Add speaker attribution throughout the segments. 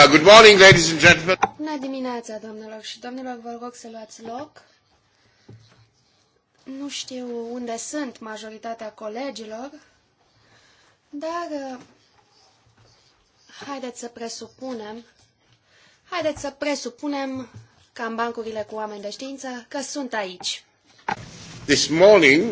Speaker 1: Uh, good morning, ladies and gentlemen. Bună dimineața, domnilor, și domnilor, vă rog să luați loc. Nu știu unde sunt majoritatea colegilor, dar uh, haideți să presupunem, haideți să presupunem ca în bancurile cu oameni de știință că sunt aici.
Speaker 2: This morning uh,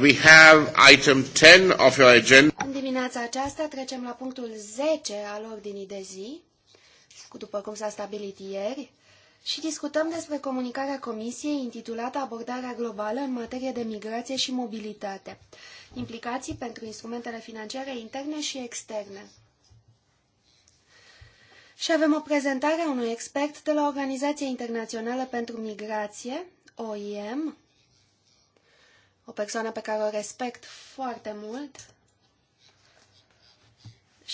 Speaker 2: we have item 10 of your agenda.
Speaker 1: În dimineața aceasta trecem la punctul 10 al ordinii de zi, după cum s-a stabilit ieri, și discutăm despre comunicarea Comisiei intitulată Abordarea globală în materie de migrație și mobilitate, implicații pentru instrumentele financiare interne și externe. Și avem o prezentare a unui expert de la Organizația Internațională pentru Migrație, OIM, o persoană pe care o respect foarte mult,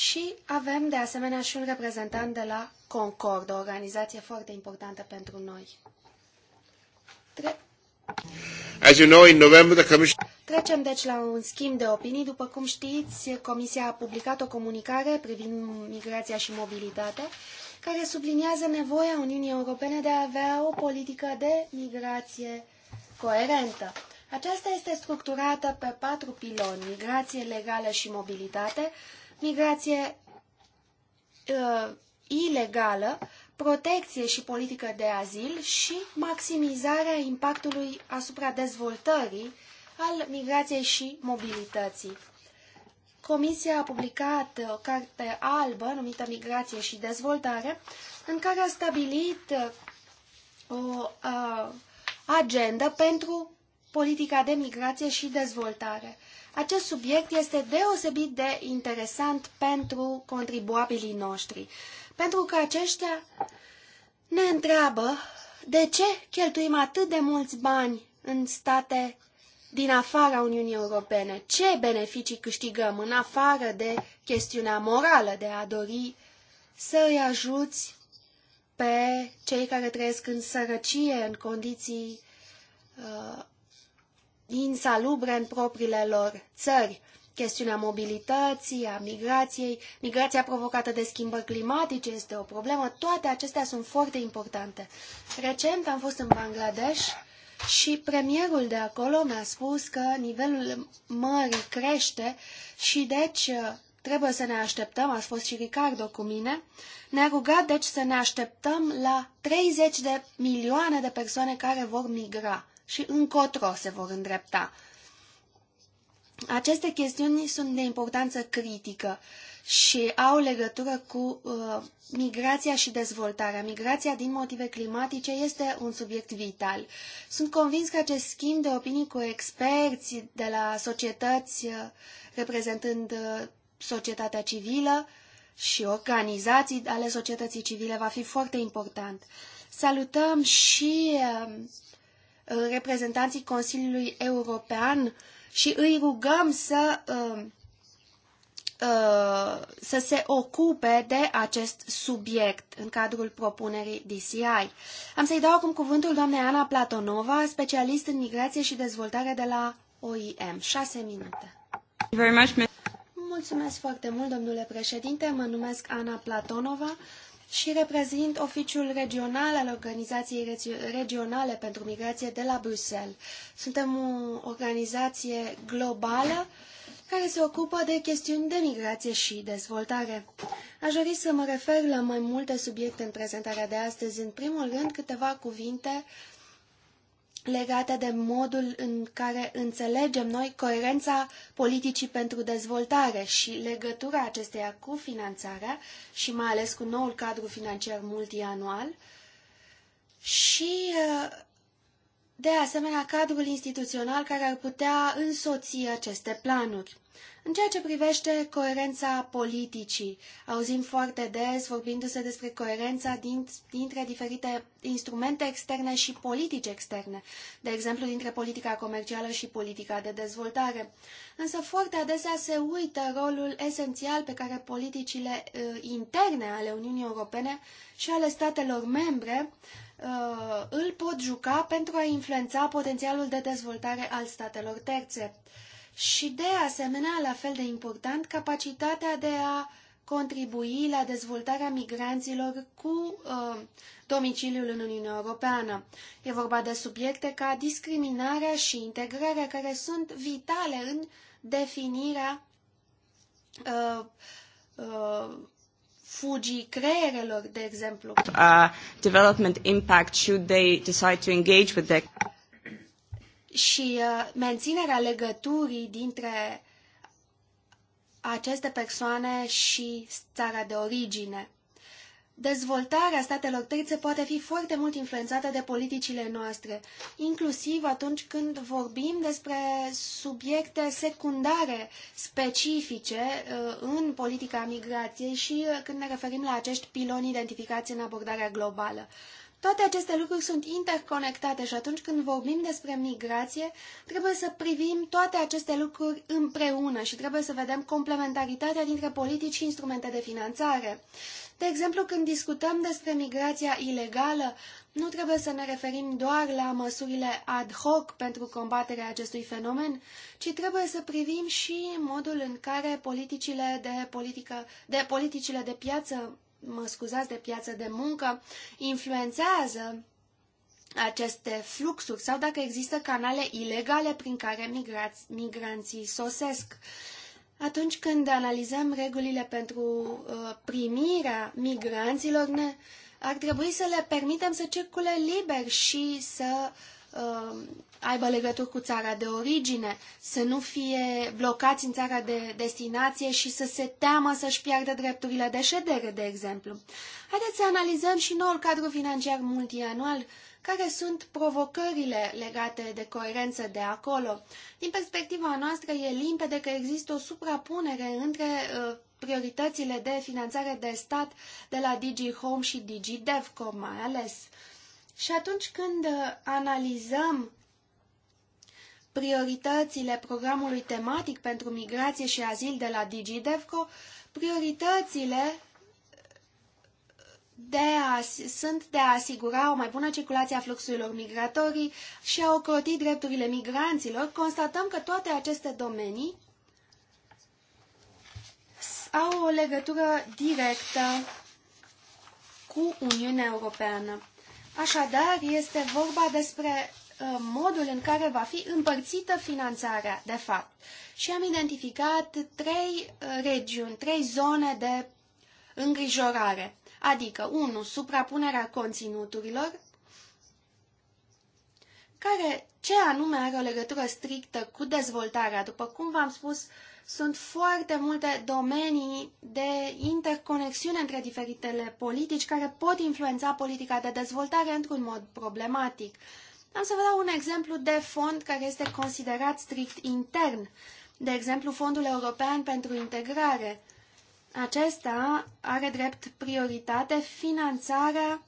Speaker 1: și avem de asemenea și un reprezentant de la Concord, o organizație foarte importantă pentru noi. Tre
Speaker 2: As you know, in November, the Commission...
Speaker 1: Trecem deci la un schimb de opinii. După cum știți, Comisia a publicat o comunicare privind migrația și mobilitatea, care subliniază nevoia Uniunii Europene de a avea o politică de migrație coerentă. Aceasta este structurată pe patru piloni, migrație legală și mobilitate, migrație uh, ilegală, protecție și politică de azil și maximizarea impactului asupra dezvoltării al migrației și mobilității. Comisia a publicat o uh, carte albă numită Migrație și dezvoltare, în care a stabilit uh, o a, uh, agendă pentru politica de migrație și dezvoltare. Acest subiect este deosebit de interesant pentru contribuabilii noștri, pentru că aceștia ne întreabă de ce cheltuim atât de mulți bani în state din afara Uniunii Europene. Ce beneficii câștigăm în afară de chestiunea morală de a dori să îi ajuți pe cei care trăiesc în sărăcie, în condiții uh, insalubre în propriile lor țări. Chestiunea mobilității, a migrației, migrația provocată de schimbări climatice este o problemă, toate acestea sunt foarte importante. Recent am fost în Bangladesh și premierul de acolo mi-a spus că nivelul mării crește și deci uh, trebuie să ne așteptăm, a fost și Ricardo cu mine, ne-a rugat deci să ne așteptăm la 30 de milioane de persoane care vor migra și încotro se vor îndrepta. Aceste chestiuni sunt de importanță critică și au legătură cu uh, migrația și dezvoltarea. Migrația din motive climatice este un subiect vital. Sunt convins că acest schimb de opinii cu experți de la societăți uh, reprezentând uh, societatea civilă și organizații ale societății civile va fi foarte important. Salutăm și uh, Uh, reprezentanții Consiliului European și îi rugăm să, uh, uh, să se ocupe de acest subiect în cadrul propunerii DCI. Am să-i dau acum cuvântul doamnei Ana Platonova, specialist în migrație și dezvoltare de la OIM. 6 minute. Mulțumesc foarte mult, domnule președinte. Mă numesc Ana Platonova și reprezint oficiul regional al Organizației Regionale pentru Migrație de la Bruxelles. Suntem o organizație globală care se ocupă de chestiuni de migrație și dezvoltare. Aș dori să mă refer la mai multe subiecte în prezentarea de astăzi. În primul rând, câteva cuvinte legate de modul în care înțelegem noi coerența politicii pentru dezvoltare și legătura acesteia cu finanțarea și mai ales cu noul cadru financiar multianual și de asemenea cadrul instituțional care ar putea însoți aceste planuri. În ceea ce privește coerența politicii, auzim foarte des vorbindu-se despre coerența din, dintre diferite instrumente externe și politici externe, de exemplu dintre politica comercială și politica de dezvoltare. Însă foarte adesea se uită rolul esențial pe care politicile uh, interne ale Uniunii Europene și ale statelor membre uh, îl pot juca pentru a influența potențialul de dezvoltare al statelor terțe și, de asemenea, la fel de important, capacitatea de a contribui la dezvoltarea migranților cu uh, domiciliul în Uniunea Europeană. E vorba de subiecte ca discriminarea și integrarea care sunt vitale în definirea uh, uh, fugii creierelor, de exemplu.
Speaker 3: Uh, development impact should they decide to engage with the
Speaker 1: și uh, menținerea legăturii dintre aceste persoane și țara de origine. Dezvoltarea statelor terțe poate fi foarte mult influențată de politicile noastre, inclusiv atunci când vorbim despre subiecte secundare specifice uh, în politica migrației și uh, când ne referim la acești piloni identificați în abordarea globală. Toate aceste lucruri sunt interconectate și atunci când vorbim despre migrație, trebuie să privim toate aceste lucruri împreună și trebuie să vedem complementaritatea dintre politici și instrumente de finanțare. De exemplu, când discutăm despre migrația ilegală, nu trebuie să ne referim doar la măsurile ad hoc pentru combaterea acestui fenomen, ci trebuie să privim și modul în care politicile de, politică, de politicile de piață mă scuzați, de piață de muncă, influențează aceste fluxuri sau dacă există canale ilegale prin care migrați, migranții sosesc. Atunci când analizăm regulile pentru uh, primirea migranților, ne, ar trebui să le permitem să circule liber și să uh, Uh, aibă legături cu țara de origine, să nu fie blocați în țara de destinație și să se teamă să-și piardă drepturile de ședere, de exemplu. Haideți să analizăm și noul cadru financiar multianual, care sunt provocările legate de coerență de acolo. Din perspectiva noastră, e limpede că există o suprapunere între uh, prioritățile de finanțare de stat de la DG Home și DG DevCo mai ales. Și atunci când uh, analizăm prioritățile programului tematic pentru migrație și azil de la DigiDevco, prioritățile uh, de a, sunt de a asigura o mai bună circulație a fluxurilor migratorii și a ocroti drepturile migranților, constatăm că toate aceste domenii au o legătură directă cu Uniunea Europeană. Așadar, este vorba despre ă, modul în care va fi împărțită finanțarea, de fapt. Și am identificat trei ă, regiuni, trei zone de îngrijorare, adică 1. Suprapunerea conținuturilor, care ce anume are o legătură strictă cu dezvoltarea. După cum v-am spus, uh, sunt foarte multe domenii de interconexiune între diferitele politici care pot influența politica de dezvoltare într-un mod problematic. Am să vă dau un exemplu de fond care este considerat strict intern, de exemplu Fondul European pentru Integrare. Acesta are drept prioritate finanțarea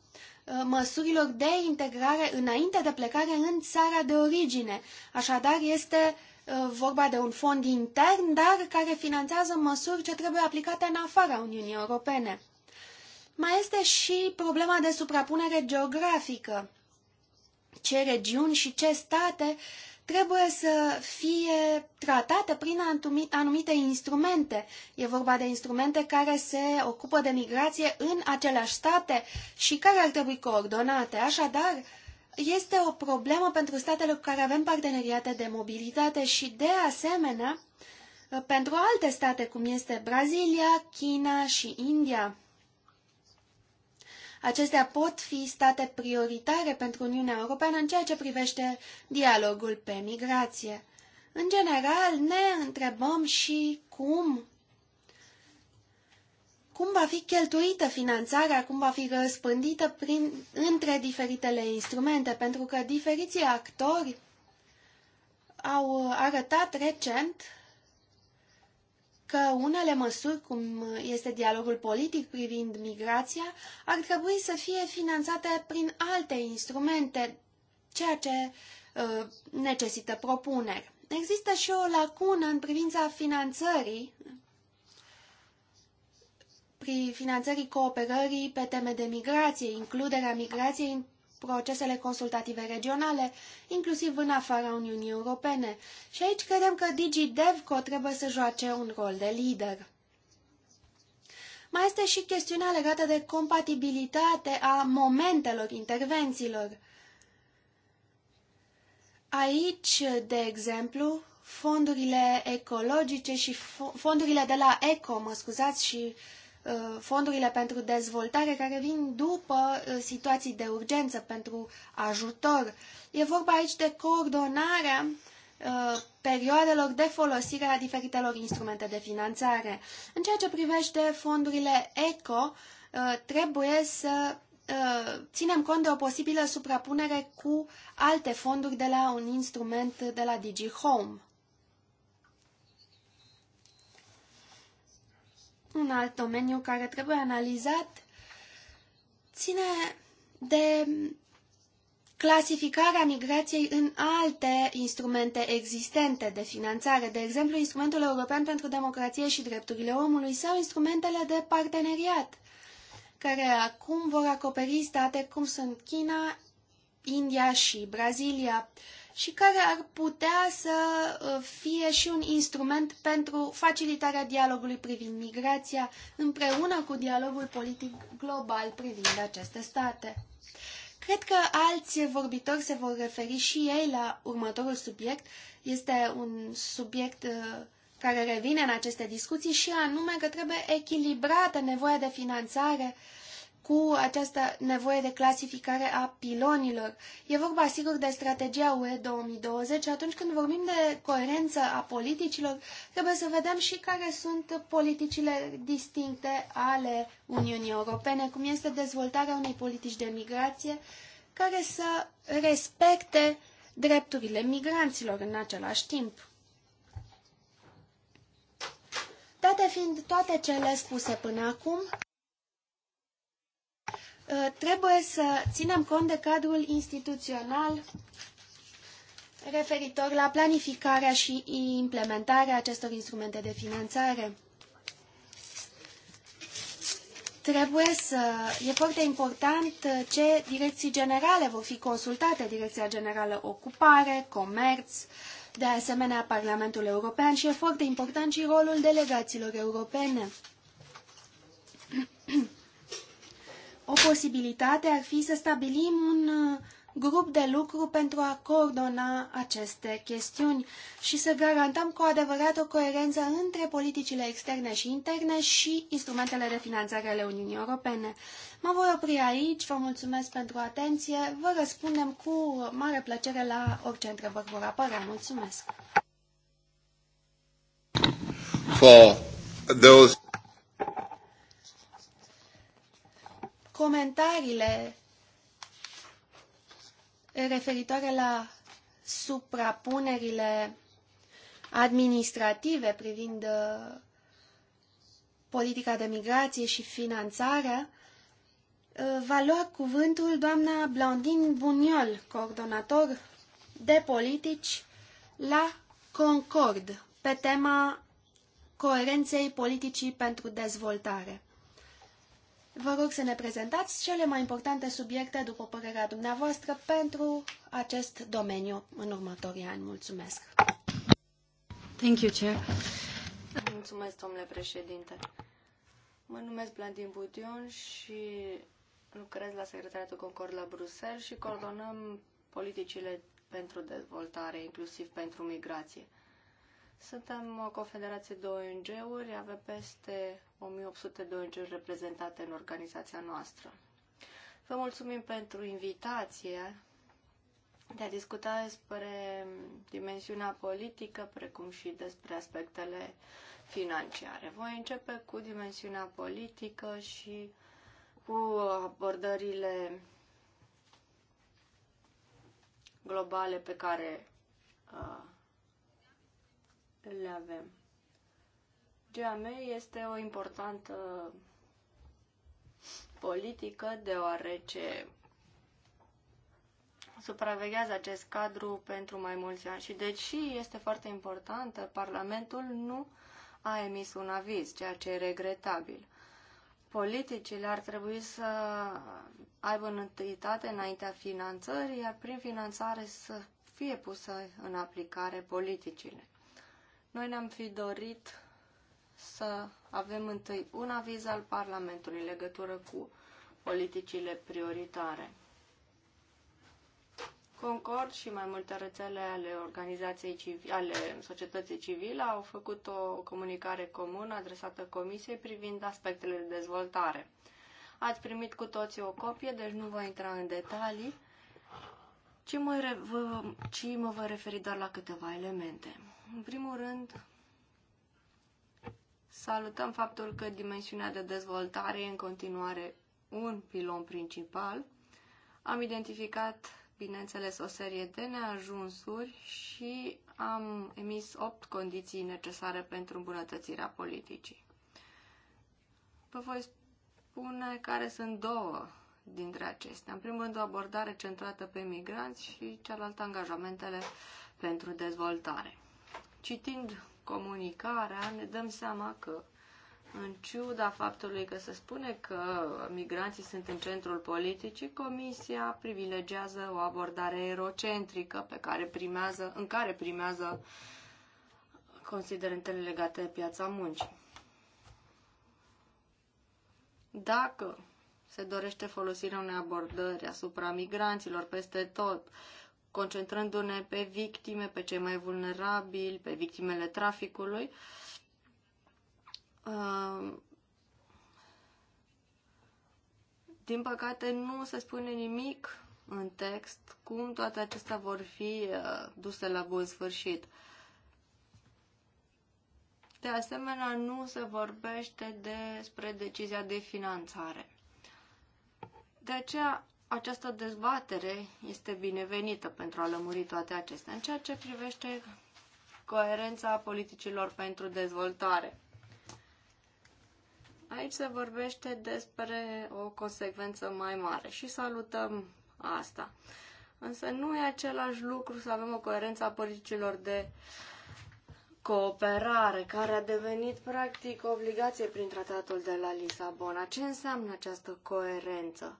Speaker 1: uh, măsurilor de integrare înainte de plecare în țara de origine. Așadar, este Uh, vorba de un fond intern, dar care finanțează măsuri ce trebuie aplicate în afara Uniunii Europene. Mai este și problema de suprapunere geografică. Ce regiuni și ce state trebuie să fie tratate prin anumite instrumente. E vorba de instrumente care se ocupă de migrație în aceleași state și care ar trebui coordonate. Așadar, este o problemă pentru statele cu care avem parteneriate de mobilitate și, de asemenea, pentru alte state, cum este Brazilia, China și India. Acestea pot fi state prioritare pentru Uniunea Europeană în ceea ce privește dialogul pe migrație. În general, ne întrebăm și cum cum va fi cheltuită finanțarea, cum va fi răspândită prin, între diferitele instrumente, pentru că diferiții actori au arătat recent că unele măsuri, cum este dialogul politic privind migrația, ar trebui să fie finanțate prin alte instrumente, ceea ce uh, necesită propuneri. Există și o lacună în privința finanțării finanțării cooperării pe teme de migrație, includerea migrației în procesele consultative regionale, inclusiv în afara Uniunii Europene. Și aici credem că DigiDevco trebuie să joace un rol de lider. Mai este și chestiunea legată de compatibilitate a momentelor intervențiilor. Aici, de exemplu, fondurile ecologice și fondurile de la ECO, mă scuzați, și uh, fondurile pentru dezvoltare care vin după uh, situații de urgență pentru ajutor. E vorba aici de coordonarea uh, perioadelor de folosire a diferitelor instrumente de finanțare. În ceea ce privește fondurile ECO, uh, trebuie să ținem cont de o posibilă suprapunere cu alte fonduri de la un instrument de la DigiHome. Un alt domeniu care trebuie analizat ține de clasificarea migrației în alte instrumente existente de finanțare, de exemplu instrumentul european pentru democrație și drepturile omului sau instrumentele de parteneriat, care acum vor acoperi state cum sunt China, India și Brazilia și care ar putea să uh, fie și un instrument pentru facilitarea dialogului privind migrația, împreună cu dialogul politic global privind aceste state. Cred că alți vorbitori se vor referi și ei la următorul subiect. Este un subiect uh, care revine în aceste discuții și anume că trebuie echilibrată nevoia de finanțare uh, cu această nevoie de clasificare a pilonilor. E vorba, sigur, de strategia UE 2020. Atunci când vorbim de coerență a politicilor, trebuie să vedem și care sunt politicile distincte ale Uniunii Europene, cum este dezvoltarea unei politici de migrație care să respecte drepturile migranților în același timp. Date fiind toate cele spuse până acum, Uh, trebuie să ținem cont de cadrul instituțional referitor la planificarea și implementarea acestor instrumente de finanțare. Trebuie să... E foarte important uh, ce direcții generale vor fi consultate, Direcția Generală Ocupare, Comerț, de asemenea Parlamentul European și e foarte important și rolul delegațiilor europene. O posibilitate ar fi să stabilim un uh, grup de lucru pentru a coordona aceste chestiuni și să garantăm cu adevărat o coerență între politicile externe și interne și instrumentele de finanțare ale Uniunii Europene. Mă voi opri aici, vă mulțumesc pentru atenție, vă răspundem cu mare plăcere la orice întrebări vor apărea. Mulțumesc!
Speaker 2: For those
Speaker 1: comentariile referitoare la suprapunerile administrative privind uh, politica de migrație și finanțarea, uh, va lua cuvântul doamna Blondin Buniol, coordonator de politici la Concord, pe tema coerenței politicii pentru dezvoltare. Vă rog să ne prezentați cele mai importante subiecte, după părerea dumneavoastră, pentru acest domeniu în următorii ani. Mulțumesc! Thank
Speaker 4: you, Chair. Mulțumesc, domnule președinte. Mă numesc Blandin Budion și lucrez la Secretariatul Concord la Bruxelles și coordonăm politicile pentru dezvoltare, inclusiv pentru migrație. Suntem o confederație de ONG-uri, avem peste 1800 de ONG-uri reprezentate în organizația noastră. Vă mulțumim pentru invitație de a discuta despre dimensiunea politică, precum și despre aspectele financiare. Voi începe cu dimensiunea politică și cu abordările globale pe care uh, le avem. GAM este o importantă politică deoarece supraveghează acest cadru pentru mai mulți ani și deși este foarte importantă, Parlamentul nu a emis un aviz, ceea ce e regretabil. Politicile ar trebui să aibă întâitate înaintea finanțării, iar prin finanțare să fie pusă în aplicare politicile. Noi ne-am fi dorit să avem întâi un aviz al Parlamentului în legătură cu politicile prioritare. Concord și mai multe rețele ale organizației civile, ale societății civile au făcut o comunicare comună adresată Comisiei privind aspectele de dezvoltare. Ați primit cu toții o copie, deci nu voi intra în detalii, ci mă, re- ci mă voi referi doar la câteva elemente. În primul rând, salutăm faptul că dimensiunea de dezvoltare e în continuare un pilon principal. Am identificat, bineînțeles, o serie de neajunsuri și am emis 8 condiții necesare pentru îmbunătățirea politicii. Vă voi spune care sunt două dintre acestea. În primul rând, o abordare centrată pe migranți și cealaltă angajamentele pentru dezvoltare. Citind comunicarea, ne dăm seama că, în ciuda faptului că se spune că migranții sunt în centrul politicii, Comisia privilegiază o abordare eurocentrică pe care primează, în care primează considerentele legate de piața muncii. Dacă se dorește folosirea unei abordări asupra migranților peste tot, uh, concentrându-ne pe victime, pe cei mai vulnerabili, pe victimele traficului. Uh, din păcate, nu se spune nimic în text cum toate acestea vor fi uh, duse la bun sfârșit. De asemenea, nu se vorbește despre decizia de finanțare. De aceea această dezbatere este binevenită pentru a lămuri toate acestea în ceea ce privește coerența politicilor pentru dezvoltare. Aici se vorbește despre o consecvență mai mare și salutăm asta. Însă nu e același lucru să avem o coerență a politicilor de cooperare, care a devenit practic obligație prin tratatul de la Lisabona. Ce înseamnă această coerență?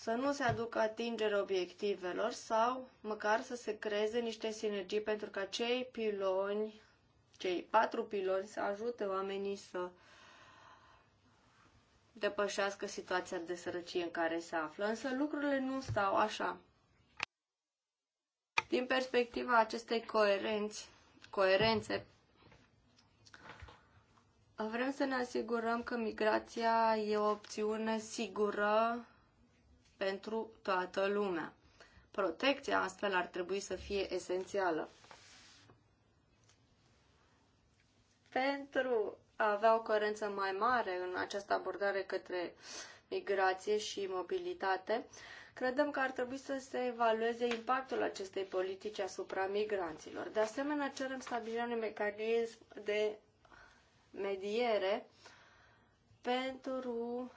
Speaker 4: să nu se aducă atingere obiectivelor sau măcar să se creeze niște sinergii pentru ca cei piloni, cei patru piloni să ajute oamenii să depășească situația de sărăcie în care se află. Însă lucrurile nu stau așa. Din perspectiva acestei coerenți, coerențe, vrem să ne asigurăm că migrația e o opțiune sigură pentru toată lumea. Protecția astfel ar trebui să fie esențială. Pentru a avea o coerență mai mare în această abordare către migrație și mobilitate, credem că ar trebui să se evalueze impactul acestei politici asupra migranților. De asemenea, cerem stabilirea unui mecanism de mediere pentru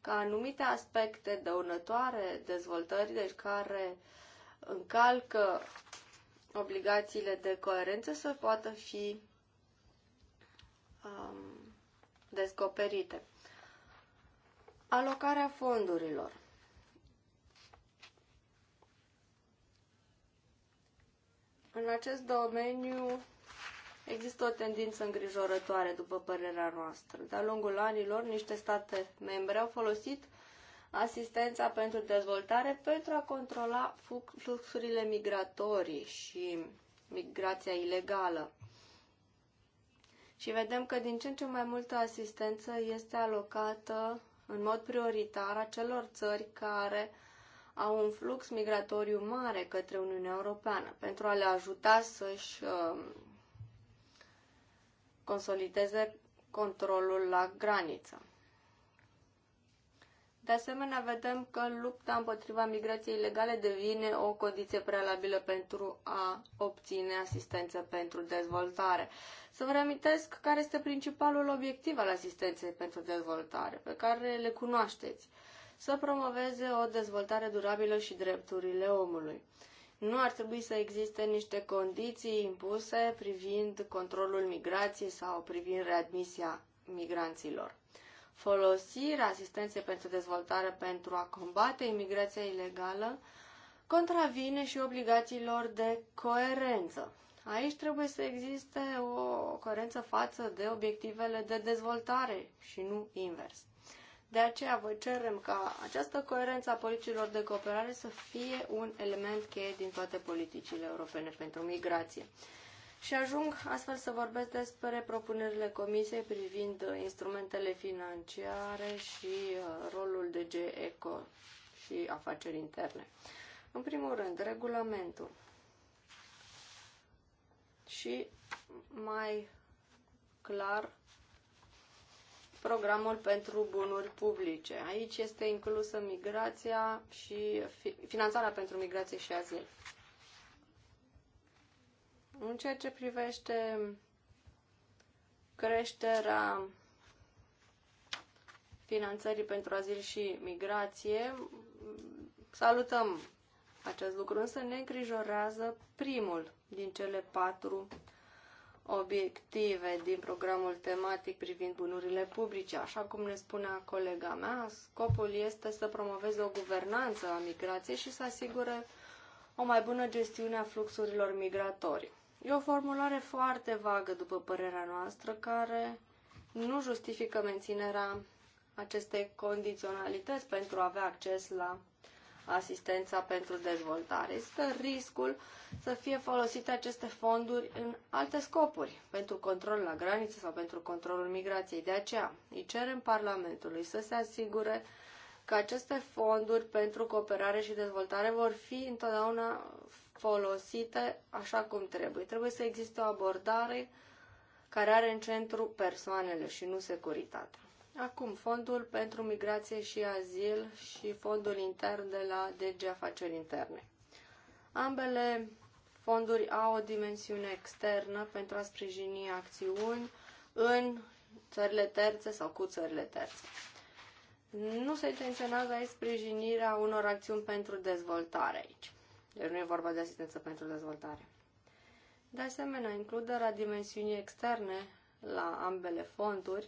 Speaker 4: ca anumite aspecte dăunătoare dezvoltării, deci care încalcă obligațiile de coerență, să poată fi um, descoperite. Alocarea fondurilor. În acest domeniu Există o tendință îngrijorătoare, după părerea noastră. De-a lungul anilor, niște state membre au folosit asistența pentru dezvoltare pentru a controla fluxurile migratorii și migrația ilegală. Și vedem că din ce în ce mai multă asistență este alocată în mod prioritar acelor țări care au un flux migratoriu mare către Uniunea Europeană pentru a le ajuta să-și um, consolideze controlul la graniță. De asemenea, vedem că lupta împotriva migrației ilegale devine o condiție prealabilă pentru a obține asistență pentru dezvoltare. Să vă reamintesc care este principalul obiectiv al asistenței pentru dezvoltare, pe care le cunoașteți. Să promoveze o dezvoltare durabilă și drepturile omului nu ar trebui să existe niște condiții impuse privind controlul migrației sau privind readmisia migranților. Folosirea asistenței pentru dezvoltare pentru a combate imigrația ilegală contravine și obligațiilor de coerență. Aici trebuie să existe o coerență față de obiectivele de dezvoltare și nu invers. De aceea vă cerem ca această coerență a politicilor de cooperare să fie un element cheie din toate politicile europene pentru migrație. Și ajung astfel să vorbesc despre propunerile Comisiei privind instrumentele financiare și uh, rolul de GECO și afaceri interne. În primul rând, regulamentul și mai clar programul pentru bunuri publice. Aici este inclusă migrația și finanțarea pentru migrație și azil. În ceea ce privește creșterea finanțării pentru azil și migrație, salutăm acest lucru, însă ne îngrijorează primul din cele patru obiective din programul tematic privind bunurile publice. Așa cum ne spunea colega mea, scopul este să promoveze o guvernanță a migrației și să asigure o mai bună gestiune a fluxurilor migratorii. E o formulare foarte vagă, după părerea noastră, care nu justifică menținerea acestei condiționalități pentru a avea acces la asistența pentru dezvoltare. Există riscul să fie folosite aceste fonduri în alte scopuri, pentru control la graniță sau pentru controlul migrației. De aceea îi cerem Parlamentului să se asigure că aceste fonduri pentru cooperare și dezvoltare vor fi întotdeauna folosite așa cum trebuie. Trebuie să existe o abordare care are în centru persoanele și nu securitatea. Acum, fondul pentru migrație și azil și fondul intern de la DG Afaceri Interne. Ambele fonduri au o dimensiune externă pentru a sprijini acțiuni în țările terțe sau cu țările terțe. Nu se intenționează aici sprijinirea unor acțiuni pentru dezvoltare aici. Deci nu e vorba de asistență pentru dezvoltare. De asemenea, includerea dimensiunii externe la ambele fonduri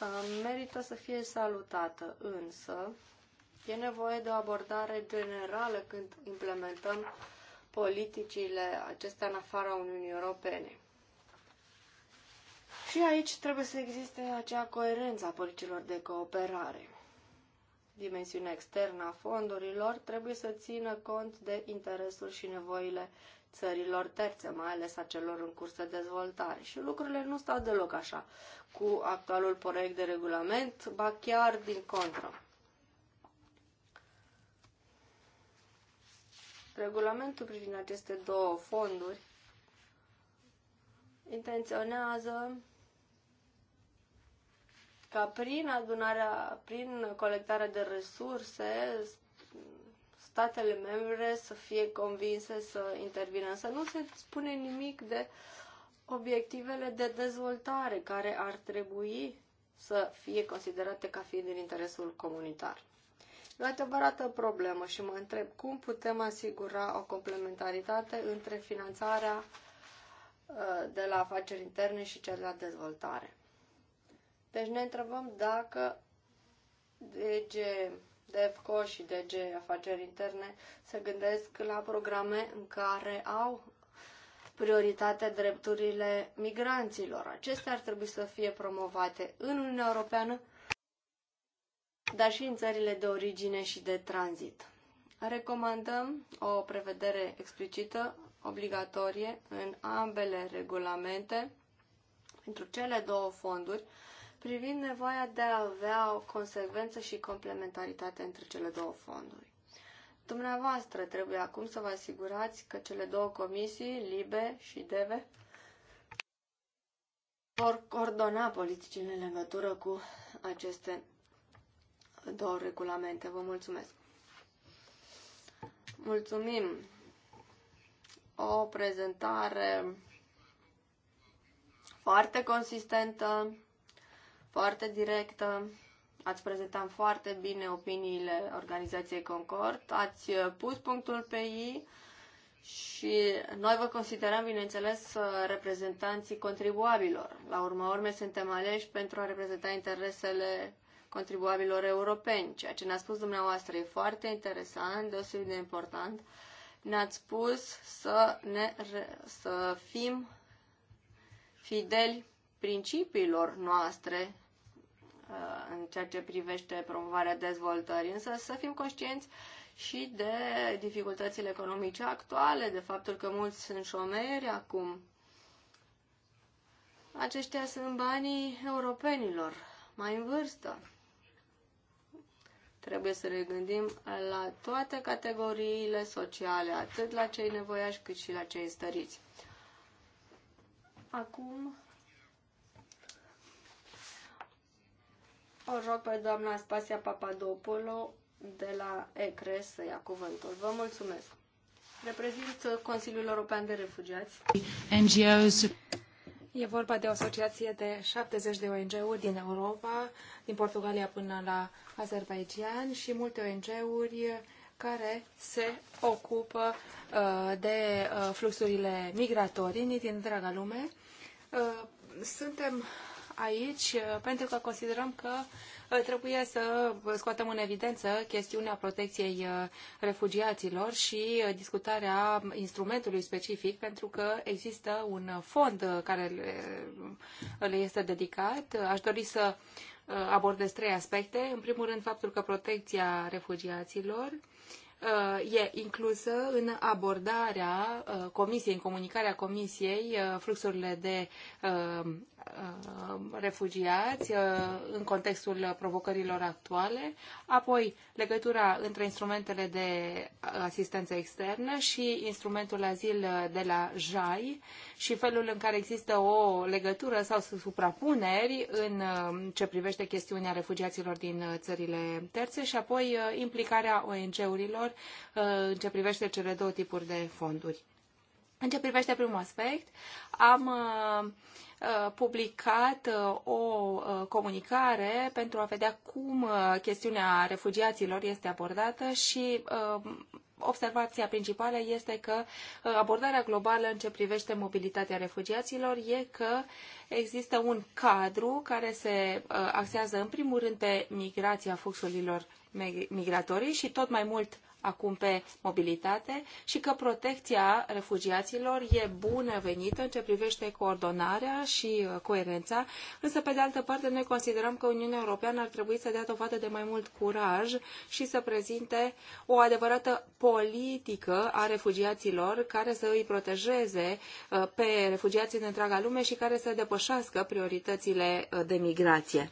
Speaker 4: Uh, merită să fie salutată, însă e nevoie de o abordare generală când implementăm politicile acestea în afara Uniunii Europene. Și aici trebuie să existe acea coerență a politicilor de cooperare. Dimensiunea externă a fondurilor trebuie să țină cont de interesul și nevoile țărilor terțe, mai ales a celor în curs de dezvoltare. Și lucrurile nu stau deloc așa cu actualul proiect de regulament, ba chiar din contră. Regulamentul privind aceste două fonduri intenționează ca prin adunarea, prin colectarea de resurse statele membre să fie convinse să intervină. Însă nu se spune nimic de obiectivele de dezvoltare care ar trebui să fie considerate ca fiind în interesul comunitar. E o adevărată problemă și mă întreb cum putem asigura o complementaritate între finanțarea uh, de la afaceri interne și cea de la dezvoltare. Deci ne întrebăm dacă DG DEFCO și DG Afaceri Interne se gândesc la programe în care au prioritate drepturile migranților. Acestea ar trebui să fie promovate în Uniunea Europeană, dar și în țările de origine și de tranzit. Recomandăm o prevedere explicită, obligatorie, în ambele regulamente pentru cele două fonduri privind nevoia de a avea o consecvență și complementaritate între cele două fonduri. Dumneavoastră trebuie acum să vă asigurați că cele două comisii, LIBE și DEVE, vor coordona politicile în legătură cu aceste două regulamente. Vă mulțumesc! Mulțumim! O prezentare foarte consistentă foarte directă, ați prezentat foarte bine opiniile organizației Concord, ați uh, pus punctul pe ei și noi vă considerăm, bineînțeles, uh, reprezentanții contribuabilor. La urma urmei, suntem aleși pentru a reprezenta interesele contribuabilor europeni. Ceea ce ne-a spus dumneavoastră e foarte interesant, deosebit de important. Ne-ați spus să, ne, să fim fideli principiilor noastre uh, în ceea ce privește promovarea dezvoltării, însă să fim conștienți și de dificultățile economice actuale, de faptul că mulți sunt șomeri acum. Aceștia sunt banii europenilor, mai în vârstă. Trebuie să ne gândim la toate categoriile sociale, atât la cei nevoiași cât și la cei stăriți. Acum O rog pe doamna Spasia Papadopolo de la ECRE să ia cuvântul. Vă mulțumesc. Reprezint Consiliul European de Refugiați. NGOs. E vorba de o asociație de 70 de ONG-uri din Europa,
Speaker 3: din Portugalia până la Azerbaijan și multe ONG-uri care se ocupă uh, de uh, fluxurile migratorii din întreaga lume. Uh, suntem aici uh, pentru că considerăm că uh, trebuie să scoatem în evidență chestiunea protecției uh, refugiaților și discutarea instrumentului specific, pentru că există un fond care le este dedicat. Aș dori să abordez trei aspecte. În primul rând, faptul că protecția refugiaților e inclusă în abordarea Comisiei, în comunicarea Comisiei, fluxurile de Uh, refugiați uh, în contextul provocărilor actuale, apoi legătura între instrumentele de asistență externă și instrumentul azil de la JAI și felul în care există o legătură sau suprapuneri în uh, ce privește chestiunea refugiaților din țările terțe și apoi implicarea ONG-urilor în ce privește cele două tipuri de fonduri. În ce privește primul aspect, am uh, uh, publicat uh, o comunicare pentru a vedea cum chestiunea refugiaților este abordată și observația principală este că abordarea globală în ce privește mobilitatea refugiaților e că există un cadru care se axează în primul rând pe migrația fluxurilor migratorii și tot mai mult acum pe mobilitate și că protecția refugiaților e bună venită în ce privește coordonarea și uh, coerența, însă pe de altă parte noi considerăm că Uniunea Europeană ar trebui să dea dovadă de mai mult curaj și să prezinte o adevărată politică a refugiaților care să îi protejeze uh, pe refugiații din întreaga lume și care să depășească prioritățile uh, de migrație.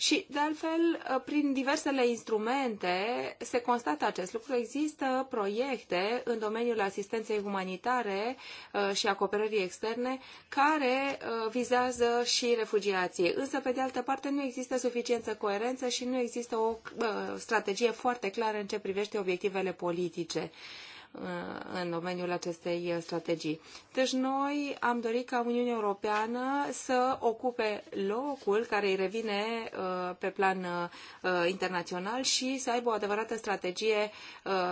Speaker 3: Și, de altfel, prin diversele instrumente se constată acest lucru. Există proiecte în domeniul asistenței umanitare uh, și acoperării externe care uh, vizează și refugiații. Însă, pe de altă parte, nu există suficientă coerență și nu există o uh, strategie foarte clară în ce privește obiectivele politice. Uh, în domeniul acestei uh, strategii. Deci noi am dorit ca Uniunea Europeană să ocupe locul care îi revine uh, pe plan internațional și să aibă o adevărată strategie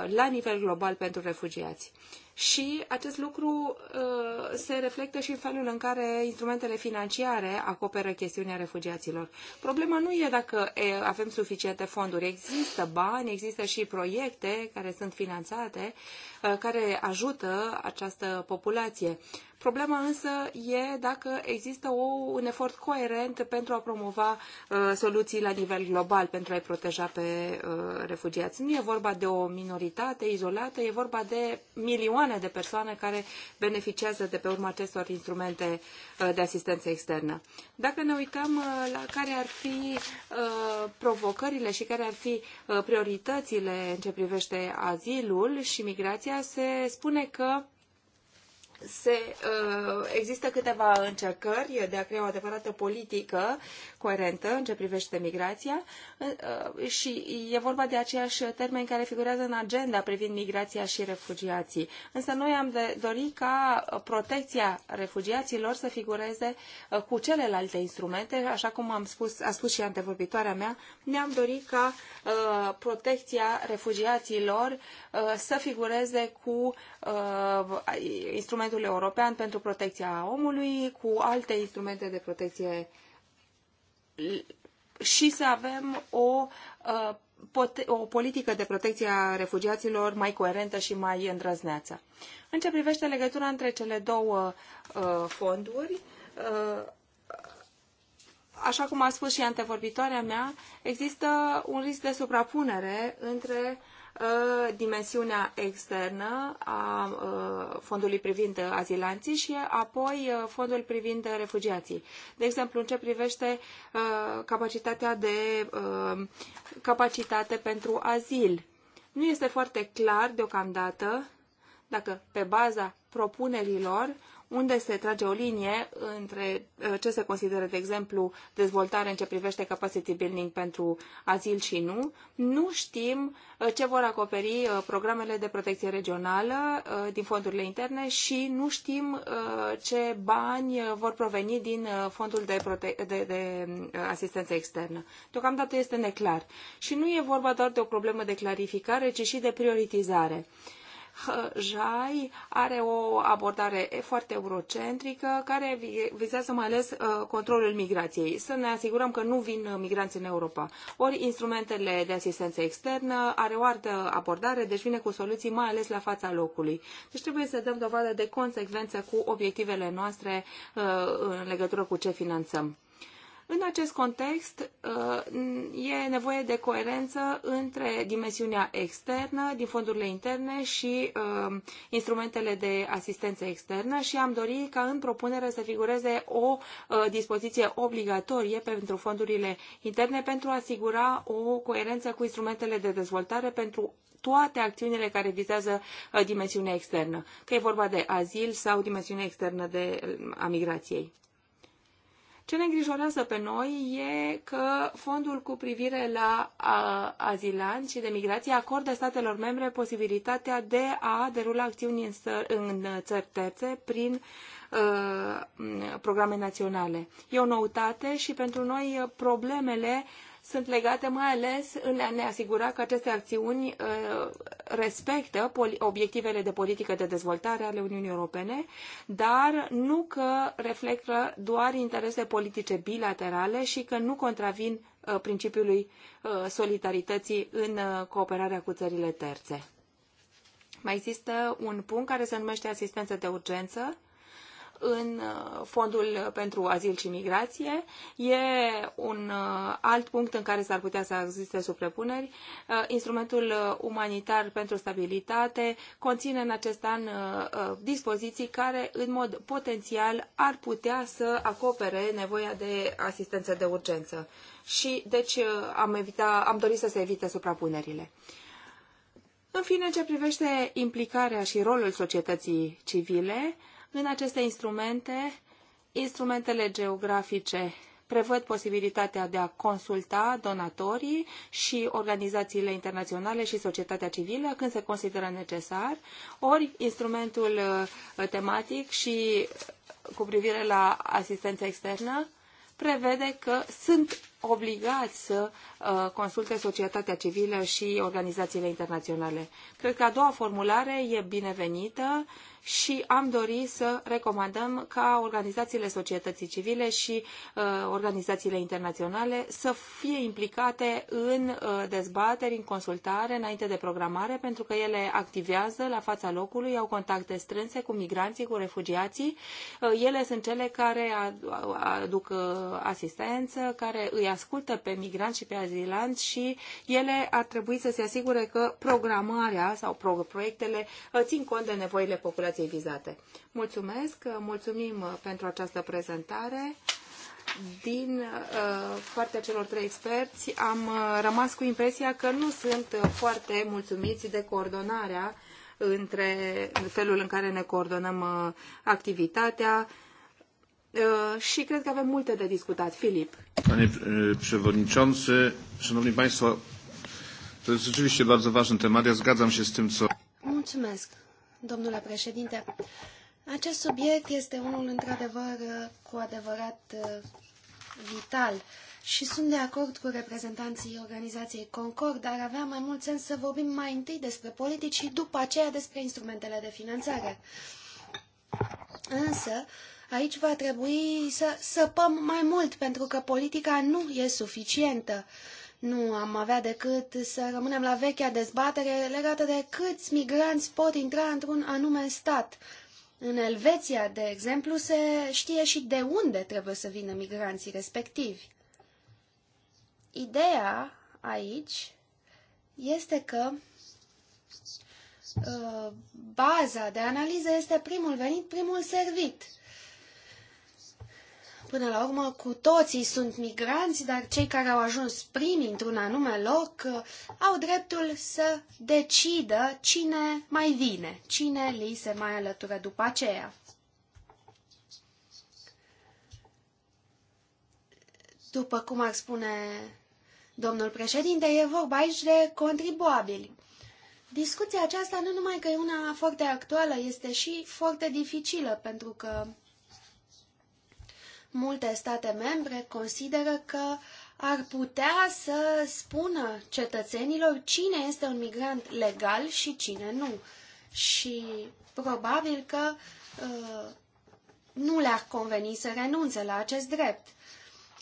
Speaker 3: la nivel global pentru refugiați și acest lucru uh, se reflectă și în felul în care instrumentele financiare acoperă chestiunea refugiaților. Problema nu e dacă avem suficiente fonduri. Există bani, există și proiecte care sunt finanțate, uh, care ajută această populație. Problema însă e dacă există o, un efort coerent pentru a promova uh, soluții la nivel global pentru a-i proteja pe uh, refugiați. Nu e vorba de o minoritate izolată, e vorba de milioane de persoane care beneficiază de pe urma acestor instrumente uh, de asistență externă. Dacă ne uităm uh, la care ar fi uh, provocările și care ar fi uh, prioritățile în ce privește azilul și migrația, se spune că se, uh, există câteva încercări de a crea o adevărată politică coerentă în ce privește migrația uh, uh, și e vorba de aceeași termeni care figurează în agenda privind migrația și refugiații. Însă noi am de dorit ca uh, protecția refugiaților să figureze cu celelalte instrumente, așa cum am spus, a spus și antevorbitoarea mea, ne-am dorit ca protecția refugiaților să figureze cu instrumentul european pentru protecția omului, cu alte instrumente de protecție și să avem o, uh, o politică de protecție a refugiaților mai coerentă și mai îndrăzneață. În ce privește legătura între cele două uh, fonduri, uh, așa cum a spus și antevorbitoarea mea, există un risc de suprapunere între uh, Ă, dimensiunea externă a ă, fondului privind azilanții și apoi ă, fondul privind refugiații. De exemplu, în ce privește capacitatea de capacitate pentru azil. Nu este foarte clar deocamdată dacă pe baza propunerilor unde se trage o linie între uh, ce se consideră, de exemplu, dezvoltare în ce privește capacity building pentru azil și nu. Nu știm uh, ce vor acoperi uh, programele de protecție regională din fondurile interne și nu știm ce bani vor proveni din fondul de, prote- de, de asistență externă. Deocamdată este neclar. Și nu e vorba doar de o problemă de clarificare, ci și de prioritizare. Jai are o abordare foarte eurocentrică care vizează mai ales uh, controlul migrației. Să ne asigurăm că nu vin uh, migranți în Europa. Ori instrumentele de asistență externă are o altă abordare, deci vine cu soluții mai ales la fața locului. Deci trebuie să dăm dovadă de consecvență cu obiectivele noastre uh, în legătură cu ce finanțăm. În acest context, uh, e nevoie de coerență între dimensiunea externă din fondurile interne și uh, instrumentele de asistență externă și am dorit ca în propunere să figureze o uh, dispoziție obligatorie pentru fondurile interne pentru a asigura o coerență cu instrumentele de dezvoltare pentru toate acțiunile care vizează dimensiunea externă, că e vorba de azil sau dimensiunea externă de, a migrației. Ce ne îngrijorează pe noi e că fondul cu privire la azilanți și de migrație acordă statelor membre posibilitatea de a derula acțiuni în, în țări terțe prin ă, programe naționale. E o noutate și pentru noi problemele sunt legate mai ales în a ne asigura că aceste acțiuni uh, respectă obiectivele de politică de dezvoltare ale Uniunii Europene, dar nu că reflectă doar interese politice bilaterale și că nu contravin uh, principiului uh, solidarității în cooperarea cu țările terțe. Mai există un punct care se numește asistență de urgență în uh, fondul pentru azil și migrație. E un uh, alt punct în care s-ar putea să existe suprapuneri. Uh, instrumentul umanitar pentru stabilitate conține în acest an dispoziții care în mod potențial ar putea să acopere nevoia de asistență de urgență. Și deci am, evita, am dorit să se evite suprapunerile. În fine, ce privește implicarea și rolul societății civile, în aceste instrumente, instrumentele geografice prevăd posibilitatea de a consulta donatorii și organizațiile internaționale și societatea civilă când se consideră necesar, ori instrumentul uh, tematic și uh, cu privire la asistența externă prevede că sunt obligați să uh, consulte societatea civilă și organizațiile internaționale. Cred că a doua formulare e binevenită și am dorit să recomandăm ca organizațiile societății civile și uh, organizațiile internaționale să fie implicate în uh, dezbateri, în consultare, înainte de programare, pentru că ele activează la fața locului, au contacte strânse cu migranții, cu refugiații. Uh, ele sunt cele care aduc uh, asistență, care îi ascultă pe migranți și pe azilanți și ele ar trebui să se asigure că programarea sau proiectele uh, țin cont de nevoile populației populației vizate. Mulțumesc, mulțumim pentru această prezentare. Din uh, partea celor trei experți am uh, rămas cu impresia că nu sunt foarte mulțumiți de coordonarea între felul în care ne coordonăm uh, activitatea și cred că avem multe de discutat. Filip.
Speaker 2: Panie Przewodniczący, Szanowni Państwo, to jest rzeczywiście bardzo ważny temat. Ja zgadzam się z tym, co...
Speaker 1: Mulțumesc domnule președinte. Acest subiect este unul într-adevăr cu adevărat uh, vital și sunt de acord cu reprezentanții organizației Concord, dar avea mai mult sens să vorbim mai întâi despre politici și după aceea despre instrumentele de finanțare. Însă, aici va trebui să săpăm mai mult, pentru că politica nu e suficientă. Uh, nu am avea decât să rămânem la vechea dezbatere legată de câți migranți pot intra într-un anume stat. În Elveția, de exemplu, se știe și de unde trebuie să vină migranții respectivi. Ideea aici este că uh, baza de analiză este primul venit, primul servit. Uh, Până la urmă, cu toții sunt migranți, dar cei care au ajuns primi într-un anume loc uh, au dreptul să decidă cine mai vine, cine li se mai alătură după aceea. După cum ar spune domnul președinte, e vorba aici de contribuabili. Discuția aceasta nu numai că e una foarte actuală, este și foarte dificilă, pentru că Multe state membre consideră că ar putea să spună cetățenilor cine este un migrant legal și cine nu. Și probabil că uh, nu le-ar conveni să renunțe la acest drept.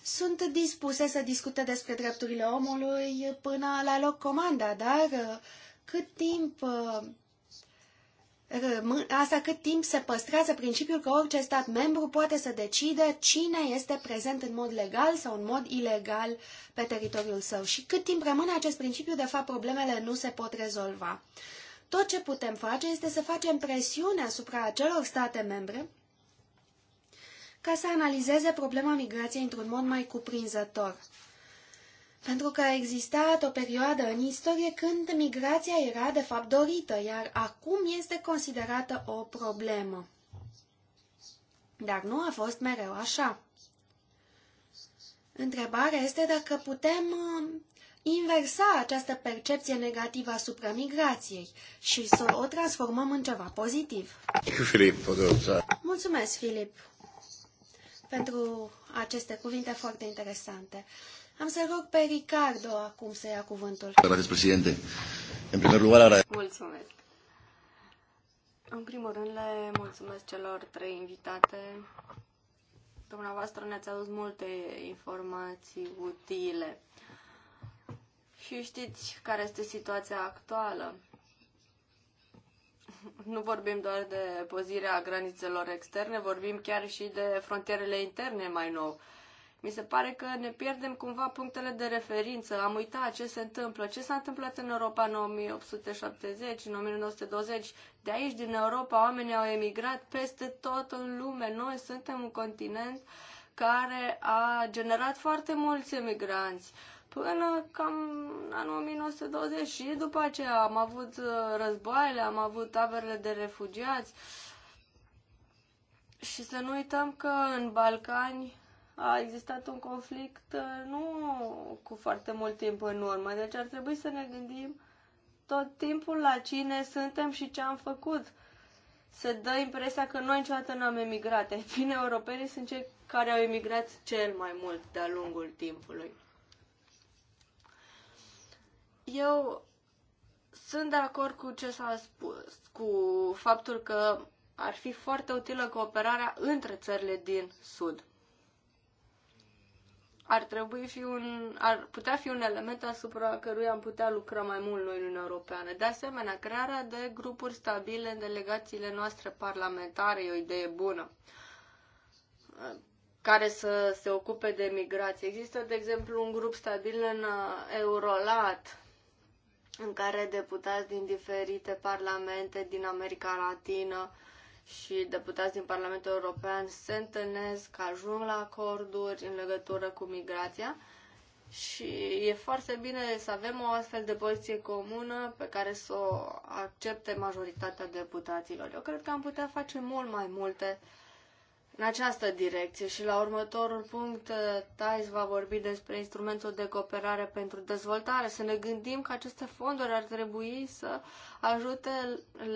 Speaker 1: Sunt dispuse să discute despre drepturile omului până la loc comanda, dar uh, cât timp uh, Ă, asta cât timp se păstrează principiul că orice stat membru poate să decide cine este prezent în mod legal sau în mod ilegal pe teritoriul său. Și cât timp rămâne acest principiu, de fapt, problemele nu se pot rezolva. Tot ce putem face este să facem presiune asupra acelor state membre ca să analizeze problema migrației într-un mod mai cuprinzător. Pentru că a existat o perioadă în istorie când migrația era de fapt dorită, iar acum este considerată o problemă. Dar nu a fost mereu așa. Întrebarea este dacă putem uh, inversa această percepție negativă asupra migrației și să o transformăm în ceva pozitiv. Filip, Mulțumesc, Filip, pentru aceste cuvinte foarte interesante. Am
Speaker 4: să rog pe Ricardo acum să ia cuvântul.
Speaker 2: președinte. În primul lugar,
Speaker 4: Mulțumesc. În primul rând, le mulțumesc celor trei invitate. Dumneavoastră ne-ați adus multe informații utile. Și știți care este situația actuală. Nu vorbim doar de pozirea granițelor externe, vorbim chiar și de frontierele interne mai nou. Mi se pare că ne pierdem cumva punctele de referință, am uitat ce se întâmplă, ce s-a întâmplat în Europa în 1870, în 1920. De aici, din Europa, oamenii au emigrat peste tot în lume. Noi suntem un continent care a generat foarte mulți emigranți până cam anul 1920 și după aceea am avut uh, războaiele, am avut taberele de refugiați și să nu uităm că în Balcani a existat un conflict uh, nu cu foarte mult timp în urmă, deci ar trebui să ne gândim tot timpul la cine suntem și ce am făcut. Se dă impresia că noi niciodată nu am emigrat. E bine, europenii sunt cei care au emigrat cel mai mult de-a lungul timpului. Eu sunt de acord cu ce s-a spus, cu faptul că ar fi foarte utilă cooperarea între țările din Sud ar trebui fi un, ar putea fi un element asupra căruia am putea lucra mai mult noi în Uniunea Europeană. De asemenea, crearea de grupuri stabile în delegațiile noastre parlamentare e o idee bună care să se ocupe de migrație. Există, de exemplu, un grup stabil în uh, Eurolat, în care deputați din diferite parlamente din America Latină, și deputați din Parlamentul European se întâlnesc, ajung la acorduri în legătură cu migrația și e foarte bine să avem o astfel de poziție comună pe care să o accepte majoritatea deputaților. Eu cred că am putea face mult mai multe uh, în această direcție și la următorul punct uh, Thais va vorbi despre instrumentul de cooperare pentru dezvoltare. Să ne gândim că aceste fonduri ar trebui să ajute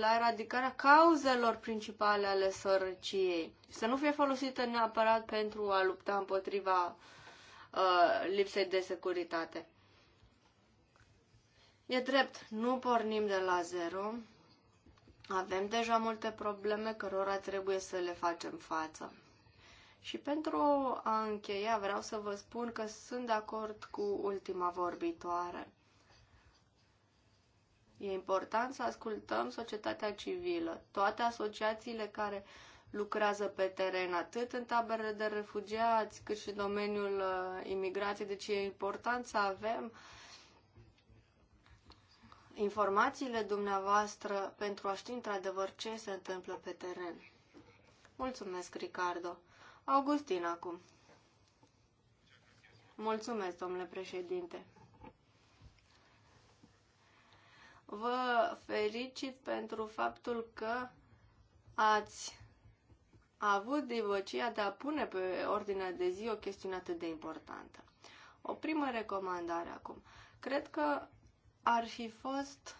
Speaker 4: la eradicarea cauzelor principale ale sărăciei. Să nu fie folosite neapărat pentru a lupta împotriva uh, lipsei de securitate. E drept, nu pornim de la zero, avem deja multe probleme cărora trebuie să le facem față. Și pentru a încheia, vreau să vă spun că sunt de acord cu ultima vorbitoare. E important să ascultăm societatea civilă, toate asociațiile care lucrează pe teren, atât în taberele de refugiați, cât și în domeniul uh, imigrației. Deci e important să avem uh, informațiile dumneavoastră pentru a ști într-adevăr ce se întâmplă pe teren. Mulțumesc, Ricardo. Augustin acum. Mulțumesc, domnule președinte. Vă felicit pentru faptul că ați avut divăcia de a pune pe ordinea de zi o chestiune atât de importantă. O primă recomandare acum. Cred că ar fi fost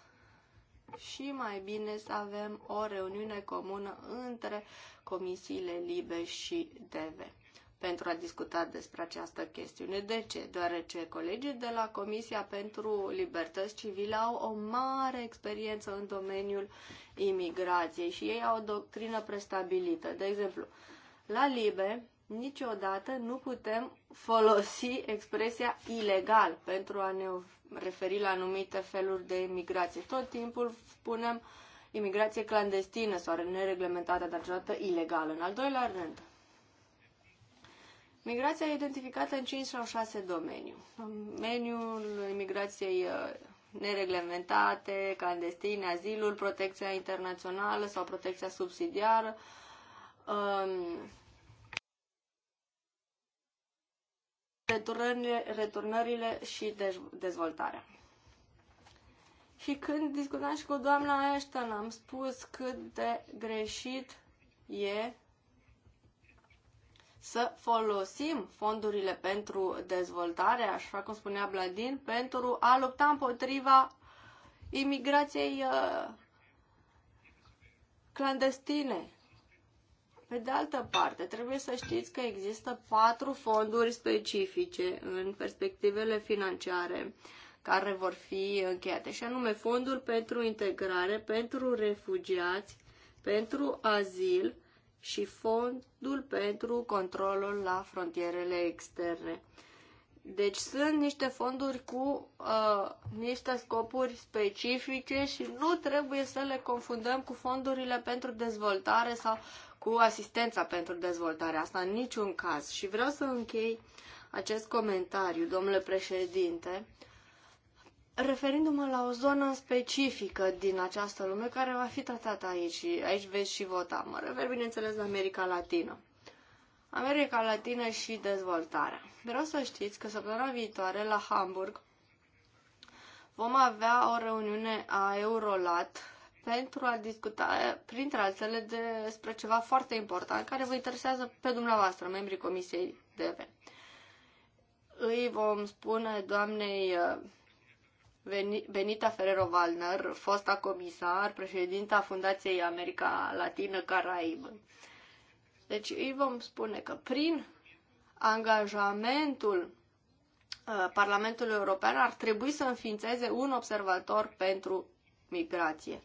Speaker 4: și mai bine să avem o reuniune comună între comisiile LIBE și DEVE pentru a discuta despre această chestiune. De ce? Deoarece colegii de la Comisia pentru Libertăți Civile au o mare experiență în domeniul imigrației și ei au o doctrină prestabilită. De exemplu, la LIBE niciodată nu putem folosi expresia ilegal pentru a ne referi la anumite feluri de imigrație. Tot timpul spunem imigrație clandestină sau nereglementată, dar niciodată ilegală. În al doilea rând, migrația e identificată în 5 sau 6 domenii. Domeniul imigrației uh, nereglementate, clandestine, azilul, protecția internațională sau protecția subsidiară, um, returnările, returnările și dezvoltarea. Și când discutam și cu doamna Ashton, am spus cât de greșit e să folosim fondurile pentru dezvoltare, așa cum spunea Bladin, pentru a lupta împotriva imigrației uh, clandestine. Pe de altă parte, trebuie să știți că există patru fonduri specifice în perspectivele financiare care vor fi încheiate, și anume fondul pentru integrare, pentru refugiați, pentru azil și fondul pentru controlul la frontierele externe. Deci sunt niște fonduri cu uh, niște scopuri specifice și nu trebuie să le confundăm cu fondurile pentru dezvoltare sau cu asistența pentru dezvoltare. Asta în niciun caz. Și vreau să închei acest comentariu, domnule președinte, referindu-mă la o zonă specifică din această lume care va fi tratată aici și aici veți și vota. Mă refer, bineînțeles, la America Latină. America Latină și dezvoltarea. Vreau să știți că săptămâna viitoare la Hamburg vom avea o reuniune a Eurolat pentru a discuta, printre altele, despre ceva foarte important care vă interesează pe dumneavoastră, membrii Comisiei DV. Îi vom spune doamnei uh, Benita Ferrero-Valner, fosta comisar, președinta Fundației America Latină Caraib. Deci îi vom spune că prin angajamentul uh, Parlamentul European ar trebui să înființeze un observator pentru migrație.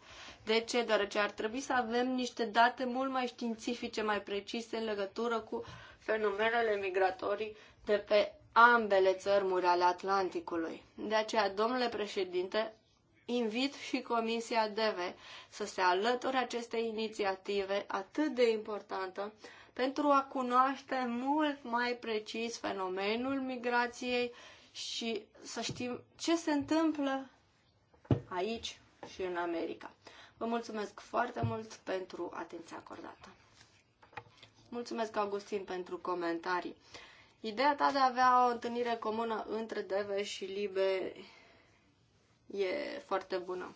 Speaker 4: De ce? Deoarece ar trebui să avem niște date mult mai științifice, mai precise în legătură cu fenomenele migratorii de pe ambele țărmuri ale Atlanticului. De aceea, domnule președinte, invit și Comisia DEVE să se alăture acestei inițiative atât de importantă pentru a cunoaște mult mai precis fenomenul migrației și să știm ce se întâmplă aici și în America. Vă mulțumesc foarte mult pentru atenția acordată. Mulțumesc, Augustin, pentru comentarii. Ideea ta de a avea o întâlnire comună între Deve și Libe e foarte bună.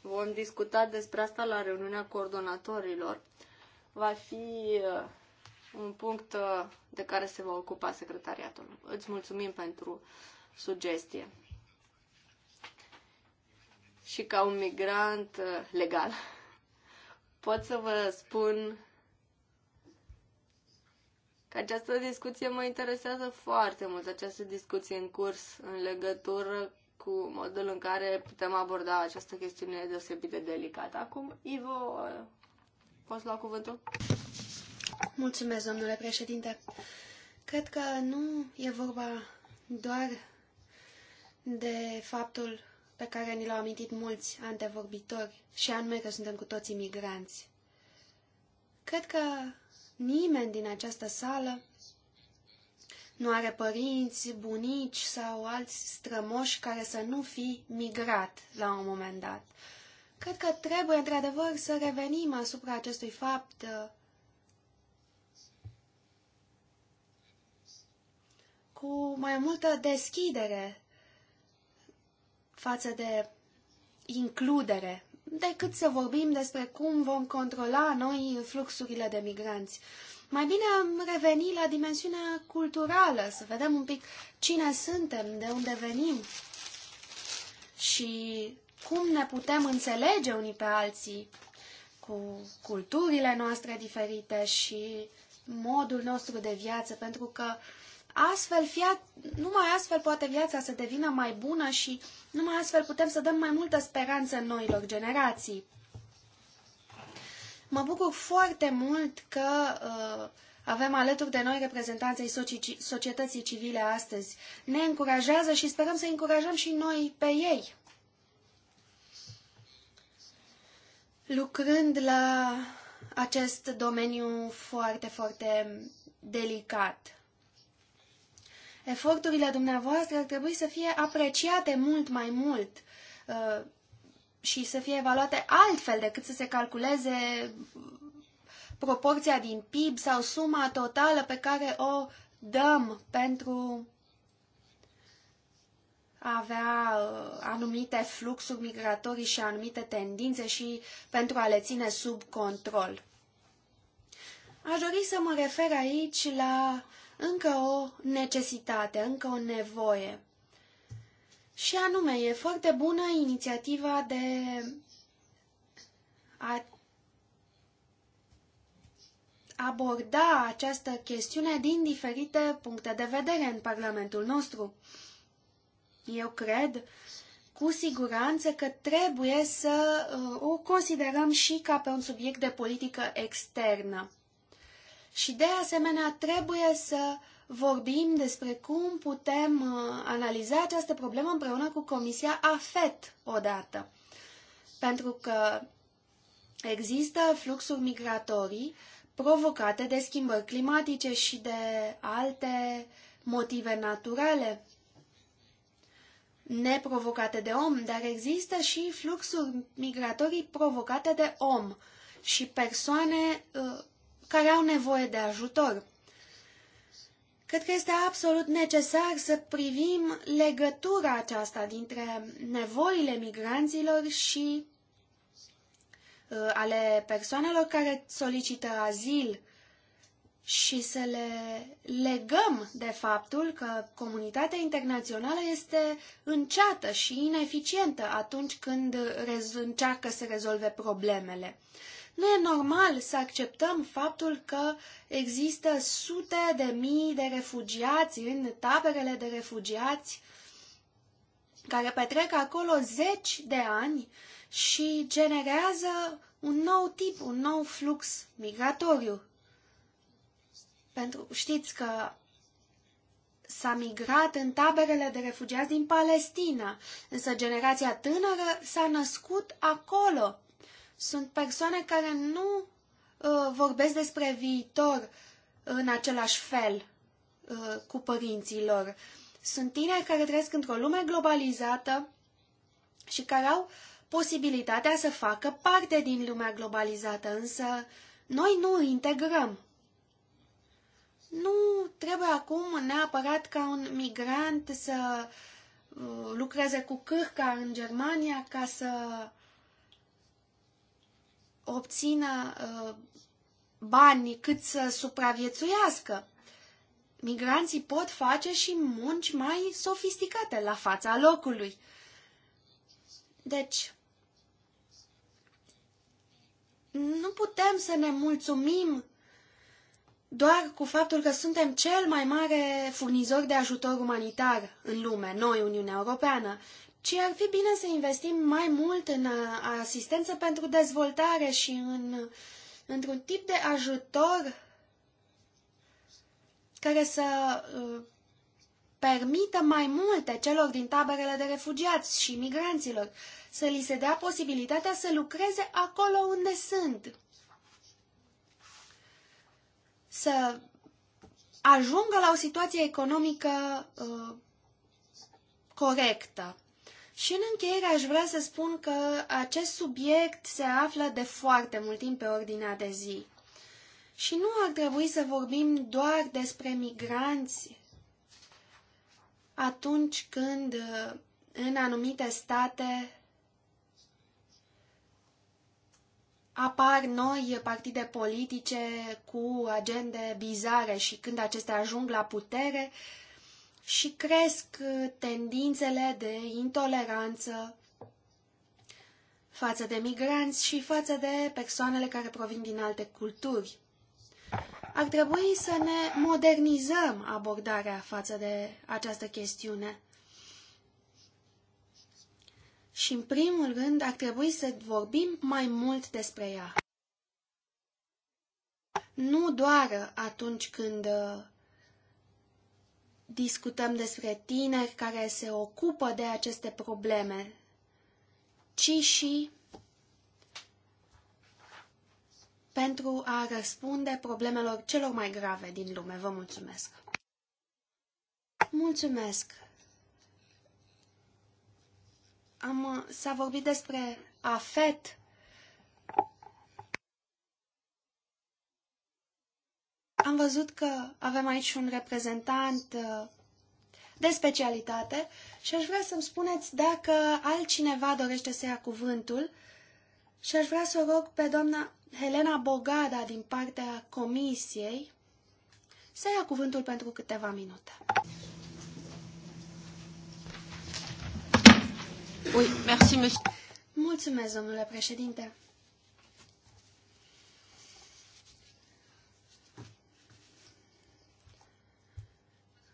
Speaker 4: Vom discuta despre asta la reuniunea coordonatorilor. Va fi uh, un punct uh, de care se va ocupa secretariatul. Îți mulțumim pentru sugestie și ca un migrant uh, legal, pot să vă spun că această discuție mă interesează foarte mult, această discuție în curs în legătură cu modul în care putem aborda această chestiune deosebit de delicată. Acum, Ivo, uh, poți lua cuvântul?
Speaker 1: Mulțumesc, domnule președinte. Cred că nu e vorba doar de faptul pe care ni l-au amintit mulți antevorbitori, și anume că suntem cu toții migranți. Cred că nimeni din această sală nu are părinți, bunici sau alți strămoși care să nu fi migrat la un moment dat. Cred că trebuie, într-adevăr, să revenim asupra acestui fapt cu mai multă deschidere față de includere, decât să vorbim despre cum vom controla noi fluxurile de migranți. Mai bine am reveni la dimensiunea culturală, să vedem un pic cine suntem, de unde venim și cum ne putem înțelege unii pe alții cu culturile noastre diferite și modul nostru de viață, pentru că uh, astfel, fia, numai astfel poate viața să devină mai bună și numai astfel putem să dăm mai multă speranță noilor generații. Mă bucur foarte mult că uh, avem alături de noi reprezentanții societății civile astăzi. Ne încurajează și sperăm să încurajăm și noi pe ei. Lucrând la acest domeniu foarte, foarte delicat. Eforturile dumneavoastră ar trebui să fie apreciate mult mai mult uh, și să fie evaluate altfel decât să se calculeze proporția din PIB sau suma totală pe care o dăm pentru a avea uh, anumite fluxuri migratorii și anumite tendințe și pentru a le ține sub control. Aș dori să mă refer aici la încă o necesitate, încă o nevoie. Și anume, e foarte bună inițiativa de a aborda această chestiune din diferite puncte de vedere în Parlamentul nostru. Eu cred cu siguranță că trebuie să uh, o considerăm și ca pe un subiect de politică externă. Și de asemenea trebuie să vorbim despre cum putem uh, analiza această problemă împreună cu Comisia AFET odată. Pentru că există fluxuri migratorii provocate de schimbări climatice și de alte motive naturale neprovocate de om, dar există și fluxuri migratorii provocate de om și persoane uh, care au nevoie de ajutor. Cred că este absolut necesar să privim legătura aceasta dintre nevoile migranților și uh, ale persoanelor care solicită azil și să le legăm de faptul că comunitatea internațională este înceată și ineficientă atunci când încearcă să rezolve problemele. Nu e normal să acceptăm faptul că există sute de mii de refugiați în taberele de refugiați care petrec acolo zeci de ani și generează un nou tip, un nou flux migratoriu. Pentru, știți că s-a migrat în taberele de refugiați din Palestina, însă generația tânără s-a născut acolo sunt persoane care nu uh, vorbesc despre viitor în același fel uh, cu părinții lor. Sunt tineri care trăiesc într-o lume globalizată și care au posibilitatea să facă parte din lumea globalizată, însă noi nu integrăm. Nu trebuie acum neapărat ca un migrant să uh, lucreze cu cârca în Germania ca să obțină uh, bani cât să supraviețuiască. Migranții pot face și munci mai sofisticate la fața locului. Deci, nu putem să ne mulțumim doar cu faptul că suntem cel mai mare furnizor de ajutor umanitar în lume, noi, Uniunea Europeană ci ar fi bine să investim mai mult în asistență pentru dezvoltare și în, într-un tip de ajutor care să uh, permită mai multe celor din taberele de refugiați și migranților să li se dea posibilitatea să lucreze acolo unde sunt. Să ajungă la o situație economică uh, corectă. Și în încheiere aș vrea să spun că acest subiect se află de foarte mult timp pe ordinea de zi. Și nu ar trebui să vorbim doar despre migranți atunci când uh, în anumite state apar noi partide politice cu agende bizare și când acestea ajung la putere, și cresc uh, tendințele de intoleranță față de migranți și față de persoanele care provin din alte culturi. Ar trebui să ne modernizăm abordarea față de această chestiune. Și, în primul rând, ar trebui să vorbim mai mult despre ea. Nu doar atunci când uh, discutăm despre tineri care se ocupă de aceste probleme, ci și pentru a răspunde problemelor celor mai grave din lume. Vă mulțumesc! Mulțumesc! Am, s-a vorbit despre AFET Am văzut că avem aici un reprezentant uh, de specialitate și aș vrea să-mi spuneți dacă altcineva dorește să ia cuvântul și aș vrea să o rog pe doamna Helena Bogada din partea comisiei să ia cuvântul pentru câteva minute. Oui, merci, monsieur. Mulțumesc, domnule președinte.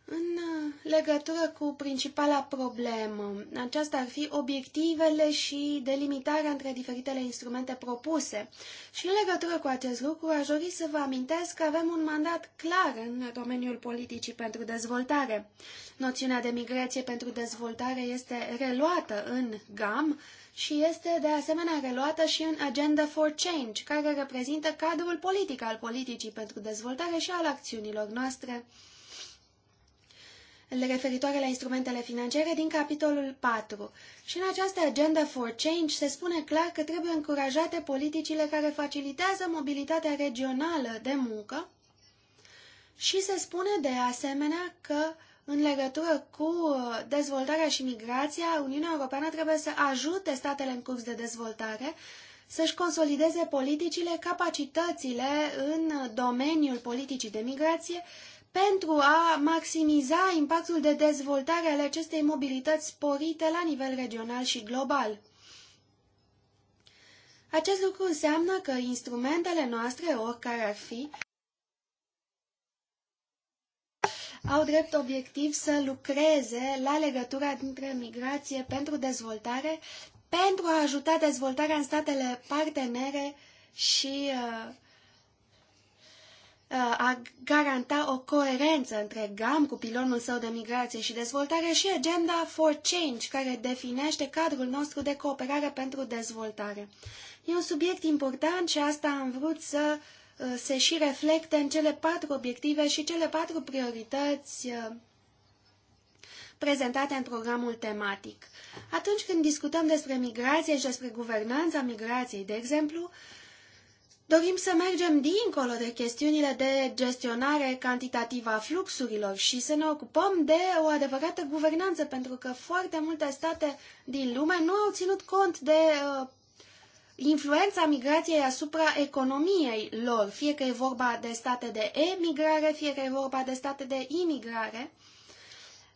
Speaker 1: În uh, legătură cu principala problemă, aceasta ar fi obiectivele și delimitarea între diferitele instrumente propuse. Și în legătură cu acest lucru, aș dori să vă amintesc că avem un mandat clar în domeniul politicii pentru dezvoltare. Noțiunea de migrație pentru dezvoltare este reluată în GAM și este de asemenea reluată și în Agenda for Change, care reprezintă cadrul politic al politicii pentru dezvoltare și al acțiunilor noastre referitoare la instrumentele financiare din capitolul 4. Și în această Agenda for Change se spune clar că trebuie încurajate politicile care facilitează mobilitatea regională de muncă și se spune de asemenea că în legătură cu uh, dezvoltarea și migrația, Uniunea Europeană trebuie să ajute statele în curs de dezvoltare să-și consolideze politicile, capacitățile în domeniul politicii de migrație pentru a maximiza impactul de dezvoltare ale acestei mobilități sporite la nivel regional și global. Acest lucru înseamnă că instrumentele noastre, oricare ar fi, au drept obiectiv să lucreze la legătura dintre migrație pentru dezvoltare, pentru a ajuta dezvoltarea în statele partenere și uh, Uh, a garanta o coerență între GAM cu pilonul său de migrație și dezvoltare și Agenda for Change, care definește cadrul nostru de cooperare pentru dezvoltare. E un subiect important și asta am vrut să uh, se și reflecte în cele patru obiective și cele patru priorități uh, prezentate în programul tematic. Atunci când discutăm despre migrație și despre guvernanța migrației, de exemplu, Dorim să mergem dincolo de chestiunile de gestionare cantitativă a fluxurilor și să ne ocupăm de o adevărată guvernanță, pentru că foarte multe state din lume nu au ținut cont de uh, influența migrației asupra economiei lor, fie că e vorba de state de emigrare, fie că e vorba de state de imigrare,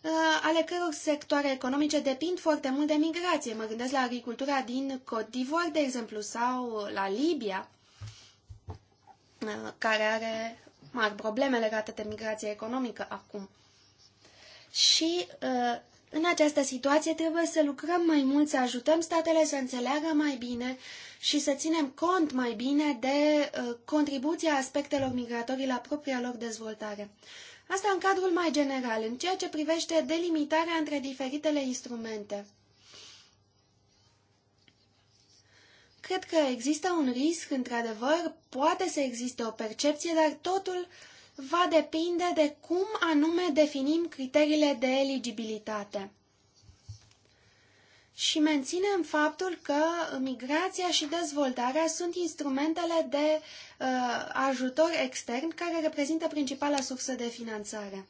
Speaker 1: uh, ale căror sectoare economice depind foarte mult de migrație. Mă gândesc la agricultura din Cotivor, de exemplu, sau la Libia care are mari probleme legate de migrația economică acum. Și uh, în această situație trebuie să lucrăm mai mult, să ajutăm statele să înțeleagă mai bine și să ținem cont mai bine de uh, contribuția aspectelor migratorii la propria lor dezvoltare. Asta în cadrul mai general, în ceea ce privește delimitarea între diferitele instrumente. Cred că există un risc, într-adevăr, poate să existe o percepție, dar totul va depinde de cum anume definim criteriile de eligibilitate. Și menținem faptul că migrația și dezvoltarea sunt instrumentele de uh, ajutor extern care reprezintă principala sursă de finanțare.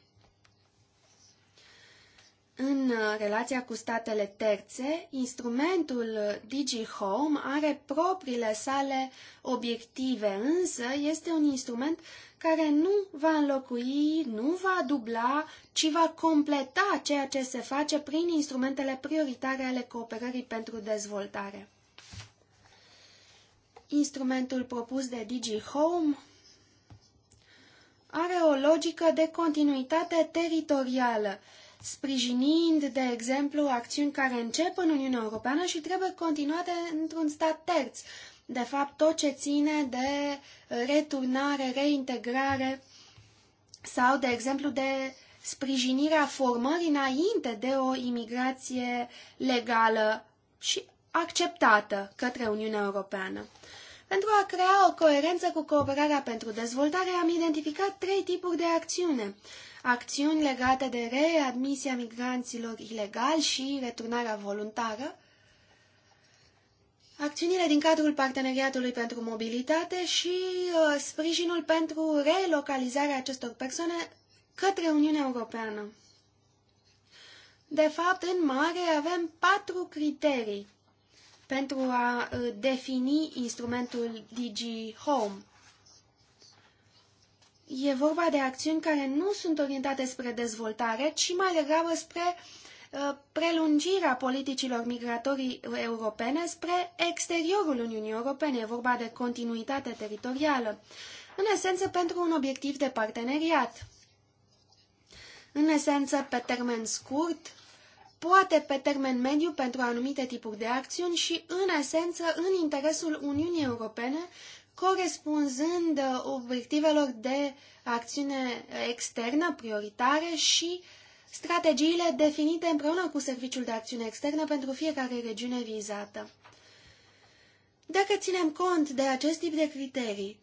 Speaker 1: În uh, relația cu statele terțe, instrumentul uh, DigiHome are propriile sale obiective, însă este un instrument care nu va înlocui, nu va dubla, ci va completa ceea ce se face prin instrumentele prioritare ale cooperării pentru dezvoltare. Instrumentul propus de DigiHome are o logică de continuitate teritorială, sprijinind, de exemplu, acțiuni care încep în Uniunea Europeană și trebuie continuate într-un stat terț. De fapt, tot ce ține de returnare, reintegrare sau, de exemplu, de sprijinirea formării înainte de o imigrație legală și acceptată către Uniunea Europeană. Pentru a crea o coerență cu cooperarea pentru dezvoltare, am identificat trei tipuri de acțiune acțiuni legate de readmisia migranților ilegali și returnarea voluntară, acțiunile din cadrul Parteneriatului pentru Mobilitate și uh, sprijinul pentru relocalizarea acestor persoane către Uniunea Europeană. De fapt, în mare avem patru criterii pentru a uh, defini instrumentul DG Home. E vorba de acțiuni care nu sunt orientate spre dezvoltare, ci mai degrabă spre uh, prelungirea politicilor migratorii europene spre exteriorul Uniunii Europene. E vorba de continuitate teritorială, în esență pentru un obiectiv de parteneriat. În esență, pe termen scurt, poate pe termen mediu pentru anumite tipuri de acțiuni și, în esență, în interesul Uniunii Europene corespunzând uh, obiectivelor de acțiune externă prioritare și strategiile definite împreună cu Serviciul de Acțiune Externă pentru fiecare regiune vizată. Dacă ținem cont de acest tip de criterii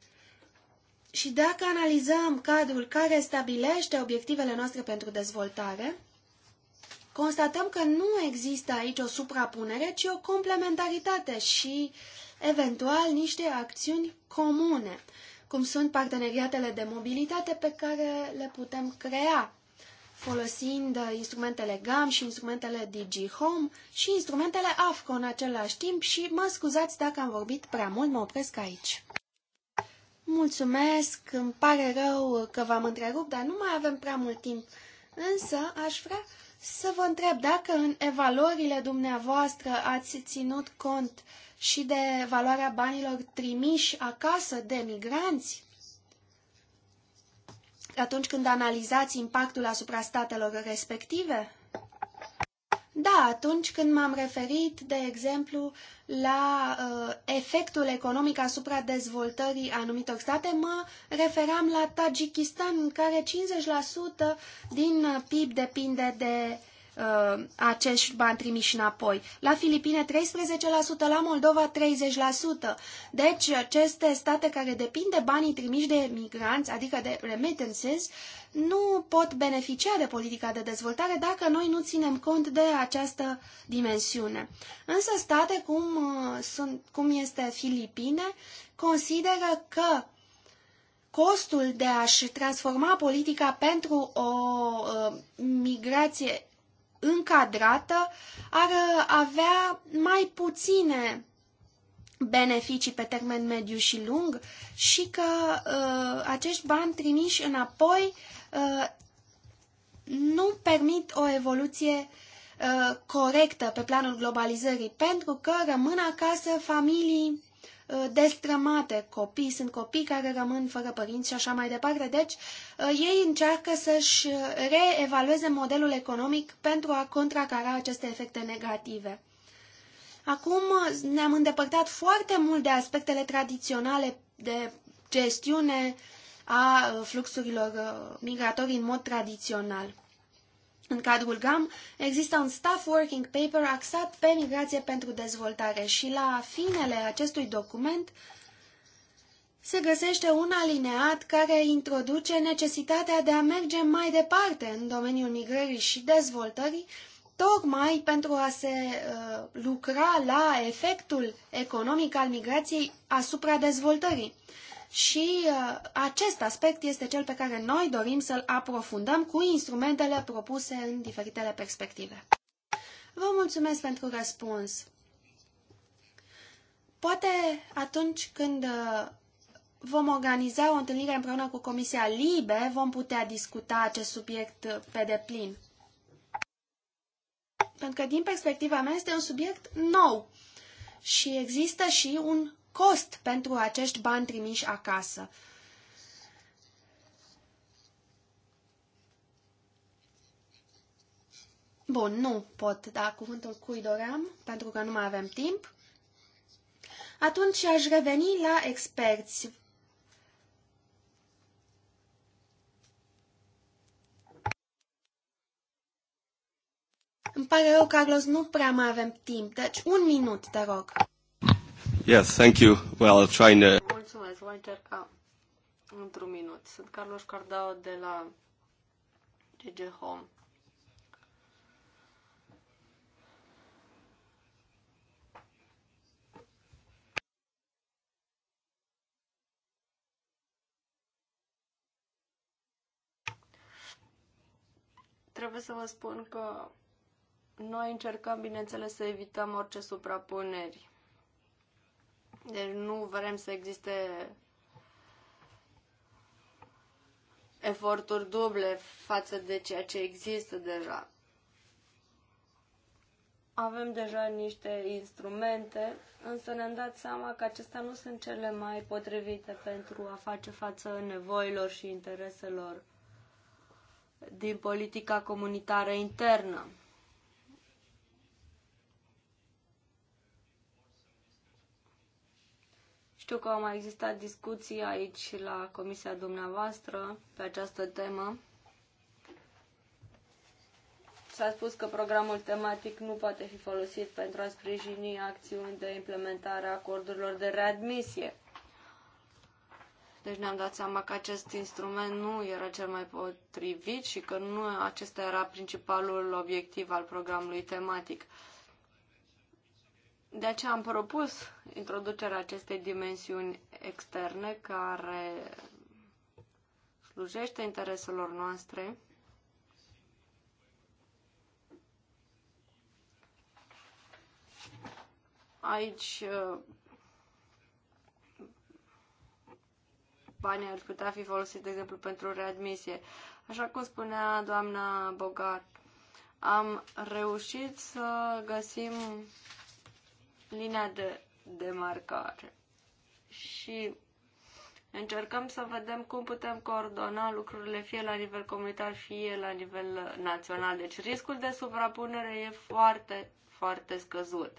Speaker 1: și dacă analizăm cadrul care stabilește obiectivele noastre pentru dezvoltare, constatăm că nu există aici o suprapunere, ci o complementaritate și uh, eventual niște acțiuni comune, cum sunt parteneriatele de mobilitate pe care le putem crea folosind uh, instrumentele GAM și instrumentele DigiHome și instrumentele AFCO în același timp și mă scuzați dacă am vorbit prea mult, mă opresc aici. Mulțumesc, îmi pare rău că v-am întrerupt, dar nu mai avem prea mult timp. Însă aș vrea să vă întreb dacă în evaluările dumneavoastră ați ținut cont uh, și de valoarea banilor trimiși acasă de migranți? Atunci când analizați impactul asupra statelor respective? Da, atunci când m-am referit, de exemplu, la uh, efectul economic asupra dezvoltării anumitor state, mă referam la Tajikistan, în care 50% din PIB depinde de uh, acești bani trimiși înapoi. La Filipine 13%, la Moldova 30%. Deci aceste state care depind de banii trimiși de migranți, adică de remittances, nu pot beneficia de politica de dezvoltare dacă noi nu ținem cont de această dimensiune. Însă state cum, uh, sunt, cum este Filipine consideră că costul de a-și transforma politica pentru o uh, migrație încadrată ar avea mai puține beneficii pe termen mediu și lung și că uh, acești bani trimiși înapoi uh, nu permit o evoluție uh, corectă pe planul globalizării, pentru că rămân acasă familii Uh, destrămate copii, sunt copii care rămân fără părinți și așa mai departe. Deci, uh, ei încearcă să-și reevalueze modelul economic pentru a contracara aceste efecte negative. Acum ne-am îndepărtat foarte mult de aspectele tradiționale de gestiune a uh, fluxurilor migratorii în mod tradițional. În cadrul GAM există un staff working paper axat pe migrație pentru dezvoltare și la finele acestui document se găsește un alineat care introduce necesitatea de a merge mai departe în domeniul migrării și dezvoltării, tocmai pentru a se uh, lucra la efectul economic al migrației asupra dezvoltării și uh, acest aspect este cel pe care noi dorim să-l aprofundăm cu instrumentele propuse în diferitele perspective. Vă mulțumesc pentru răspuns. Poate atunci când uh, vom organiza o întâlnire împreună cu Comisia Libe, vom putea discuta acest subiect uh, pe deplin. Pentru că, din perspectiva mea, este un subiect nou și există și un cost pentru acești bani trimiși acasă. Bun, nu pot da cuvântul cui doream, pentru că nu mai avem timp. Atunci aș reveni la experți. Îmi pare rău, Carlos,
Speaker 4: nu prea mai avem timp, deci un minut, te rog. Yes, thank you. Well, I'll try and... Uh, Mulțumesc, voi încerca într-un minut. Sunt Carlos Cardao de la GG Home. Trebuie să vă spun că noi încercăm, bineînțeles, să evităm orice suprapuneri deci nu vrem să existe eforturi duble față de ceea ce există deja. Avem deja niște instrumente, însă ne-am dat seama că acestea nu sunt cele mai potrivite pentru a face față nevoilor și intereselor din politica comunitară internă. Știu că au mai existat discuții aici la comisia dumneavoastră pe această temă. S-a spus că programul tematic nu poate fi folosit pentru a sprijini acțiuni de implementare a acordurilor de readmisie. Deci ne-am dat seama că acest instrument nu era cel mai potrivit și că nu acesta era principalul obiectiv al programului tematic. De aceea am propus introducerea acestei dimensiuni externe care slujește intereselor noastre aici banii ar putea fi folosiți, de exemplu, pentru readmisie. Așa cum spunea doamna Bogart am reușit să găsim linia de demarcare. Și încercăm să vedem cum putem coordona lucrurile fie la nivel comunitar, fie la nivel național. Deci riscul de suprapunere e foarte, foarte scăzut.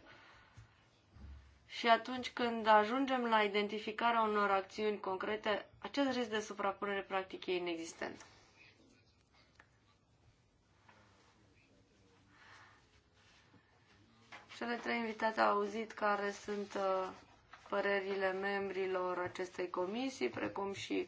Speaker 4: Și atunci când ajungem la identificarea unor acțiuni concrete, acest risc de suprapunere practic e inexistent. Cele trei invitate au auzit care sunt uh, părerile membrilor acestei comisii, precum și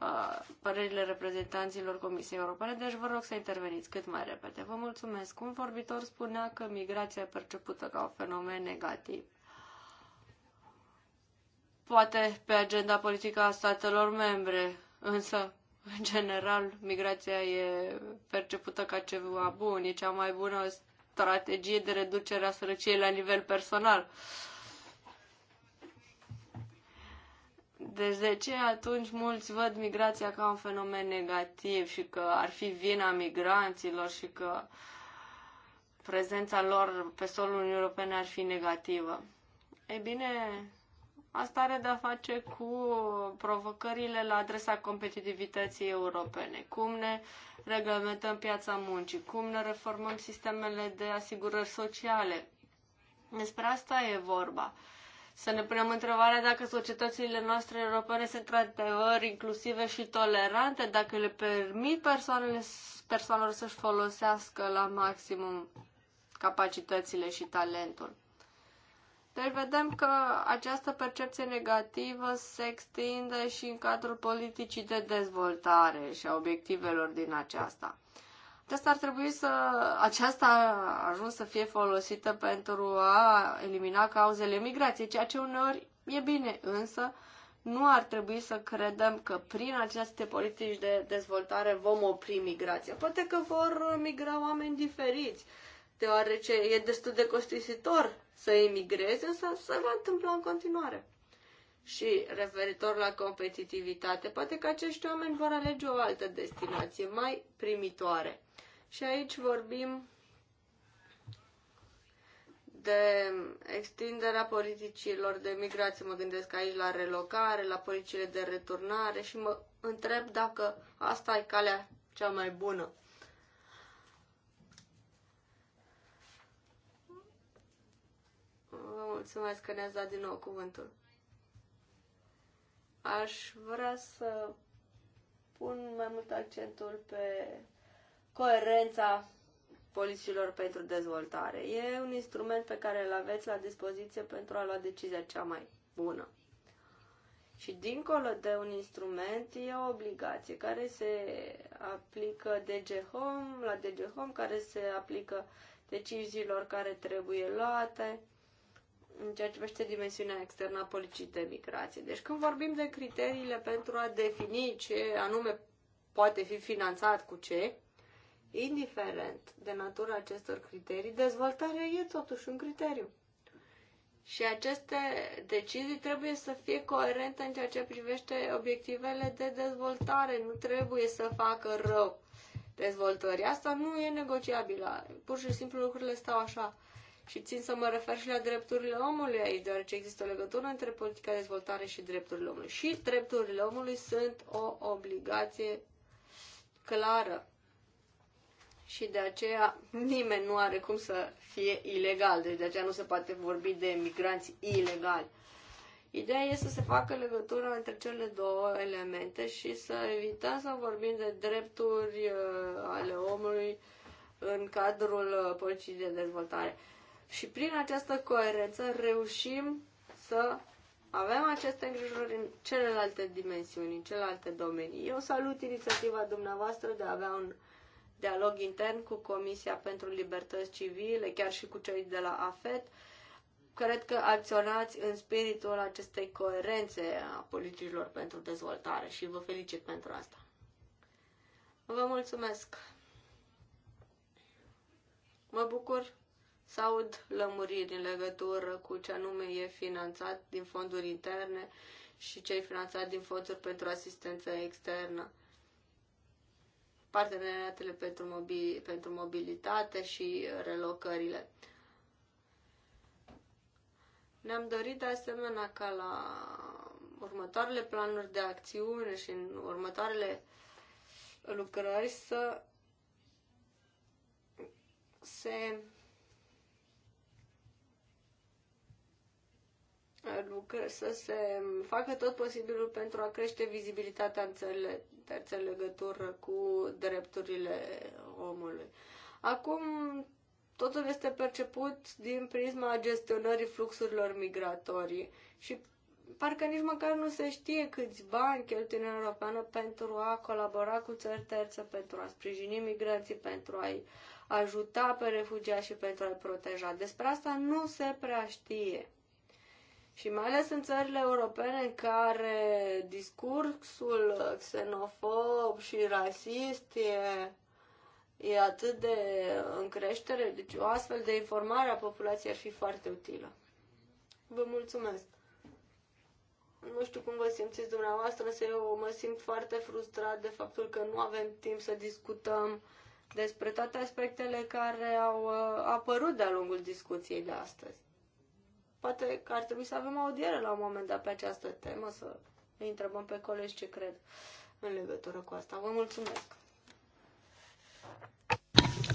Speaker 4: uh, părerile reprezentanților Comisiei Europene, deci vă rog să interveniți cât mai repede. Vă mulțumesc. Un vorbitor spunea că migrația e percepută ca un fenomen negativ. Poate pe agenda politică a statelor membre, însă, în general, migrația e percepută ca ceva bun, e cea mai bună strategie de reducere a sărăciei la nivel personal. Deci de ce atunci mulți văd migrația ca un fenomen negativ și că ar fi vina migranților și că prezența lor pe solul Uniunii Europene ar fi negativă? Ei bine, Asta are de-a face cu provocările la adresa competitivității europene, cum ne reglementăm piața muncii, cum ne reformăm sistemele de asigurări sociale. Despre asta e vorba. Să ne punem întrebarea dacă societățile noastre europene sunt într-adevăr inclusive și tolerante, dacă le permit persoanele, persoanelor să-și folosească la maximum capacitățile și talentul. Deci vedem că această percepție negativă se extinde și în cadrul politicii de dezvoltare și a obiectivelor din aceasta. Aceasta ar trebui să, aceasta a ajuns să fie folosită pentru a elimina cauzele migrației, ceea ce uneori e bine, însă nu ar trebui să credem că prin aceste politici de dezvoltare vom opri migrația. Poate că vor migra oameni diferiți, deoarece e destul de costisitor să emigrezi, însă se va întâmpla în continuare. Și referitor la competitivitate, poate că acești oameni vor alege o altă destinație mai primitoare. Și aici vorbim de extinderea politicilor de migrație, mă gândesc aici la relocare, la politicile de returnare și mă întreb dacă asta e calea cea mai bună. mulțumesc că ne-ați dat din nou cuvântul. Aș vrea să pun mai mult accentul pe coerența polițiilor pentru dezvoltare. E un instrument pe care îl aveți la dispoziție pentru a lua decizia cea mai bună. Și dincolo de un instrument, e o obligație care se aplică DG Home, la DG Home, care se aplică deciziilor care trebuie luate, în ceea ce privește dimensiunea externă a politicii de migrație. Deci când vorbim de criteriile pentru a defini ce anume poate fi finanțat cu ce, indiferent de natura acestor criterii, dezvoltarea e totuși un criteriu. Și aceste decizii trebuie să fie coerente în ceea ce privește obiectivele de dezvoltare. Nu trebuie să facă rău dezvoltării. Asta nu e negociabilă. Pur și simplu lucrurile stau așa și țin să mă refer și la drepturile omului aici, deoarece există o legătură între politica de dezvoltare și drepturile omului. Și drepturile omului sunt o obligație clară. Și de aceea nimeni nu are cum să fie ilegal, deci de aceea nu se poate vorbi de migranți ilegali. Ideea este să se facă legătura între cele două elemente și să evităm să vorbim de drepturi uh, ale omului în cadrul uh, politicii de dezvoltare. Și prin această coerență reușim să avem aceste îngrijorări în celelalte dimensiuni, în celelalte domenii. Eu salut inițiativa dumneavoastră de a avea un dialog intern cu Comisia pentru Libertăți Civile, chiar și cu cei de la AFET. Cred că acționați în spiritul acestei coerențe a politicilor pentru dezvoltare și vă felicit pentru asta. Vă mulțumesc! Mă bucur să aud lămuriri în legătură cu ce anume e finanțat din fonduri interne și ce e finanțat din fonduri pentru asistență externă. Parteneriatele pentru, mobil, pentru mobilitate și relocările. Ne-am dorit de asemenea ca la următoarele planuri de acțiune și în următoarele lucrări să se să se facă tot posibilul pentru a crește vizibilitatea în țările terțe în legătură cu drepturile omului. Acum totul este perceput din prisma gestionării fluxurilor migratorii și parcă nici măcar nu se știe câți bani cheltuie Uniunea Europeană pentru a colabora cu țări terțe, pentru a sprijini migranții, pentru a-i ajuta pe refugiați și pentru a-i proteja. Despre asta nu se prea știe. Și mai ales în țările europene în care discursul xenofob și rasist e, e atât de în creștere, deci o astfel de informare a populației ar fi foarte utilă. Vă mulțumesc! nu știu cum vă simțiți dumneavoastră, însă eu mă simt foarte frustrat de faptul că nu avem timp să discutăm despre toate aspectele care au uh, apărut de-a lungul discuției de astăzi. Poate că ar trebui să avem audiere la un moment dat pe această temă, să îi întrebăm pe colegi ce cred în legătură cu asta. Vă mulțumesc!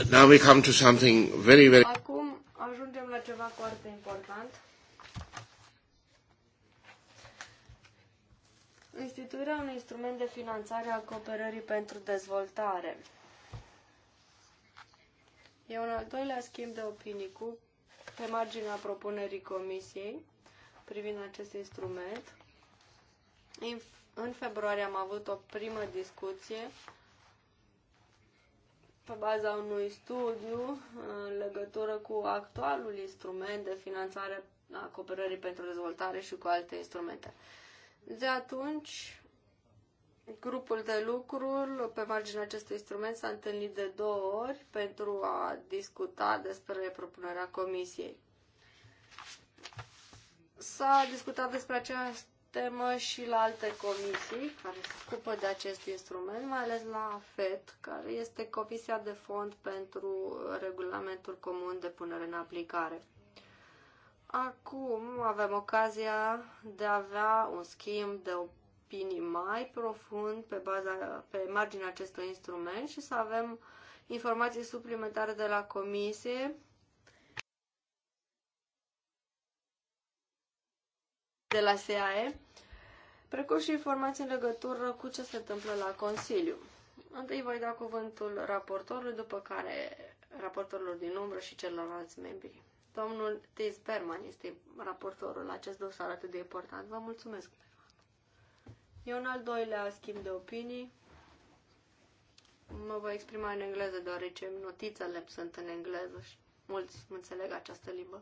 Speaker 2: Now we come to something very, very...
Speaker 4: Acum ajungem la ceva foarte important. Instituirea unui instrument de finanțare a cooperării pentru dezvoltare. E un al doilea schimb de opinii cu pe marginea propunerii comisiei privind acest instrument. În februarie am avut o primă discuție pe baza unui studiu în legătură cu actualul instrument de finanțare a cooperării pentru dezvoltare și cu alte instrumente. De atunci Grupul de lucru pe marginea acestui instrument s-a întâlnit de două ori pentru a discuta despre propunerea comisiei. S-a discutat despre această temă și la alte comisii care se ocupă de acest instrument, mai ales la FED, care este Comisia de Fond pentru Regulamentul Comun de Punere în Aplicare. Acum avem ocazia de a avea un schimb de opinii mai profund pe, baza, pe marginea acestui instrument și să avem informații suplimentare de la comisie de la SAE, precum și informații în legătură cu ce se întâmplă la Consiliu. Întâi voi da cuvântul raportorului, după care raportorilor din umbră și celorlalți membri. Domnul Tis Berman este raportorul la acest dosar atât de important. Vă mulțumesc! E un al doilea schimb de opinii. Mă voi exprima în engleză, deoarece notițele sunt în engleză și mulți înțeleg această limbă.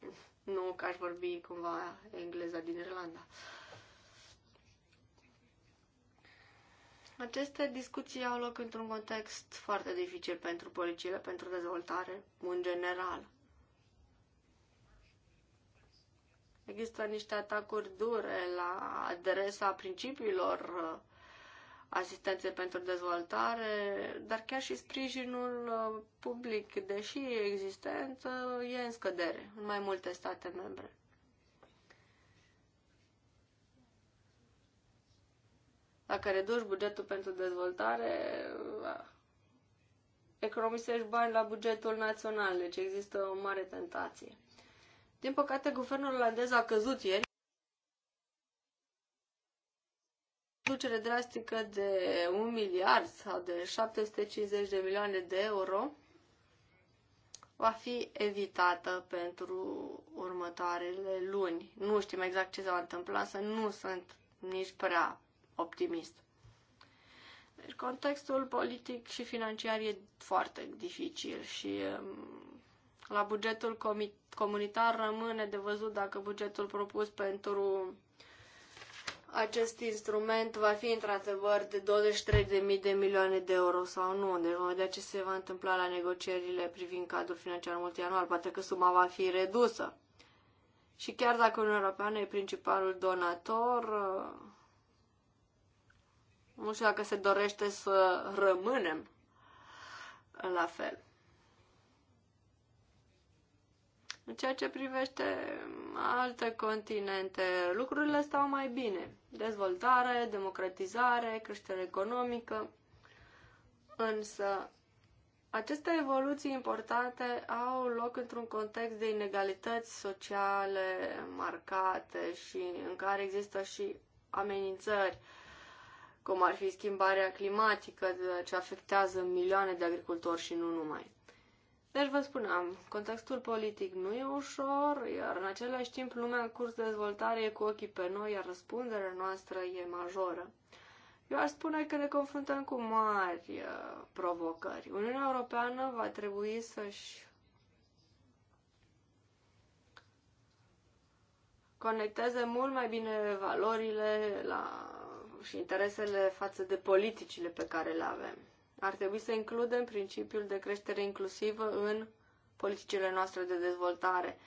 Speaker 4: Nu că aș vorbi cumva engleza din Irlanda. Aceste discuții au loc într-un context foarte dificil pentru politicile pentru dezvoltare, în general. Există niște atacuri dure la adresa principiilor uh, asistenței pentru dezvoltare, dar chiar și sprijinul uh, public, deși existent, uh, e în scădere în mai multe state membre. Dacă reduci bugetul pentru dezvoltare, economisești bani la bugetul național, deci există o mare tentație. Din păcate, guvernul olandez a căzut ieri. Reducere drastică de 1 miliard sau de 750 de milioane de euro va fi evitată pentru următoarele luni. Nu știm exact ce se va întâmpla, să nu sunt nici prea optimist. Deci contextul politic și financiar e foarte dificil și um, la bugetul comunitar rămâne de văzut dacă bugetul propus pentru acest instrument va fi într-adevăr de 23.000 de milioane de euro sau nu. Deci vom vedea ce se va întâmpla la negocierile privind cadrul financiar multianual. Poate că suma va fi redusă. Și chiar dacă Uniunea Europeană e principalul donator, nu știu dacă se dorește să rămânem la fel. În ceea ce privește alte continente, lucrurile stau mai bine. Dezvoltare, democratizare, creștere economică. Însă, aceste evoluții importante au loc într-un context de inegalități sociale marcate și în care există și amenințări, cum ar fi schimbarea climatică, ce afectează milioane de agricultori și nu numai. Deci vă spuneam, contextul politic nu e ușor, iar în același timp lumea în curs de dezvoltare e cu ochii pe noi, iar răspunderea noastră e majoră. Eu aș spune că ne confruntăm cu mari uh, provocări. Uniunea Europeană va trebui să-și conecteze mult mai bine valorile la, și interesele față de politicile pe care le avem ar trebui să includem principiul de creștere inclusivă în politicile noastre de dezvoltare.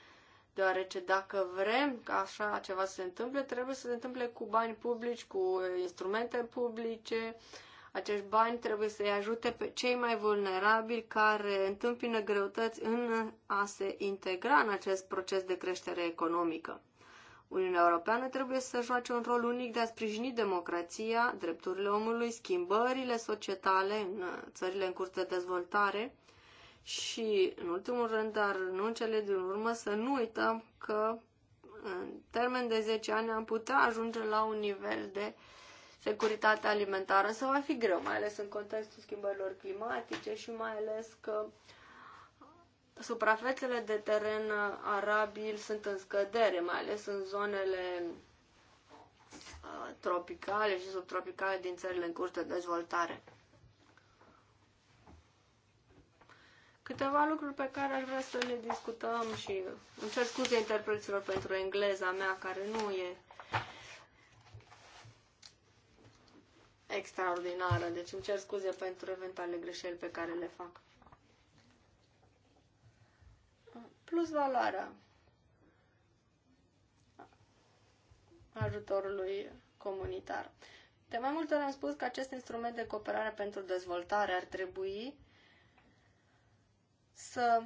Speaker 4: Deoarece dacă vrem ca așa ceva să se întâmple, trebuie să se întâmple cu bani publici, cu uh, instrumente publice. Acești bani trebuie să-i ajute pe cei mai vulnerabili care întâmpină greutăți în a se integra în acest proces de creștere economică. Uniunea Europeană trebuie să joace un rol unic de a sprijini democrația, drepturile omului, schimbările societale în uh, țările în curs de dezvoltare și, în ultimul rând, dar nu în cele din urmă, să nu uităm că în termen de 10 ani am putea ajunge la un nivel de securitate alimentară, să va fi greu, mai ales în contextul schimbărilor climatice și mai ales că uh, suprafețele de teren arabil sunt în scădere, mai ales în zonele tropicale și subtropicale din țările în curs de dezvoltare. Câteva lucruri pe care aș vrea să le discutăm și îmi cer scuze interpreților pentru engleza mea, care nu e extraordinară, deci îmi cer scuze pentru eventuale greșeli pe care le fac. plus valoarea ajutorului comunitar. De mai multe ori am spus că acest instrument de cooperare pentru dezvoltare ar trebui să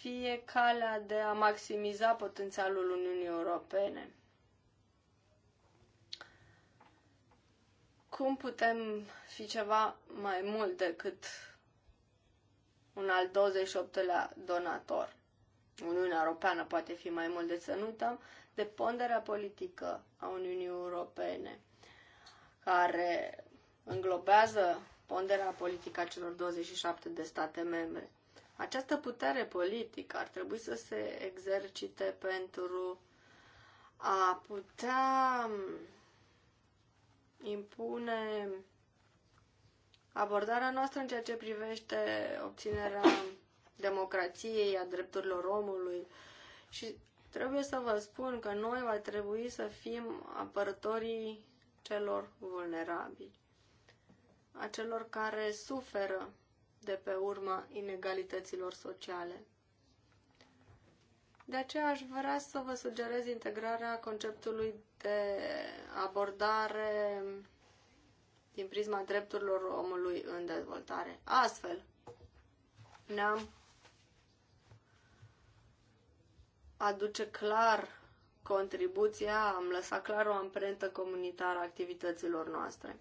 Speaker 4: fie calea de a maximiza potențialul Uniunii Europene. cum putem fi ceva mai mult decât un al 28-lea donator. Uniunea Europeană poate fi mai mult, de să nu uităm de ponderea politică a Uniunii Europene, care înglobează ponderea politică a celor 27 de state membre. Această putere politică ar trebui să se exercite pentru a putea impune abordarea noastră în ceea ce privește obținerea democrației, a drepturilor omului și trebuie să vă spun că noi va trebui să fim apărătorii celor vulnerabili, a celor care suferă de pe urma inegalităților sociale. De aceea aș vrea să vă sugerez integrarea conceptului de abordare din prisma drepturilor omului în dezvoltare. Astfel, ne-am aduce clar contribuția, am lăsat clar o amprentă comunitară a activităților noastre.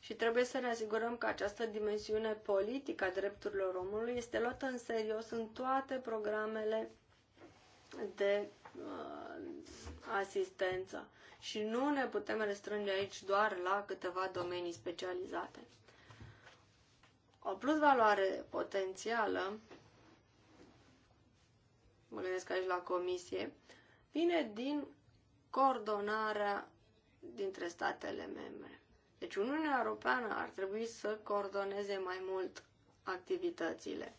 Speaker 4: Și trebuie să ne asigurăm că această dimensiune politică a drepturilor omului este luată în serios în toate programele de uh, asistență. Și nu ne putem restrânge aici doar la câteva domenii specializate. O plus valoare potențială, mă gândesc aici la comisie, vine din coordonarea dintre statele membre. Deci Uniunea Europeană ar trebui să coordoneze mai mult activitățile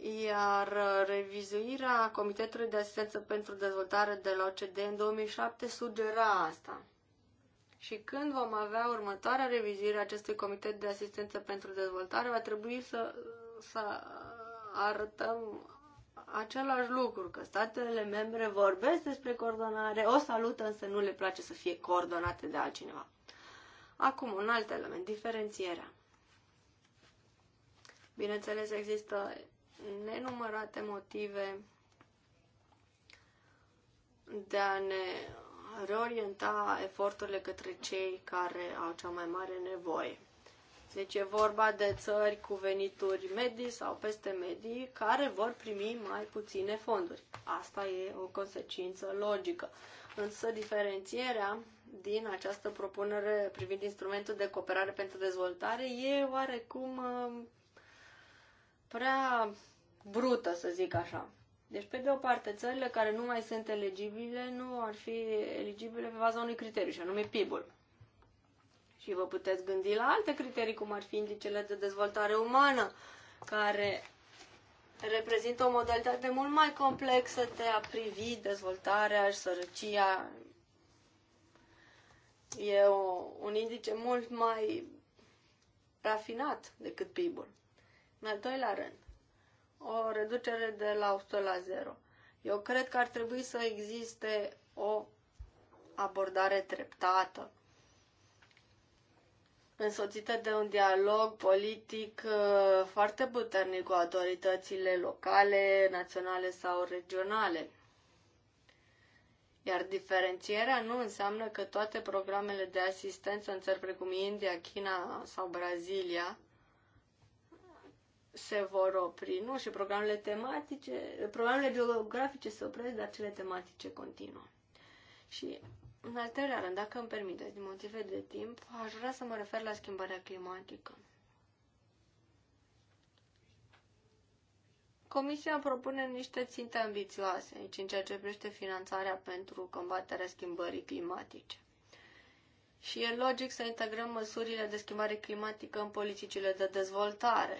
Speaker 4: iar uh, revizuirea Comitetului de Asistență pentru Dezvoltare de la OCD în 2007 sugera asta. Și când vom avea următoarea revizuire a acestui Comitet de Asistență pentru Dezvoltare, va trebui să, să arătăm același lucru, că statele membre vorbesc despre coordonare, o salută, însă nu le place să fie coordonate de altcineva. Acum, un alt element, diferențierea. Bineînțeles, există nenumărate motive de a ne reorienta eforturile către cei care au cea mai mare nevoie. Deci e vorba de țări cu venituri medii sau peste medii care vor primi mai puține fonduri. Asta e o consecință logică. Însă diferențierea din această propunere privind instrumentul de cooperare pentru dezvoltare e oarecum uh, prea brută, să zic așa. Deci, pe de o parte, țările care nu mai sunt eligibile nu ar fi eligibile pe baza unui criteriu, și anume PIB-ul. Și vă puteți gândi la alte criterii, cum ar fi indicele de dezvoltare umană, care reprezintă o modalitate mult mai complexă de a privi dezvoltarea și sărăcia. E o, un indice mult mai rafinat decât PIB-ul. În al doilea rând, o reducere de la 100 la 0. Eu cred că ar trebui să existe o abordare treptată, însoțită de un dialog politic uh, foarte puternic cu autoritățile locale, naționale sau regionale. Iar diferențierea nu înseamnă că toate programele de asistență în țări precum India, China sau Brazilia – se vor opri, nu? Și programele tematice, programele geografice se opresc, dar cele tematice continuă. Și, în al treilea rând, dacă îmi permiteți, din motive de timp, aș vrea să mă refer la schimbarea climatică. Comisia propune niște ținte ambițioase aici în ceea ce privește finanțarea pentru combaterea schimbării climatice. Și e logic să integrăm măsurile de schimbare climatică în politicile de dezvoltare,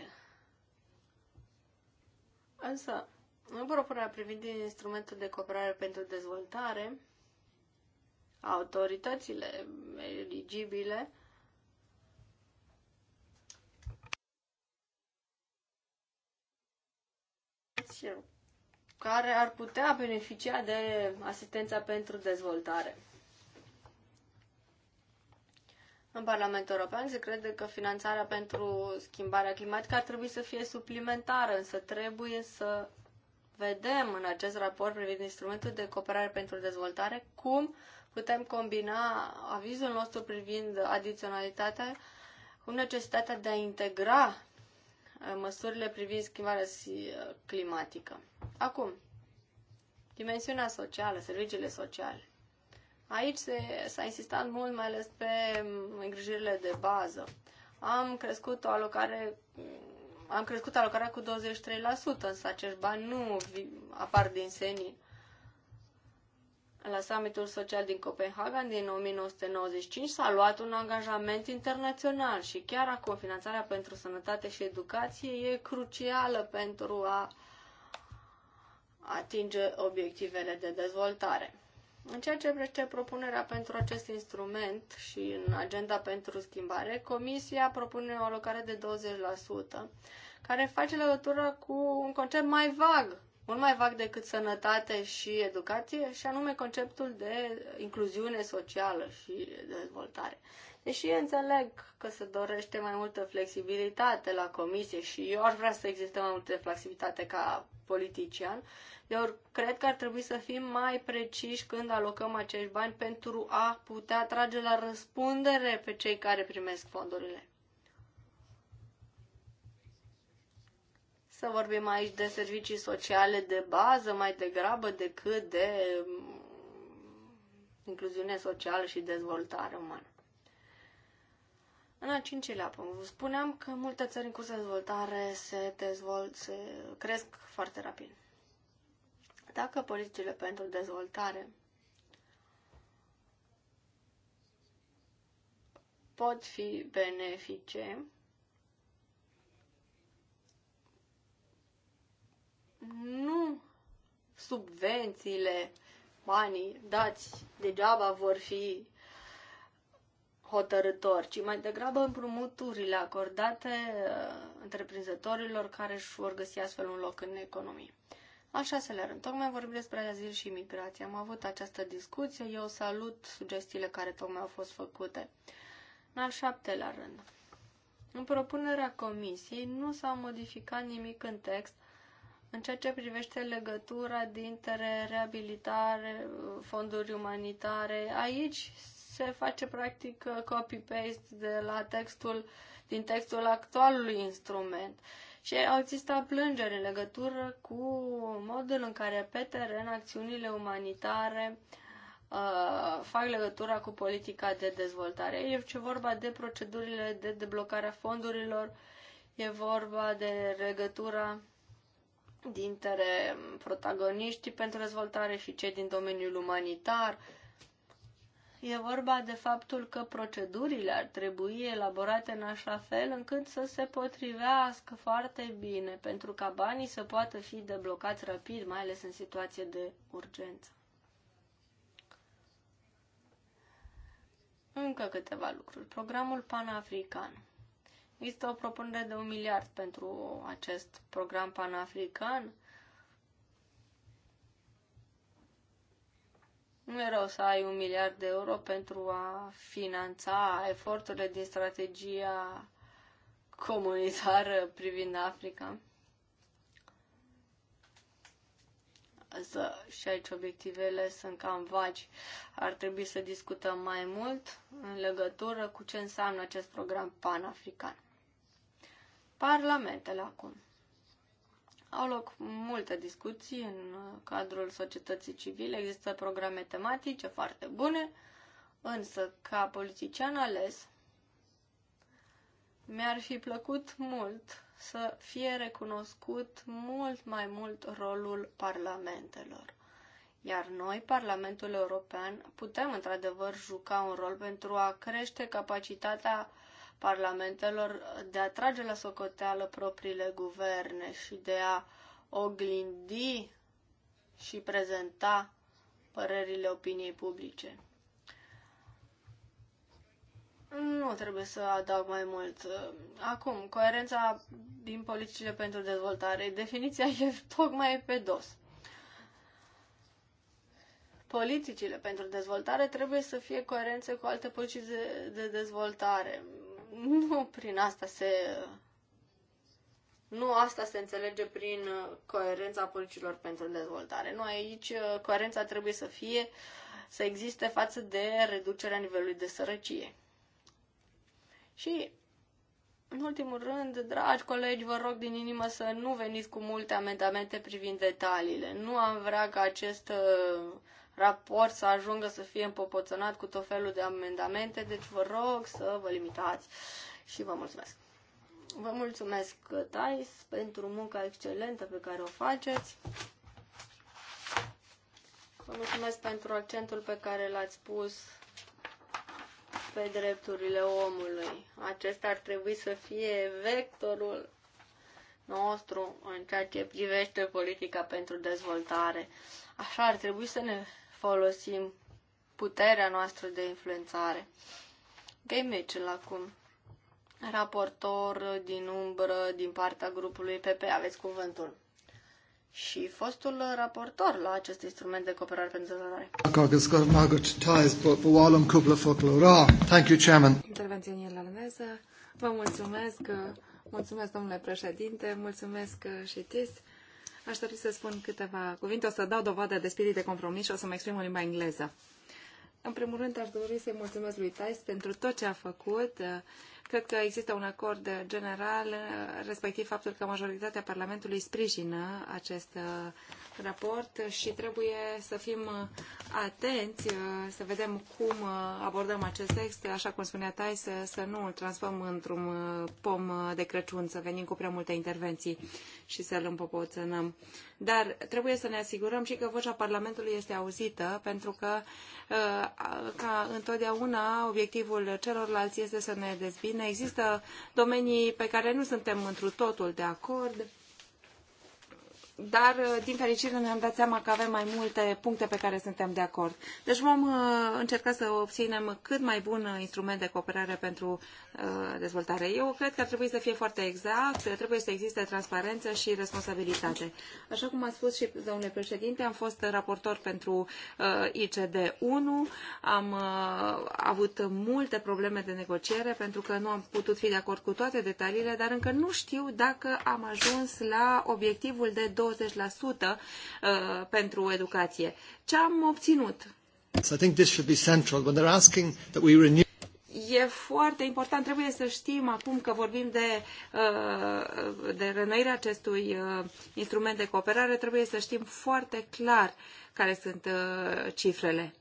Speaker 4: Însă, în propunerea privind instrumentul de cooperare pentru dezvoltare, autoritățile eligibile care ar putea beneficia de asistența pentru dezvoltare. În Parlamentul European se crede că finanțarea pentru schimbarea climatică ar trebui să fie suplimentară, însă trebuie să vedem în acest raport privind instrumentul de cooperare pentru dezvoltare cum putem combina avizul nostru privind adiționalitatea cu necesitatea de a integra uh, măsurile privind schimbarea uh, climatică. Acum, dimensiunea socială, serviciile sociale. Aici s-a insistat mult mai ales pe îngrijirile de bază. Am crescut o alocare am crescut alocarea cu 23%, însă acești bani nu apar din senin. La summitul social din Copenhaga din 1995 s-a luat un angajament internațional și chiar acum finanțarea pentru sănătate și educație e crucială pentru a atinge obiectivele de dezvoltare. În ceea ce vrește propunerea pentru acest instrument și în agenda pentru schimbare, Comisia propune o alocare de 20%, care face legătură cu un concept mai vag, mult mai vag decât sănătate și educație, și anume conceptul de incluziune socială și dezvoltare. Deși înțeleg că se dorește mai multă flexibilitate la comisie și eu aș vrea să existe mai multă flexibilitate ca politician, uh, eu cred că ar trebui să fim mai preciși când alocăm acești bani pentru a putea trage la răspundere pe cei care primesc fondurile. Să vorbim aici de servicii sociale de bază mai degrabă decât de mm, incluziune socială și dezvoltare umană. În al cincilea punct, spuneam că multe țări în curs de dezvoltare se, dezvolt, se cresc foarte rapid. Dacă politicile pentru dezvoltare pot fi benefice, nu subvențiile, banii dați degeaba vor fi hotărători, ci mai degrabă împrumuturile acordate uh, întreprinzătorilor care își vor găsi astfel un loc în economie. Al șaselea rând, tocmai vorbim despre azil și imigrație. Am avut această discuție, eu salut sugestiile care tocmai au fost făcute. În al șaptelea rând, în propunerea comisiei nu s-a modificat nimic în text în ceea ce privește legătura dintre reabilitare, fonduri umanitare. Aici se face practic copy-paste de la textul, din textul actualului instrument și au existat plângeri în legătură cu modul în care pe teren acțiunile umanitare uh, fac legătura cu politica de dezvoltare. E ce vorba de procedurile de deblocare a fondurilor, e vorba de legătura dintre protagoniștii pentru dezvoltare și cei din domeniul umanitar, uh, E vorba de faptul că procedurile ar trebui elaborate în așa fel încât să se potrivească foarte bine, pentru ca banii să poată fi deblocați rapid, mai ales în situație de urgență. Încă câteva lucruri. Programul panafrican. Există o propunere de un miliard pentru acest program panafrican Nu e rău să ai un miliard de euro pentru a finanța eforturile din strategia comunitară privind Africa. Asta și aici obiectivele sunt cam vagi. Ar trebui să discutăm mai mult în legătură cu ce înseamnă acest program panafrican. Parlamentele acum. Au loc multe discuții în uh, cadrul societății civile, există programe tematice foarte bune, însă ca politician ales mi-ar fi plăcut mult să fie recunoscut mult mai mult rolul parlamentelor. Iar noi, Parlamentul European, putem într-adevăr juca un rol pentru a crește capacitatea parlamentelor de a trage la socoteală propriile guverne și de a oglindi și prezenta părerile opiniei publice. Nu trebuie să adaug mai mult. Acum, coerența din politicile pentru dezvoltare. Definiția e tocmai pe dos. Politicile pentru dezvoltare trebuie să fie coerențe cu alte politici de, de dezvoltare. Nu prin asta se... Nu asta se înțelege prin uh, coerența politicilor pentru dezvoltare. Nu aici uh, coerența trebuie să fie, să existe față de reducerea nivelului de sărăcie. Și în ultimul rând, dragi colegi, vă rog din inimă să nu veniți cu multe amendamente privind detaliile. Nu am vrea ca acest uh, raport să ajungă să fie împopoțonat cu tot felul de amendamente, deci vă rog să vă limitați și vă mulțumesc. Vă mulțumesc, Tais, pentru munca excelentă pe care o faceți. Vă mulțumesc pentru accentul pe care l-ați pus pe drepturile omului. Acesta ar trebui să fie vectorul nostru în ceea ce privește politica pentru dezvoltare. Așa ar trebui să ne folosim puterea noastră de influențare. Gay Mitchell acum, raportor din umbră din partea grupului PP, aveți cuvântul. Și fostul raportor la acest instrument de cooperare pentru dezvoltare.
Speaker 2: Thank you, Chairman.
Speaker 4: Intervenție
Speaker 3: în irlandeză. Vă mulțumesc, mulțumesc domnule președinte, mulțumesc și tis. Aș dori să spun câteva cuvinte. O să dau dovadă de spirit de compromis și o să mă exprim în limba engleză. În primul rând, aș dori să-i mulțumesc lui Tais pentru tot ce a făcut Cred că există un acord general, respectiv faptul că majoritatea Parlamentului sprijină acest uh, raport și trebuie să fim uh, atenți, uh, să vedem cum abordăm acest text, așa cum spunea Tai, să, să nu îl transformăm într-un pom de Crăciun, să venim cu prea multe intervenții și să îl împopoțănăm. Dar trebuie să ne asigurăm și că vocea Parlamentului este auzită, pentru că, ca întotdeauna, obiectivul celorlalți este să ne dezbine Există domenii pe care nu suntem întru totul de acord dar uh, din fericire ne-am dat seama că avem mai multe puncte pe care suntem de acord. Deci vom uh, încerca să obținem cât mai bun uh, instrument de cooperare pentru dezvoltare. Eu cred că ar trebui să fie foarte exact, trebuie să existe transparență și responsabilitate. Așa cum a spus și domnule președinte, am fost raportor pentru ICD1, am avut multe probleme de negociere pentru că nu am putut fi de acord cu toate detaliile, dar încă nu știu dacă am ajuns la obiectivul de 20% uh, pentru educație. Ce am obținut?
Speaker 2: I think this should be central when they're asking that we renew
Speaker 3: e foarte important. Trebuie să știm acum că vorbim de, uh, de renoirea acestui uh, instrument de cooperare, trebuie să știm foarte clar care sunt cifrele.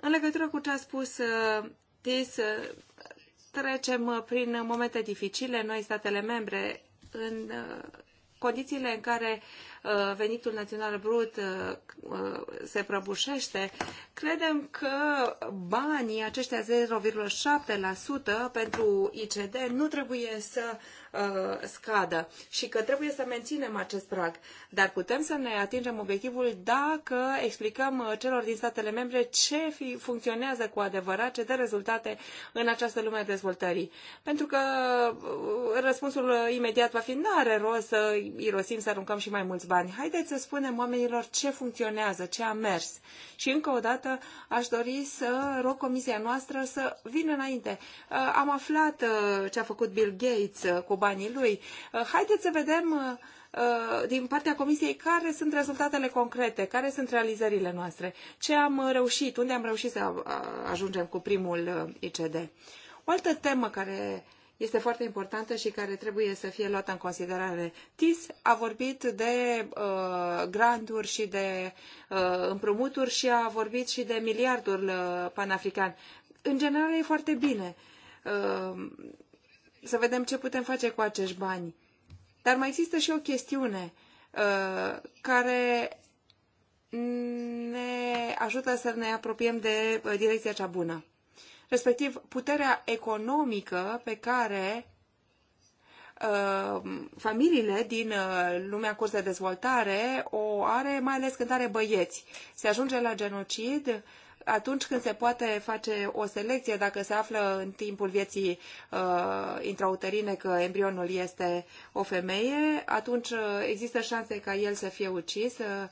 Speaker 3: În legătură cu ce a spus TIS, trecem prin momente dificile, noi statele membre, în condițiile în care Uh, venitul național brut uh, uh, se prăbușește, credem că banii aceștia 0,7% pentru ICD nu trebuie să scadă și că trebuie să menținem acest prag. Dar putem să ne atingem obiectivul dacă explicăm celor din statele membre ce funcționează cu adevărat, ce dă rezultate în această lume a dezvoltării. Pentru că răspunsul imediat va fi, nu are rost să irosim, să aruncăm și mai mulți bani bani. Haideți să spunem oamenilor ce funcționează, ce a mers. Și încă o dată aș dori să rog comisia noastră să vină înainte. Uh, am aflat uh, ce a făcut Bill Gates uh, cu banii lui. Haideți să vedem din partea Comisiei care sunt rezultatele concrete, care sunt realizările noastre, ce am reușit, unde am reușit să ajungem cu primul ICD. O altă temă care este foarte importantă și care trebuie să fie luată în considerare. TIS a vorbit de uh, granturi și de uh, împrumuturi și a vorbit și de miliardul uh, panafrican. În general e foarte bine. Uh, să vedem ce putem face cu acești bani. Dar mai există și o chestiune uh, care ne ajută să ne apropiem de uh, direcția cea bună respectiv puterea economică pe care uh, familiile din uh, lumea curs de dezvoltare o are, mai ales când are băieți. Se ajunge la genocid atunci când se poate face o selecție, dacă se află în timpul vieții uh, intrauterine că embrionul este o femeie, atunci uh, există șanse ca el să fie ucis, uh,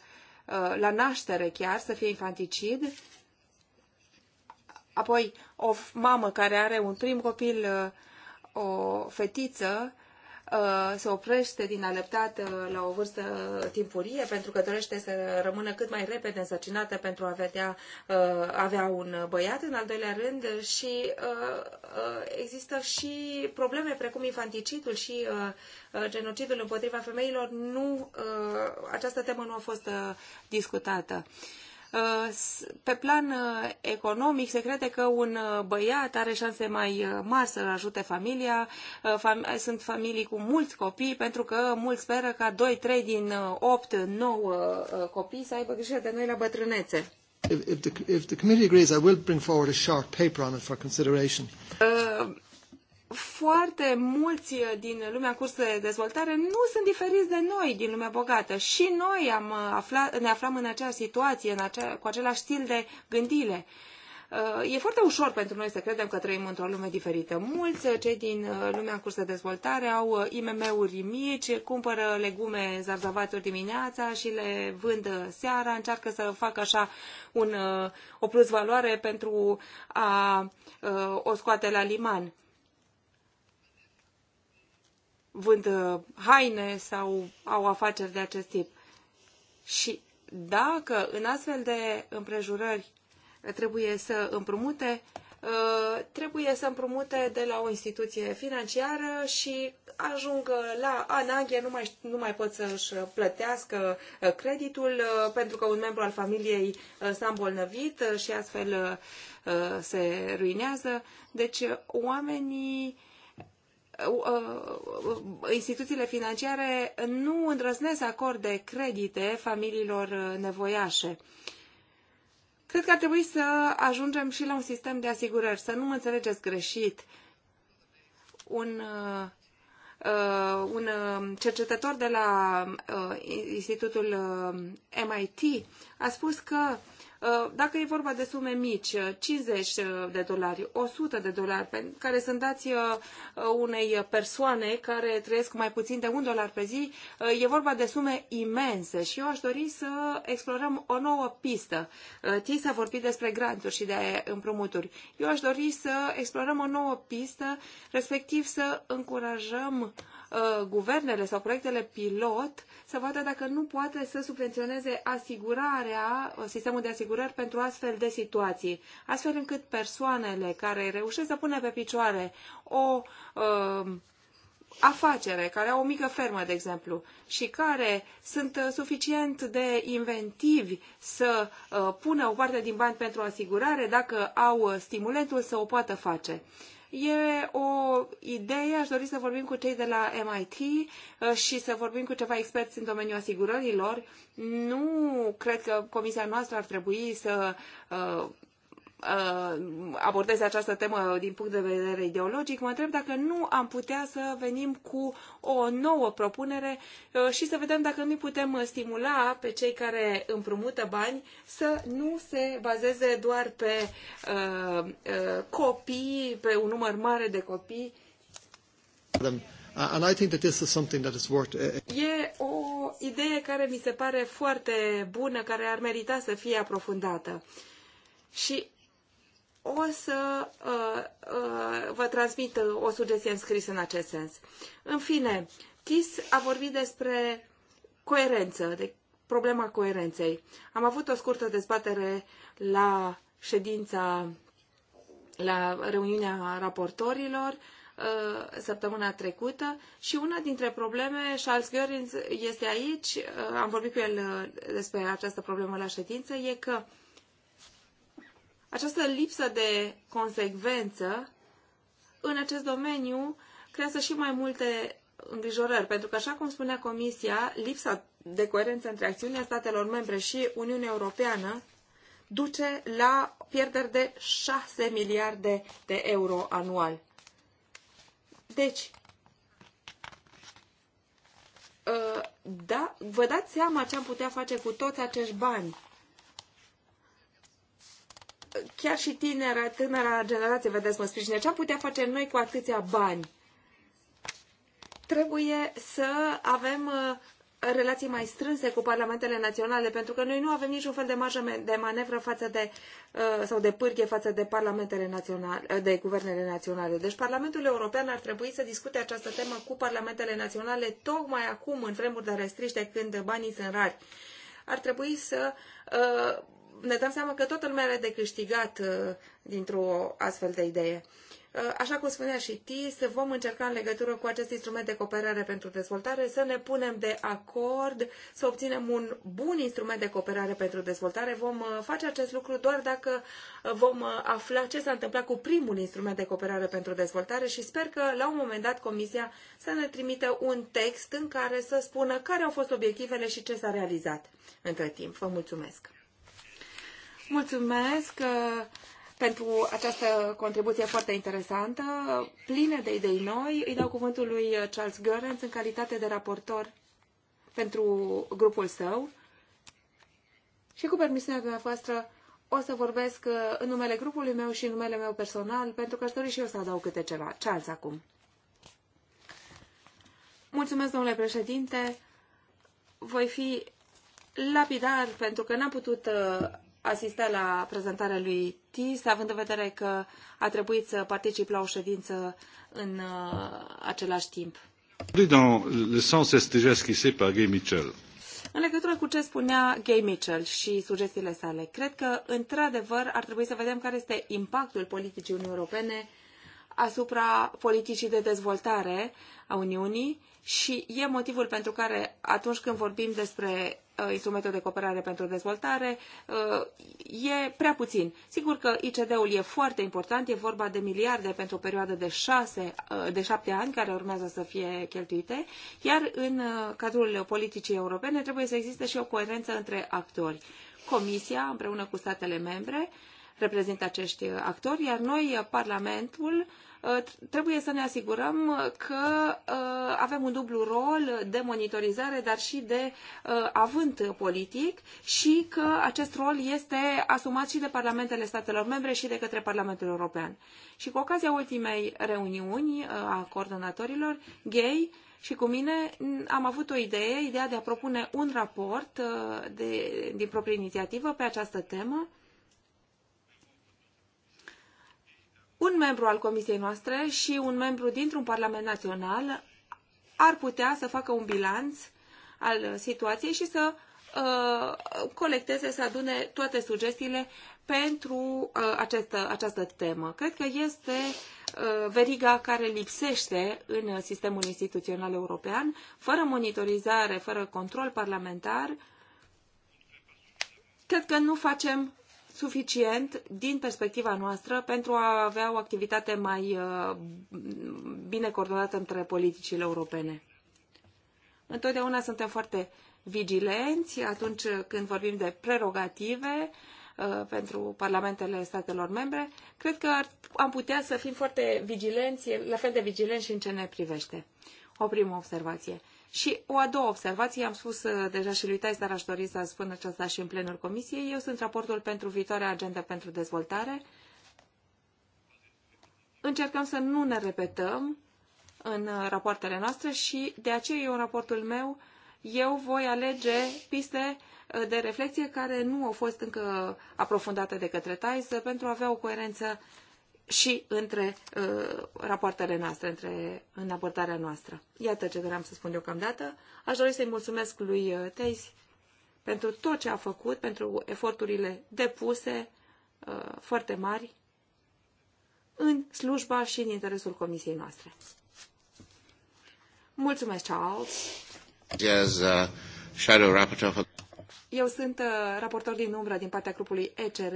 Speaker 3: la naștere chiar, să fie infanticid. Apoi, o mamă care are un prim copil, uh, o fetiță, uh, se oprește din alăptat uh, la o vârstă timpurie pentru că dorește să rămână cât mai repede însărcinată pentru a vedea, avea un băiat în al doilea rând și există și probleme precum infanticidul și genocidul împotriva femeilor. Nu, această temă nu a fost discutată. Uh, pe plan uh, economic, se crede că un uh, băiat are șanse mai mari să ajute familia. Sunt familii cu mulți copii, pentru că mulți speră ca 2-3 din 8-9 copii să aibă grijă de noi la bătrânețe.
Speaker 2: if, the, if the committee agrees, I will bring forward a short paper on it for consideration.
Speaker 3: Uh, foarte mulți din lumea în curs de dezvoltare nu sunt diferiți de noi din lumea bogată. Și noi am uh, aflat, ne aflam în aceeași situație, în acea, cu același stil de gândire. Uh, e foarte ușor pentru noi să credem că trăim într-o lume diferită. Mulți uh, cei din lumea în curs de dezvoltare au IMM-uri mici, cumpără legume zarzavaturi dimineața și le vând seara, încearcă să facă așa un, o plus valoare pentru a o scoate la liman vând uh, haine sau au afaceri de acest tip. Și dacă în astfel de împrejurări trebuie să împrumute, uh, trebuie să împrumute de la o instituție financiară și ajung la ananghe, nu mai, nu mai pot să-și plătească uh, creditul pentru că un membru al familiei s-a îmbolnăvit și astfel se ruinează. Deci oamenii Uh, instituțiile financiare nu îndrăznesc să acorde credite familiilor uh, nevoiașe. Cred că ar trebui să ajungem și la un sistem de asigurări, să nu mă înțelegeți greșit. Un, uh, un cercetător de la Institutul MIT a spus că Uh, dacă e vorba de sume mici, 50 uh, uh, de dolari, 100 de dolari, care sunt dați unei persoane care trăiesc mai puțin de un dolar pe zi, e vorba de sume imense și eu aș dori să explorăm o nouă pistă. Ți s-a vorbit despre granturi și de împrumuturi. Eu aș dori să explorăm o nouă pistă, respectiv să încurajăm uh, Uh, guvernele sau proiectele pilot să vadă dacă nu poate să subvenționeze asigurarea, uh, sistemul de asigurări pentru astfel de situații, astfel încât persoanele care reușesc să pună pe picioare o uh, afacere, care au o mică fermă, de exemplu, și care sunt uh, suficient de inventivi să pună o parte din bani pentru asigurare, dacă au stimulentul să o poată face. E o idee, aș dori să vorbim cu cei de la MIT uh, și să vorbim cu ceva experți în domeniul asigurărilor. Nu cred că comisia noastră ar trebui să uh, Uh, abordez această temă din punct de vedere ideologic, mă întreb dacă nu am putea să venim cu o nouă propunere uh, și să vedem dacă nu putem stimula pe cei care împrumută bani să nu se bazeze doar pe uh, uh, copii, pe un număr mare de copii.
Speaker 2: Uh, and I think that this is something that is worth...
Speaker 3: E o idee care mi se pare foarte bună, care ar merita să fie aprofundată. Și o să uh, uh, vă transmit uh, o sugestie înscrisă în acest sens. În fine, Chis a vorbit despre coerență, de problema coerenței. Am avut o scurtă dezbatere la ședința, la reuniunea raportorilor uh, săptămâna trecută și una dintre probleme, Charles Göring este aici, uh, am vorbit cu el despre această problemă la ședință, e că această lipsă de consecvență în acest domeniu creează și mai multe îngrijorări, pentru că, așa cum spunea Comisia, lipsa de coerență între acțiunea statelor membre și Uniunea Europeană duce la pierderi de 6 miliarde de euro anual. Deci, ă, da, vă dați seama ce am putea face cu toți acești bani chiar și tinerea, tânăra generație, vedeți, mă sprijine, ce am putea face noi cu atâția bani? Trebuie să avem uh, relații mai strânse cu parlamentele naționale, pentru că noi nu avem niciun fel de marjă de manevră față de, uh, sau de pârghie față de parlamentele naționale, uh, de guvernele naționale. Deci Parlamentul European ar trebui să discute această temă cu parlamentele naționale tocmai acum, în vremuri de restriște, când banii sunt rari. Ar trebui să uh, ne dăm seama că toată lumea are de câștigat uh, dintr-o astfel de idee. Uh, așa cum spunea și TIS, vom încerca în legătură cu acest instrument de cooperare pentru dezvoltare să ne punem de acord, să obținem un bun instrument de cooperare pentru dezvoltare. Vom uh, face acest lucru doar dacă vom afla ce s-a întâmplat cu primul instrument de cooperare pentru dezvoltare și sper că la un moment dat Comisia să ne trimită un text în care să spună care au fost obiectivele și ce s-a realizat între timp. Vă mulțumesc! Mulțumesc uh, pentru această contribuție foarte interesantă, plină de idei noi. Îi dau cuvântul lui Charles Görens în calitate de raportor pentru grupul său. Și cu permisiunea dumneavoastră o să vorbesc uh, în numele grupului meu și în numele meu personal, pentru că aș dori și eu să adaug câte ceva. Charles acum. Mulțumesc, domnule președinte. Voi fi lapidar pentru că n-am putut uh, asista la prezentarea lui TIS, având în vedere că a trebuit să particip la o ședință în uh, același timp. În legătură cu ce spunea Gay Mitchell și sugestiile sale, cred că, într-adevăr, ar trebui să vedem care este impactul politicii Uniunii Europene asupra politicii de dezvoltare a Uniunii și e motivul pentru care atunci când vorbim despre Uh, instrumentul de cooperare pentru dezvoltare, uh, e prea puțin. Sigur că ICD-ul e foarte important, e vorba de miliarde pentru o perioadă de, șase, uh, de șapte ani care urmează să fie cheltuite, iar în cadrul politicii europene trebuie să existe și o coerență între actori. Comisia, împreună cu statele membre, reprezintă acești actori, iar noi, Parlamentul, Uh, trebuie să ne asigurăm că uh, avem un dublu rol de monitorizare, dar și de uh, avânt politic și că acest rol este asumat și de parlamentele statelor membre și de către Parlamentul European. Și cu ocazia ultimei reuniuni a coordonatorilor gay, și cu mine am avut o idee, ideea de a propune un raport de, din proprie inițiativă pe această temă, un membru al comisiei noastre și un membru dintr-un parlament național ar putea să facă un bilanț al situației și să uh, colecteze, să adune toate sugestiile pentru uh, această, această temă. Cred că este uh, veriga care lipsește în sistemul instituțional european, fără monitorizare, fără control parlamentar. Cred că nu facem suficient din perspectiva noastră pentru a avea o activitate mai uh, bine coordonată între politicile europene. Întotdeauna suntem foarte vigilenți atunci când vorbim de prerogative uh, pentru parlamentele statelor membre. Cred că ar, am putea să fim foarte vigilenți, la fel de vigilenți și în ce ne privește. O primă observație. Și o a doua observație, am spus uh, deja și lui Tais, dar aș dori să spun aceasta și în plenul comisiei. Eu sunt raportul pentru viitoarea agenda pentru dezvoltare. Încercăm să nu ne repetăm în uh, rapoartele noastre și de aceea eu în raportul meu eu voi alege piste uh, de reflexie care nu au fost încă aprofundate de către Tais pentru a avea o coerență și între uh, rapoartele noastre, între, în abordarea noastră. Iată ce doream să spun deocamdată. Aș dori să-i mulțumesc lui uh, Teis pentru tot ce a făcut, pentru eforturile depuse uh, foarte mari în slujba și în interesul comisiei noastre. Mulțumesc, Charles!
Speaker 2: Yes, uh, shadow rapporteur for...
Speaker 3: Eu sunt uh, raportor din umbră din partea grupului ECR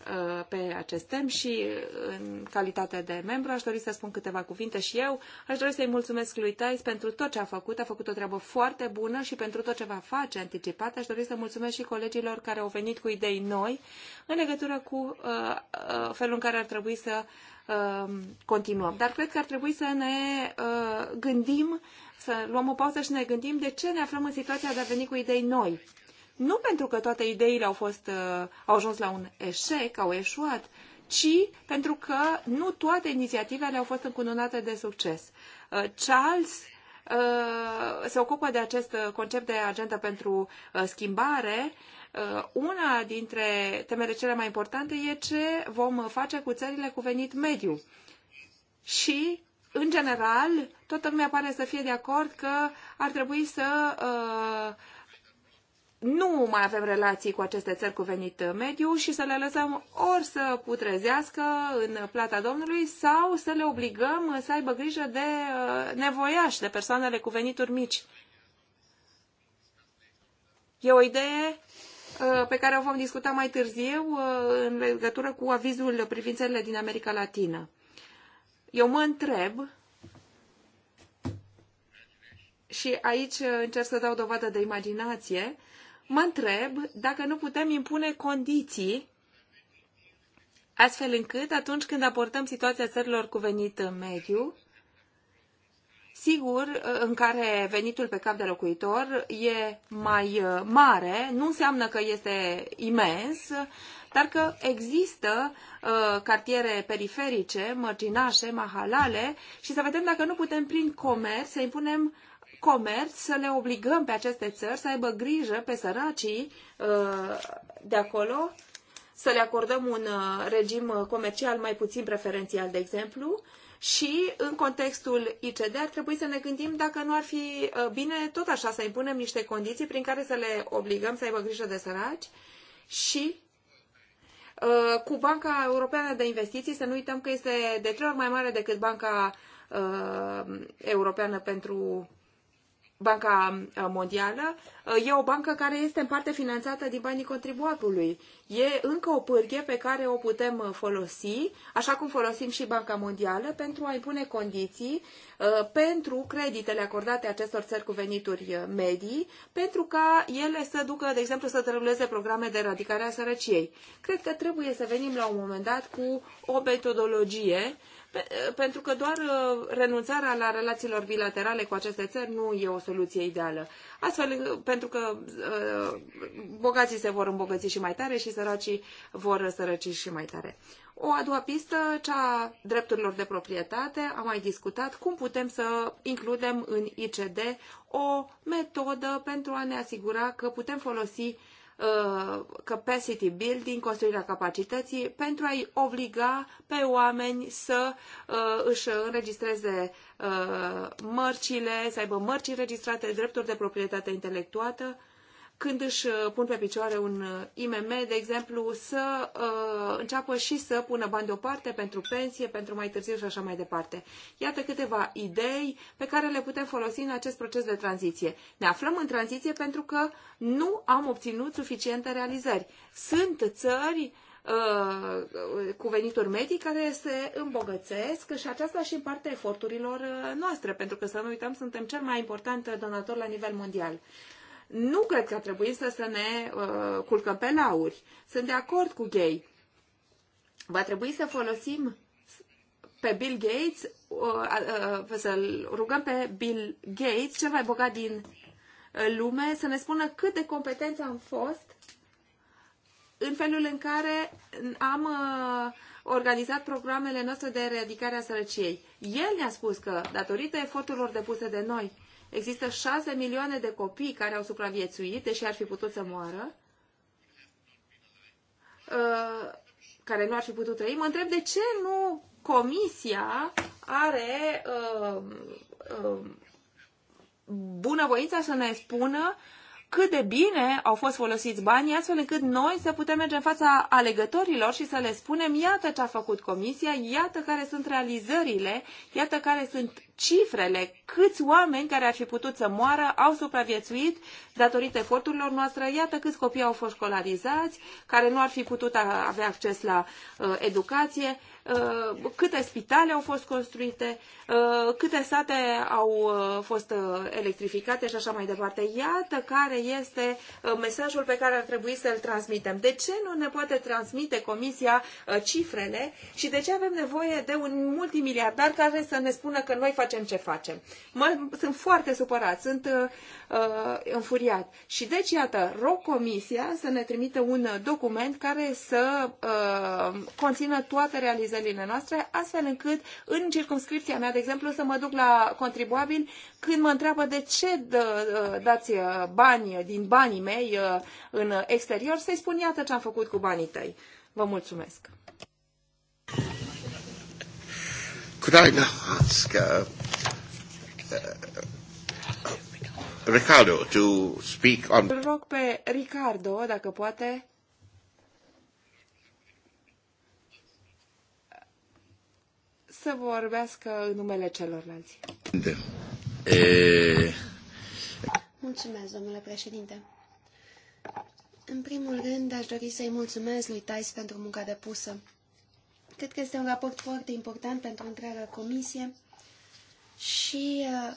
Speaker 3: Uh, pe acest tem și uh, în calitate de membru aș dori să spun câteva cuvinte și eu. Aș dori să-i mulțumesc lui Tais pentru tot ce a făcut. A făcut o treabă foarte bună și pentru tot ce va face anticipat. Aș dori să mulțumesc și colegilor care au venit cu idei noi în legătură cu uh, uh, felul în care ar trebui să uh, continuăm. Dar cred că ar trebui să ne uh, gândim, să luăm o pauză și ne gândim de ce ne aflăm în situația de a veni cu idei noi nu pentru că toate ideile au, fost, uh, au ajuns la un eșec, au eșuat, ci pentru că nu toate inițiativele au fost încununate de succes. Uh, Charles uh, se ocupă de acest concept de agenda pentru schimbare. Una dintre temele cele mai importante e ce vom face cu țările cu venit mediu. Și, în general, toată lumea pare să fie de acord că ar trebui să uh, nu mai avem relații cu aceste țări cu venit uh, mediu și să le lăsăm ori să putrezească în plata Domnului sau să le obligăm uh, să aibă grijă de uh, nevoiași, de persoanele cu venituri mici. E o idee pe care o vom discuta mai târziu în legătură cu avizul privind țările din America Latină. Eu mă întreb și aici încerc să dau dovadă de imaginație, mă întreb dacă nu putem impune condiții astfel încât atunci când aportăm situația țărilor cu venit mediu, sigur, în care venitul pe cap de locuitor e mai uh, mare, nu înseamnă că este imens, dar că există uh, cartiere periferice, mărginașe, mahalale și să vedem dacă nu putem prin comerț să impunem comerț să le obligăm pe aceste țări să aibă grijă pe săracii uh, de acolo, să le acordăm un uh, regim comercial mai puțin preferențial, de exemplu, și în contextul ICD ar trebui să ne gândim dacă nu ar fi uh, bine tot așa să impunem niște condiții prin care să le obligăm să aibă grijă de săraci și cu Banca Europeană de Investiții, să nu uităm că este de trei ori mai mare decât Banca Europeană pentru Banca uh, Mondială uh, e o bancă care este în parte finanțată din banii contribuabilului. E încă o pârghie pe care o putem uh, folosi, așa cum folosim și Banca Mondială, pentru a impune condiții pentru creditele acordate acestor țări cu venituri medii, pentru ca ele să ducă, de exemplu, să trebuieze programe de eradicare a sărăciei. Cred că trebuie să venim la un moment dat cu o metodologie pentru că doar uh, renunțarea la relațiilor bilaterale cu aceste țări nu e o soluție ideală. Astfel, uh, pentru că uh, bogații se vor îmbogăți și mai tare și săracii vor sărăci și mai tare. O a doua pistă, cea a drepturilor de proprietate, am mai discutat cum putem să includem în ICD o metodă pentru a ne asigura că putem folosi Uh, capacity building, construirea capacității, pentru a-i obliga pe oameni să uh, își înregistreze uh, mărcile, să aibă mărci înregistrate, drepturi de proprietate intelectuală, când își uh, pun pe picioare un uh, IMM, de exemplu, să uh, înceapă și să pună bani deoparte pentru pensie, pentru mai târziu și așa mai departe. Iată câteva idei pe care le putem folosi în acest proces de tranziție. Ne aflăm în tranziție pentru că nu am obținut suficiente realizări. Sunt țări uh, cu venituri medii care se îmbogățesc și aceasta și în partea eforturilor noastre, pentru că să nu uităm, suntem cel mai important donator la nivel mondial nu cred că ar trebui să, să ne uh, culcăm pe lauri. Sunt de acord cu gay. Va trebui să folosim pe Bill Gates, uh, uh, să-l rugăm pe Bill Gates, cel mai bogat din uh, lume, să ne spună cât de competenți am fost în felul în care am uh, organizat programele noastre de eradicare a sărăciei. El ne-a spus că, datorită eforturilor depuse de noi, Există șase milioane de copii care au supraviețuit, deși ar fi putut să moară, uh, care nu ar fi putut trăi. Mă întreb de ce nu Comisia are uh, uh, bunăvoința să ne spună cât de bine au fost folosiți banii, astfel încât noi să putem merge în fața alegătorilor și să le spunem, iată ce a făcut comisia, iată care sunt realizările, iată care sunt cifrele, câți oameni care ar fi putut să moară au supraviețuit datorită eforturilor noastre. Iată câți copii au fost școlarizați, care nu ar fi putut avea acces la uh, educație, uh, câte spitale au fost construite, uh, câte sate au uh, fost uh, electrificate și așa mai departe. Iată care este uh, mesajul pe care ar trebui să-l transmitem. De ce nu ne poate transmite Comisia uh, cifrele și de ce avem nevoie de un multimiliardar care să ne spună că noi facem ce facem. Mă, sunt foarte supărat, sunt uh, uh, înfuriat. Și deci, iată, rog Comisia să ne trimită un document care să uh, conțină toate realizările noastre, astfel încât în circumscripția mea, de exemplu, să mă duc la contribuabil când mă întreabă de ce dă, uh, dați uh, bani din banii mei în exterior, să-i spun iată ce am făcut cu banii tăi. Vă mulțumesc!
Speaker 2: Could I now ask uh, uh, Ricardo to speak on... Îl
Speaker 3: rog pe Ricardo, dacă poate, să vorbească în numele celorlalți.
Speaker 2: E...
Speaker 1: Mulțumesc, domnule președinte. În primul rând, aș dori să-i mulțumesc lui Tais pentru munca depusă. Cred că este un raport foarte important pentru întreaga comisie și, uh,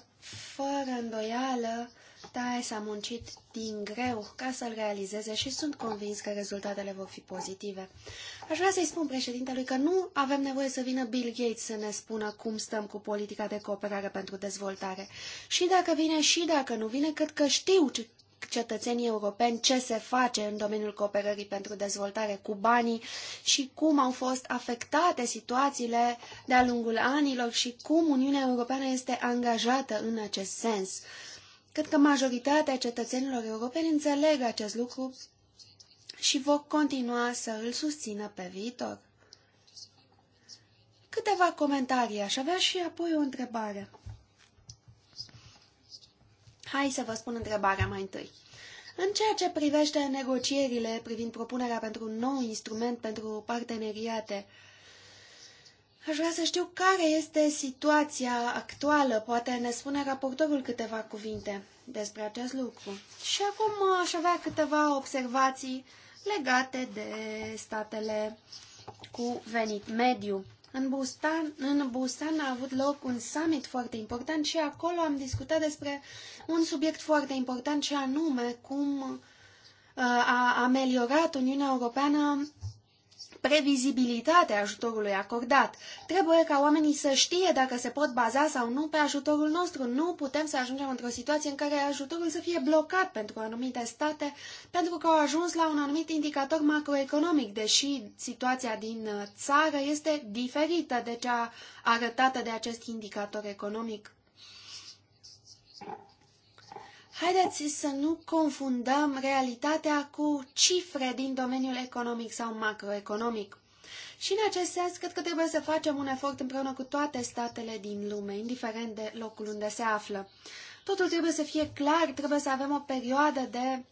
Speaker 1: fără îndoială, Tae s-a muncit din greu ca să-l realizeze și sunt convins că rezultatele vor fi pozitive. Aș vrea să-i spun președintelui că nu avem nevoie să vină Bill Gates să ne spună cum stăm cu politica de cooperare pentru dezvoltare. Și dacă vine și dacă nu vine, cred că știu cetățenii europeni ce se face în domeniul cooperării pentru dezvoltare cu banii și cum au fost afectate situațiile de-a lungul anilor și cum Uniunea Europeană este angajată în acest sens. Cred că majoritatea cetățenilor europeni înțeleg acest lucru și vor continua să îl susțină pe viitor. Câteva comentarii aș avea și apoi o întrebare. Hai să vă spun întrebarea mai întâi. În ceea ce privește negocierile privind propunerea pentru un nou instrument pentru parteneriate, aș vrea să știu care este situația actuală. Poate ne spune raportorul câteva cuvinte despre acest lucru. Și acum aș avea câteva observații legate de statele cu venit mediu. În Busan, în Busan a avut loc un summit foarte important și acolo am discutat despre un subiect foarte important și anume cum uh, a ameliorat Uniunea Europeană previzibilitatea ajutorului acordat. Trebuie ca oamenii să știe dacă se pot baza sau nu pe ajutorul nostru. Nu putem să ajungem într-o situație în care ajutorul să fie blocat pentru anumite state pentru că au ajuns la un anumit indicator macroeconomic, deși situația din uh, țară este diferită de cea arătată de acest indicator economic. Haideți să nu confundăm realitatea cu cifre din domeniul economic sau macroeconomic. Și în acest sens, cred că trebuie să facem un efort împreună cu toate statele din lume, indiferent de locul unde se află. Totul trebuie să fie clar, trebuie să avem o perioadă de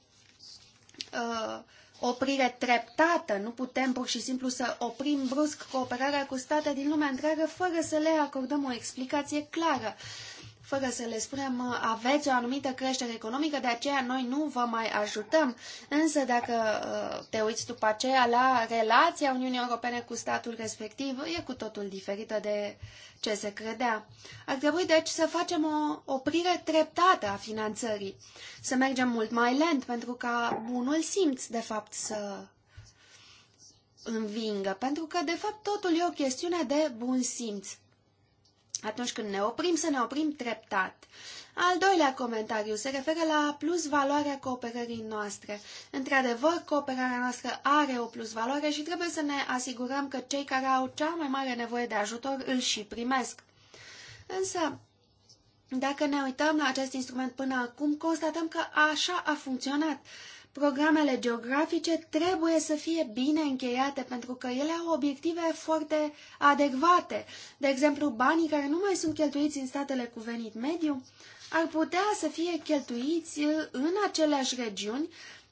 Speaker 1: uh, oprire treptată. Nu putem pur și simplu să oprim brusc cooperarea cu state din lumea întreagă fără să le acordăm o explicație clară. Uh, fără să le spunem aveți o anumită creștere economică, de aceea noi nu vă mai ajutăm. Însă dacă uh, te uiți după aceea la relația Uniunii Europene cu statul respectiv, e cu totul diferită de ce se credea. Ar trebui deci să facem o oprire treptată a finanțării, să mergem mult mai lent pentru ca bunul simț de fapt să învingă, pentru că de fapt totul e o chestiune de bun simț atunci când ne oprim, să ne oprim treptat. Al doilea comentariu se referă la plus valoarea cooperării noastre. Într-adevăr, cooperarea noastră are o plus valoare și trebuie să ne asigurăm că cei care au cea mai mare nevoie de ajutor îl și primesc. Însă, dacă ne uităm la acest instrument până acum, constatăm că așa a funcționat. Programele geografice trebuie să fie bine încheiate pentru că ele au obiective foarte adecvate. De exemplu, banii care nu mai sunt cheltuiți în statele cu venit mediu ar putea să fie cheltuiți în aceleași regiuni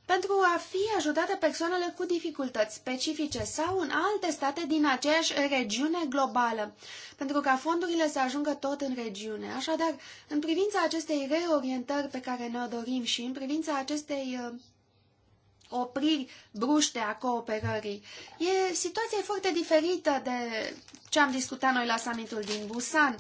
Speaker 1: pentru a fi ajutate persoanele cu dificultăți specifice sau în alte state din aceeași regiune globală, pentru ca fondurile să ajungă tot în regiune. Așadar, în privința acestei reorientări pe care ne-o dorim și în privința acestei uh, opriri bruște a cooperării. E, situația e foarte diferită de ce am discutat noi la summitul din Busan.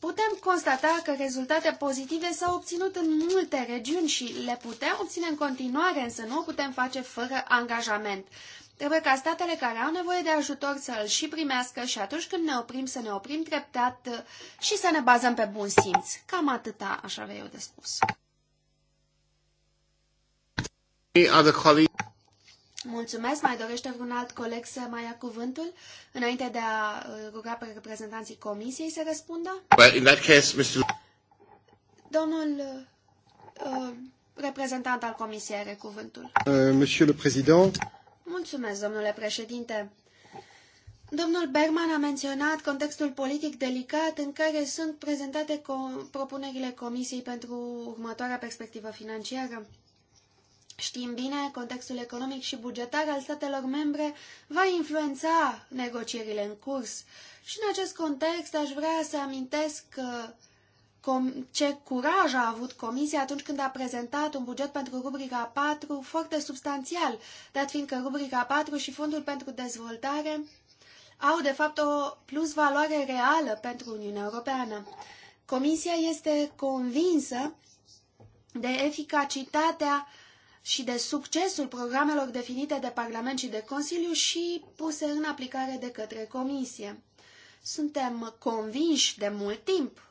Speaker 1: Putem constata că rezultate pozitive s-au obținut în multe regiuni și le putem obține în continuare, însă nu o putem face fără angajament. Trebuie ca statele care au nevoie de ajutor să îl și primească și atunci când ne oprim să ne oprim treptat și să ne bazăm pe bun simț. Cam atâta aș avea eu de spus. Mulțumesc. Mai dorește vreun alt coleg să mai ia cuvântul înainte de a uh, ruga pe reprezentanții comisiei să răspundă?
Speaker 2: Well, in that case, Mr.
Speaker 1: Domnul uh, uh, reprezentant al comisiei are cuvântul. Uh,
Speaker 2: Monsieur le Président.
Speaker 1: Mulțumesc, domnule președinte. Domnul Berman a menționat contextul politic delicat în care sunt prezentate co propunerile Comisiei pentru următoarea perspectivă financiară. Știm bine, contextul economic și bugetar al statelor membre va influența negocierile în curs. Și în acest context aș vrea să amintesc că ce curaj a avut Comisia atunci când a prezentat un buget pentru rubrica 4 foarte substanțial, dat fiindcă rubrica 4 și Fondul pentru Dezvoltare au de fapt o plusvaloare reală pentru Uniunea Europeană. Comisia este convinsă de eficacitatea și de succesul programelor definite de Parlament și de Consiliu și puse în aplicare de către Comisie. Suntem convinși de mult timp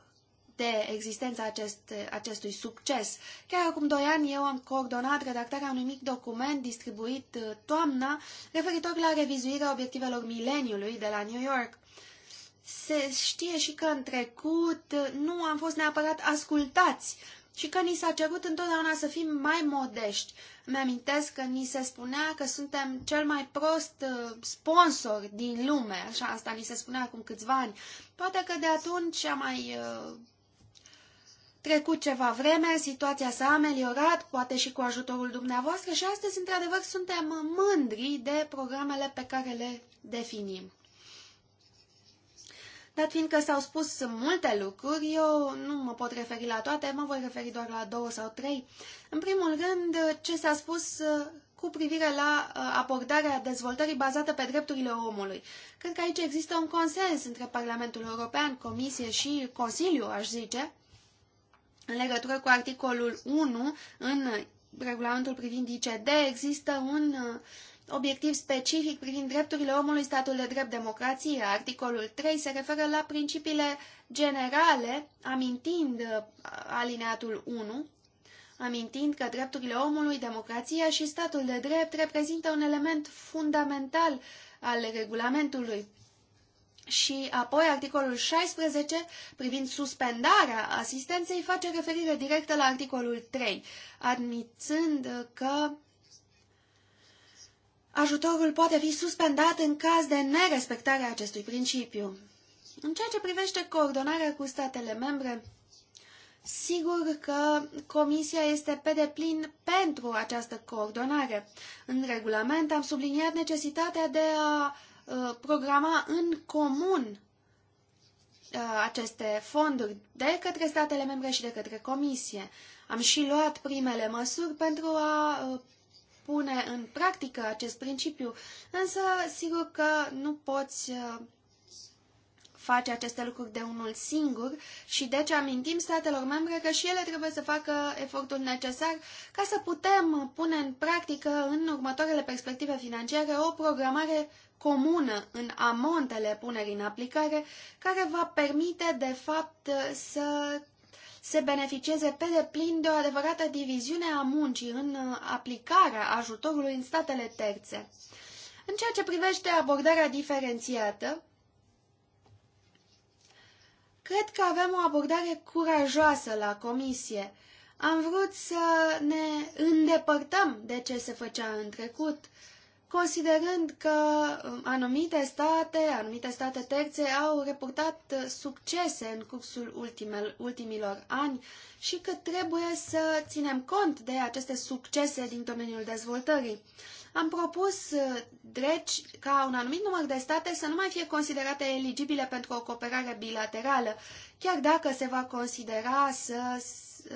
Speaker 1: de existența acest, acestui succes. Chiar acum doi ani eu am coordonat redactarea unui mic document distribuit uh, toamna referitor la revizuirea obiectivelor mileniului de la New York. Se știe și că în trecut uh, nu am fost neapărat ascultați și că ni s-a cerut întotdeauna să fim mai modești. Mi-amintesc că ni se spunea că suntem cel mai prost uh, sponsor din lume, așa asta ni se spunea acum câțiva ani. Poate că de atunci a mai uh, trecut ceva vreme, situația s-a ameliorat, poate și cu ajutorul dumneavoastră și astăzi, într-adevăr, suntem mândri de programele pe care le definim. Dar fiindcă s-au spus multe lucruri, eu nu mă pot referi la toate, mă voi referi doar la două sau trei. În primul rând, ce s-a spus uh, cu privire la uh, abordarea dezvoltării bazată pe drepturile omului. Cred că aici există un consens între Parlamentul European, Comisie și Consiliu, aș zice, în legătură cu articolul 1 în regulamentul privind ICD, există un uh, obiectiv specific privind drepturile omului, statul de drept, democrație. Articolul 3 se referă la principiile generale, amintind uh, alineatul 1, amintind că drepturile omului, democrația și statul de drept reprezintă un element fundamental al regulamentului. Și apoi articolul 16, privind suspendarea asistenței, face referire directă la articolul 3, admițând că Ajutorul poate fi suspendat în caz de nerespectare a acestui principiu. În ceea ce privește coordonarea cu statele membre, sigur că Comisia este pe deplin pentru această coordonare. În regulament am subliniat necesitatea de a uh, programa în comun uh, aceste fonduri de către statele membre și de către Comisie. Am și luat primele măsuri pentru a uh, pune în practică acest principiu, însă sigur că nu poți uh, face aceste lucruri de unul singur și deci amintim statelor membre că și ele trebuie să facă efortul necesar ca să putem pune în practică în următoarele perspective financiare o programare comună în amontele punerii în aplicare care va permite de fapt să se beneficieze pe deplin de o adevărată diviziune a muncii în uh, aplicarea ajutorului în statele terțe. În ceea ce privește abordarea diferențiată, cred că avem o abordare curajoasă la comisie. Am vrut să ne îndepărtăm de ce se făcea în trecut, considerând că um, anumite state, anumite state terțe au reportat uh, succese în cursul ultimel, ultimilor ani și că trebuie să ținem cont de aceste succese din domeniul dezvoltării. Am propus, uh, dreci, ca un anumit număr de state să nu mai fie considerate eligibile pentru o cooperare bilaterală, chiar dacă se va considera să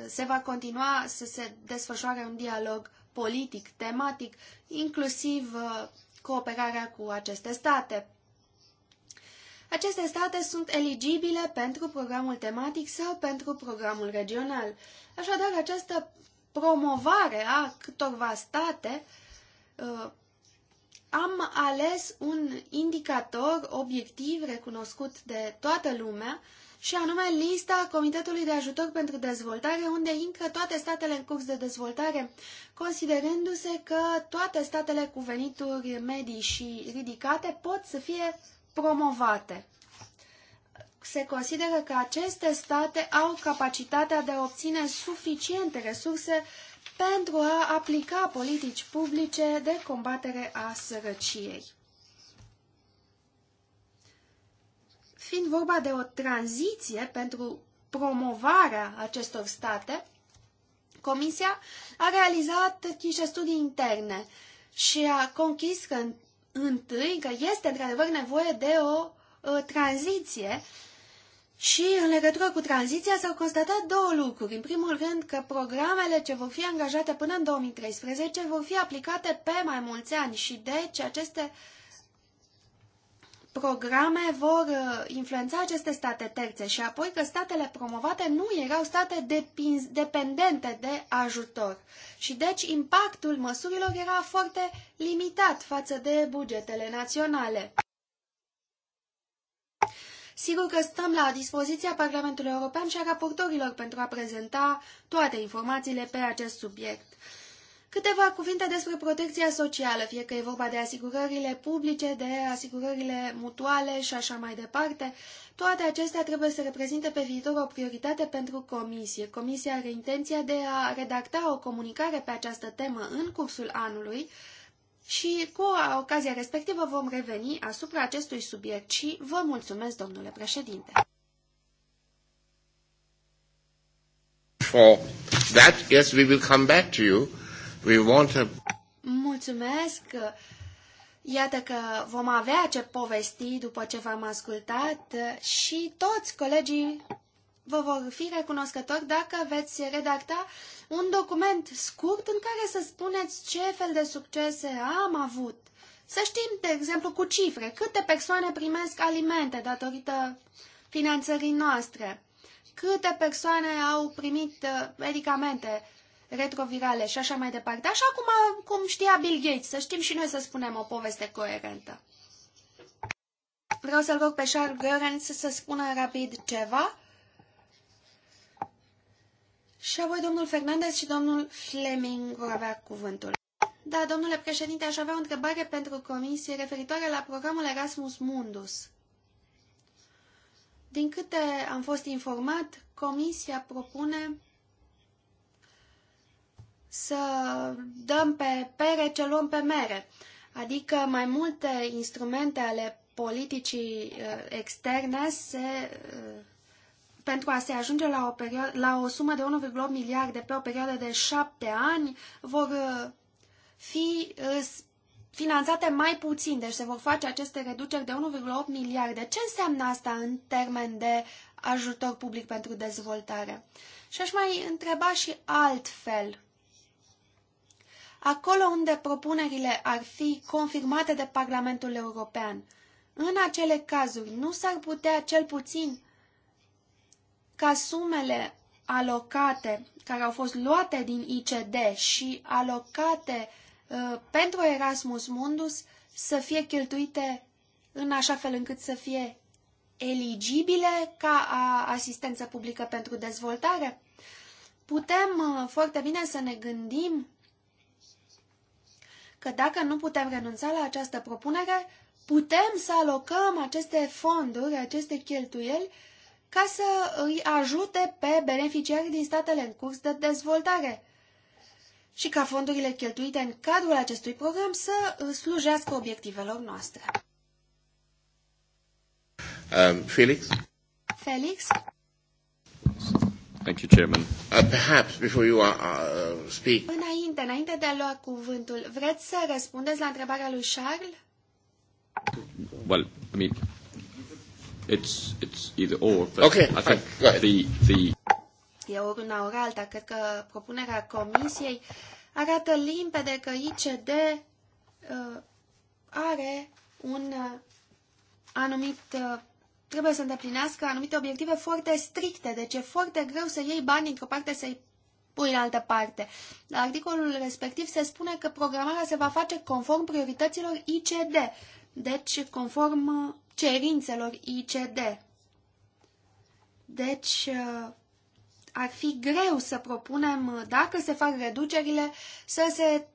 Speaker 1: se va continua să se desfășoare un dialog politic, tematic, inclusiv uh, cooperarea cu aceste state. Aceste state sunt eligibile pentru programul tematic sau pentru programul regional. Așadar, această promovare a câtorva state uh, am ales un indicator obiectiv recunoscut de toată lumea și anume lista Comitetului de Ajutor pentru Dezvoltare, unde intră toate statele în curs de dezvoltare, considerându-se că toate statele cu venituri medii și ridicate pot să fie promovate. Se consideră că aceste state au capacitatea de a obține suficiente resurse pentru a aplica politici publice de combatere a sărăciei. fiind vorba de o tranziție pentru promovarea acestor state, Comisia a realizat niște studii interne și a conchis că întâi că este într-adevăr nevoie de o uh, tranziție și în legătură cu tranziția s-au constatat două lucruri. În primul rând că programele ce vor fi angajate până în 2013 vor fi aplicate pe mai mulți ani și deci aceste uh, programe vor uh, influența aceste state terțe și apoi că statele promovate nu erau state depins, dependente de ajutor. Și deci impactul măsurilor era foarte limitat față de bugetele naționale. Sigur că stăm la dispoziția Parlamentului European și a raportorilor pentru a prezenta toate informațiile pe acest subiect. Câteva cuvinte despre protecția socială, fie că e vorba de asigurările publice, de asigurările mutuale și așa mai departe. Toate acestea trebuie să reprezinte pe viitor o prioritate pentru Comisie. Comisia are intenția de a redacta o comunicare pe această temă în cursul anului și cu ocazia respectivă vom reveni asupra acestui subiect și vă mulțumesc, domnule președinte.
Speaker 2: For that, yes, we will come back to you. We want a...
Speaker 1: Mulțumesc! Iată că vom avea ce povesti după ce v-am ascultat și toți colegii vă vor fi recunoscători dacă veți redacta un document scurt în care să spuneți ce fel de succese am avut. Să știm, de exemplu, cu cifre, câte persoane primesc alimente datorită finanțării noastre, câte persoane au primit uh, medicamente retrovirale și așa mai departe, așa cum, cum știa Bill Gates, să știm și noi să spunem o poveste coerentă. Vreau să-l rog pe Charles Goerens să spună rapid ceva. Și apoi domnul Fernandez și domnul Fleming vor avea cuvântul. Da, domnule președinte, aș avea o întrebare pentru comisie referitoare la programul Erasmus Mundus. Din câte am fost informat, comisia propune să dăm pe pere ce luăm pe mere. Adică mai multe instrumente ale politicii uh, externe se, uh, pentru a se ajunge la o, perioadă, la o sumă de 1,8 miliarde pe o perioadă de șapte ani vor uh, fi finanțate mai puțin, deci se vor face aceste reduceri de 1,8 miliarde. Ce înseamnă asta în termen de ajutor public pentru dezvoltare? Și aș mai întreba și altfel acolo unde propunerile ar fi confirmate de Parlamentul European. În acele cazuri, nu s-ar putea cel puțin ca sumele alocate, care au fost luate din ICD și alocate uh, pentru Erasmus Mundus, să fie cheltuite în așa fel încât să fie eligibile ca asistență publică pentru dezvoltare? Putem uh, foarte bine să ne gândim că dacă nu putem renunța la această propunere, putem să alocăm aceste fonduri, aceste cheltuieli, ca să îi ajute pe beneficiarii din statele în curs de dezvoltare și ca fondurile cheltuite în cadrul acestui program să slujească obiectivelor noastre. Um, Felix? Felix?
Speaker 2: Thank you, Chairman. Uh, perhaps before you are, uh, speak.
Speaker 1: Înainte, înainte de a lua cuvântul, vreți să răspundeți la întrebarea lui Charles?
Speaker 2: Well, I mean, it's, it's either or, but okay, I think fine, the, the...
Speaker 1: E ori una ori alta. Cred că propunerea comisiei arată limpede că ICD uh, are un uh, anumit uh, trebuie să îndeplinească anumite obiective foarte stricte, deci e foarte greu să iei bani într-o parte să-i pui în altă parte. La articolul respectiv se spune că programarea se va face conform priorităților ICD, deci conform uh, cerințelor ICD. Deci uh, ar fi greu să propunem, uh, dacă se fac reducerile, să se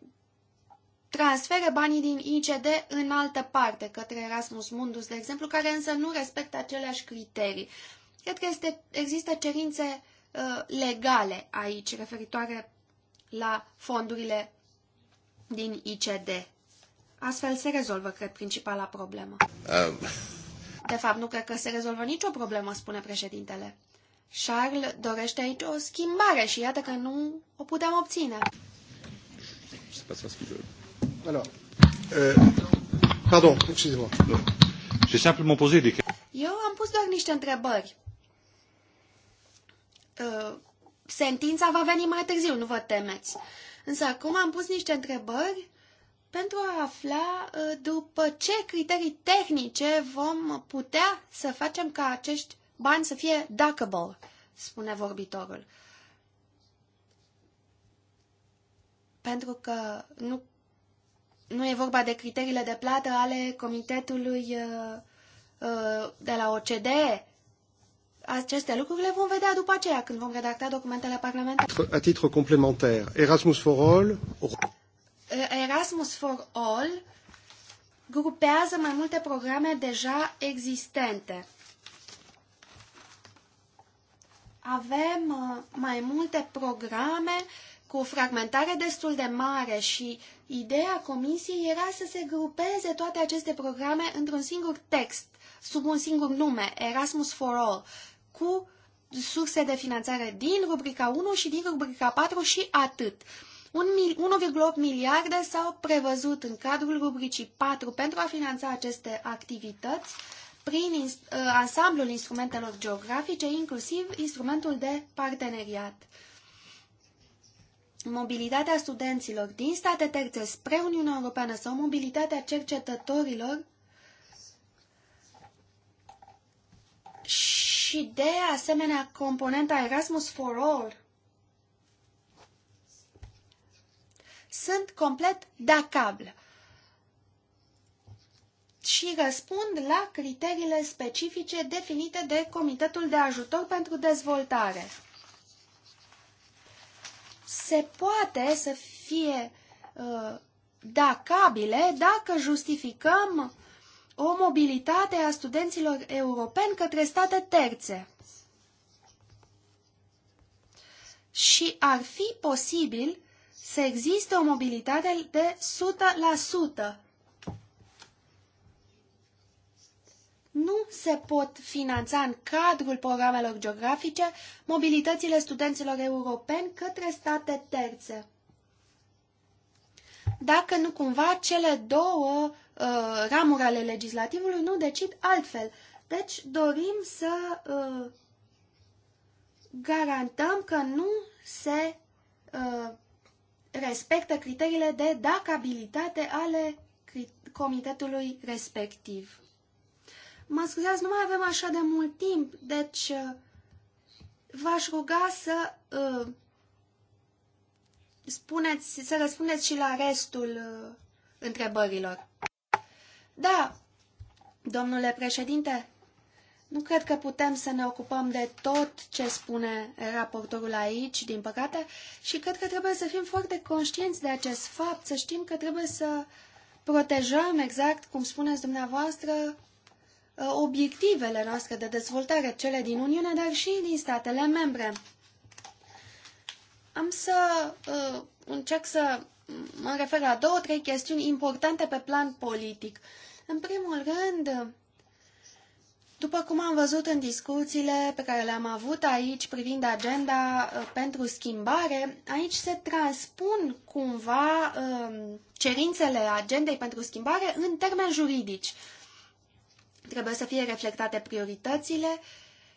Speaker 1: transfere banii din ICD în altă parte, către Erasmus Mundus, de exemplu, care însă nu respectă aceleași criterii. Cred că este, există cerințe uh, legale aici, referitoare la fondurile din ICD. Astfel se rezolvă, cred, principala problemă. Um. De fapt, nu cred că se rezolvă nicio problemă, spune președintele. Charles dorește aici o schimbare și iată că nu o putem obține.
Speaker 2: Je sais pas ce Alors, euh, pardon, excusez-moi. J'ai simplement posé des Eu
Speaker 1: am pus doar niște întrebări. Uh, sentința va veni mai târziu, nu vă temeți. Însă acum am pus niște întrebări pentru a afla uh, după ce criterii tehnice vom putea să facem ca acești bani să fie duckable, spune vorbitorul. Pentru că nu nu e vorba de criteriile de plată ale comitetului uh, uh, de la OCDE. Aceste lucruri le vom vedea după aceea, când vom redacta documentele parlamentare.
Speaker 2: A titlu complementar, Erasmus for All... Uh,
Speaker 1: Erasmus for All grupează mai multe programe deja existente. Avem mai multe programe cu o fragmentare destul de mare și Ideea comisiei era să se grupeze toate aceste programe într-un singur text, sub un singur nume, Erasmus for All, cu surse de finanțare din rubrica 1 și din rubrica 4 și atât. 1,8 miliarde s-au prevăzut în cadrul rubricii 4 pentru a finanța aceste activități prin uh, ansamblul instrumentelor geografice, inclusiv instrumentul de parteneriat mobilitatea studenților din state terțe spre Uniunea Europeană sau mobilitatea cercetătorilor și de asemenea componenta Erasmus for All sunt complet dacablă și răspund la criteriile specifice definite de Comitetul de Ajutor pentru Dezvoltare se poate să fie uh, dacabile dacă justificăm o mobilitate a studenților europeni către state terțe. Și ar fi posibil să existe o mobilitate de nu se pot finanța în cadrul programelor geografice mobilitățile studenților europeni către state terțe. Dacă nu cumva cele două uh, ramuri ale legislativului nu decid altfel. Deci dorim să uh, garantăm că nu se uh, respectă criteriile de dacabilitate ale comitetului respectiv. Mă scuzați, nu mai avem așa de mult timp, deci uh, v-aș ruga să uh, spuneți, să răspundeți și la restul uh, întrebărilor. Da, domnule președinte, nu cred că putem să ne ocupăm de tot ce spune raportorul aici, din păcate, și cred că trebuie să fim foarte conștienți de acest fapt, să știm că trebuie să protejăm exact, cum spuneți dumneavoastră, Uh, obiectivele noastre de dezvoltare, cele din Uniune, dar și din statele membre. Am să uh, încerc să mă refer la două, trei chestiuni importante pe plan politic. În primul rând, după cum am văzut în discuțiile pe care le-am avut aici privind agenda uh, pentru schimbare, aici se transpun cumva uh, cerințele agendei pentru schimbare în termeni juridici. Trebuie să fie reflectate prioritățile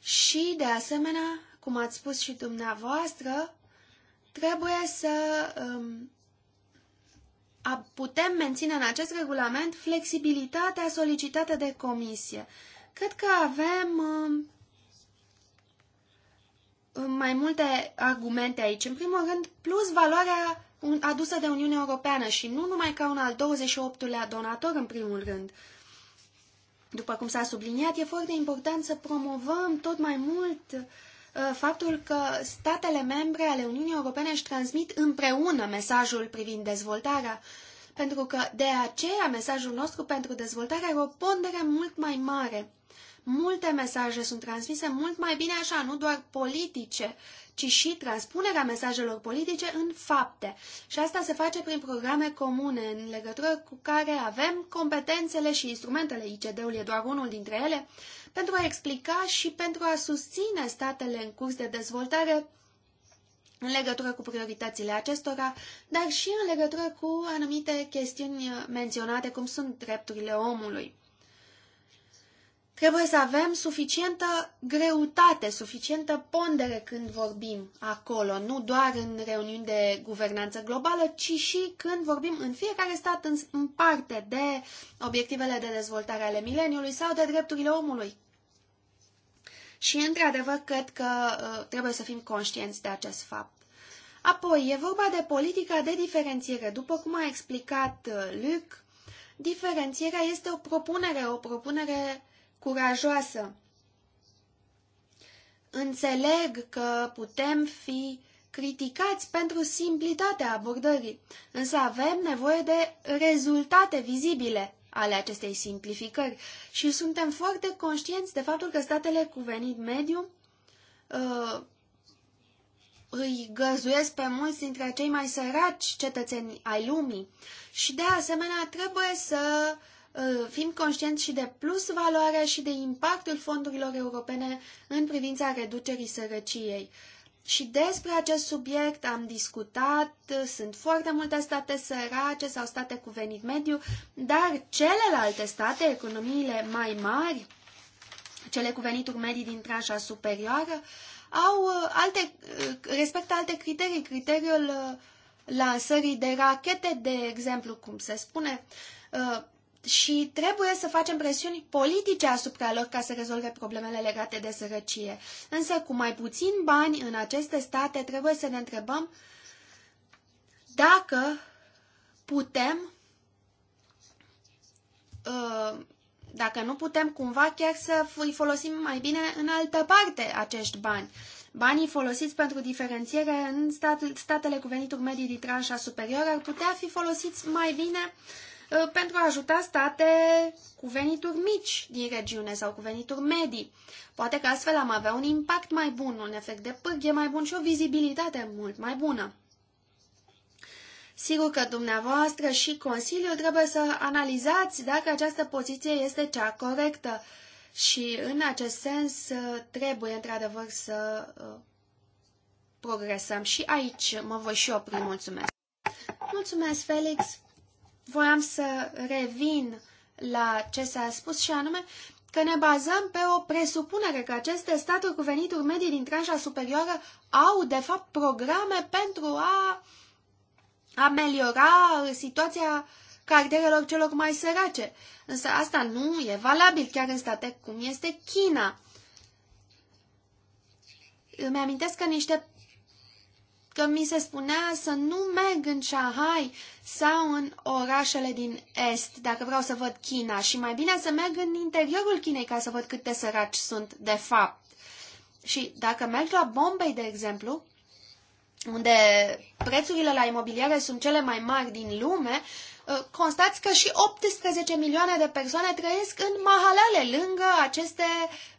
Speaker 1: și, de asemenea, cum ați spus și dumneavoastră, trebuie să um, a, putem menține în acest regulament flexibilitatea solicitată de comisie. Cred că avem um, mai multe argumente aici. În primul rând, plus valoarea adusă de Uniunea Europeană și nu numai ca un al 28-lea donator, în primul rând. Uh, după cum s-a subliniat, e foarte important să promovăm tot mai mult uh, faptul că statele membre ale Uniunii Europene își transmit împreună mesajul privind dezvoltarea, pentru că de aceea mesajul nostru pentru dezvoltare are o pondere mult mai mare Multe mesaje sunt transmise mult mai bine așa, nu doar politice, ci și transpunerea mesajelor politice în fapte. Și asta se face prin programe comune, în legătură cu care avem competențele și instrumentele, ICD-ul e doar unul dintre ele, pentru a explica și pentru a susține statele în curs de dezvoltare în legătură cu prioritățile acestora, dar și în legătură cu anumite chestiuni menționate, cum sunt drepturile omului. Trebuie să avem suficientă greutate, suficientă pondere când vorbim acolo, nu doar în reuniuni de guvernanță globală, ci și când vorbim în fiecare stat în, în parte de obiectivele de dezvoltare ale mileniului sau de drepturile omului. Și, într-adevăr, cred că uh, trebuie să fim conștienți de acest fapt. Apoi, e vorba de politica de diferențiere. După cum a explicat uh, Luc, diferențierea este o propunere, o propunere curajoasă. Înțeleg că putem fi criticați pentru simplitatea abordării, însă avem nevoie de rezultate vizibile ale acestei simplificări și suntem foarte conștienți de faptul că statele cu venit mediu uh, îi găzuiesc pe mulți dintre cei mai săraci cetățeni ai lumii și de asemenea trebuie să uh, fim conștienți și de plus valoarea și de impactul fondurilor europene în privința reducerii sărăciei. Și despre acest subiect am discutat, sunt foarte multe state sărace sau state cu venit mediu, dar celelalte state, economiile mai mari, cele cu venituri medii din tranșa superioară, au uh, alte, uh, respectă alte criterii, criteriul uh, lansării de rachete, de exemplu, cum se spune, și trebuie să facem presiuni politice asupra lor ca să rezolve problemele legate de sărăcie. Însă, cu mai puțin bani în aceste state, trebuie să ne întrebăm dacă putem, uh, dacă nu putem cumva chiar să îi folosim mai bine în altă parte acești bani. Banii folosiți pentru diferențiere în statele cu venituri medii din tranșa superioară ar putea fi folosiți mai bine uh, Uh, pentru a ajuta state cu venituri mici din regiune sau cu venituri medii. Poate că astfel am avea un impact mai bun, un efect de pârghie mai bun și o vizibilitate mult mai bună. Sigur că dumneavoastră și Consiliul trebuie să analizați dacă această poziție este cea corectă și în acest sens uh, trebuie într-adevăr să uh, progresăm și aici mă voi și opri. Mulțumesc! Mulțumesc, Felix! voiam să revin la ce s-a spus și anume că ne bazăm pe o presupunere că aceste staturi cu venituri medii din tranșa superioară au, de fapt, programe pentru a ameliora situația cartierelor celor mai sărace. Însă asta nu e valabil chiar în state cum este China. Îmi amintesc că niște că mi se spunea să nu merg în Shanghai sau în orașele din Est, dacă vreau să văd China, și mai bine să merg în interiorul Chinei ca să văd cât de săraci sunt de fapt. Și dacă merg la Bombay, de exemplu, unde prețurile la imobiliare sunt cele mai mari din lume, uh, constați că și 18 milioane de persoane trăiesc în mahalale, lângă aceste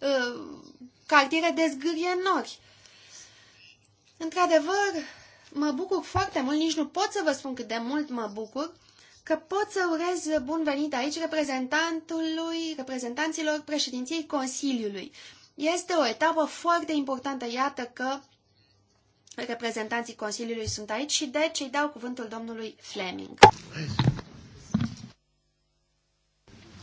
Speaker 1: uh, cartiere de zgârie nori. Într-adevăr, mă bucur foarte mult, nici nu pot să vă spun cât de mult mă bucur, că pot să urez bun venit aici reprezentantului, reprezentanților președinției Consiliului. Este o etapă foarte importantă, iată că reprezentanții Consiliului sunt aici și deci îi dau cuvântul domnului Fleming.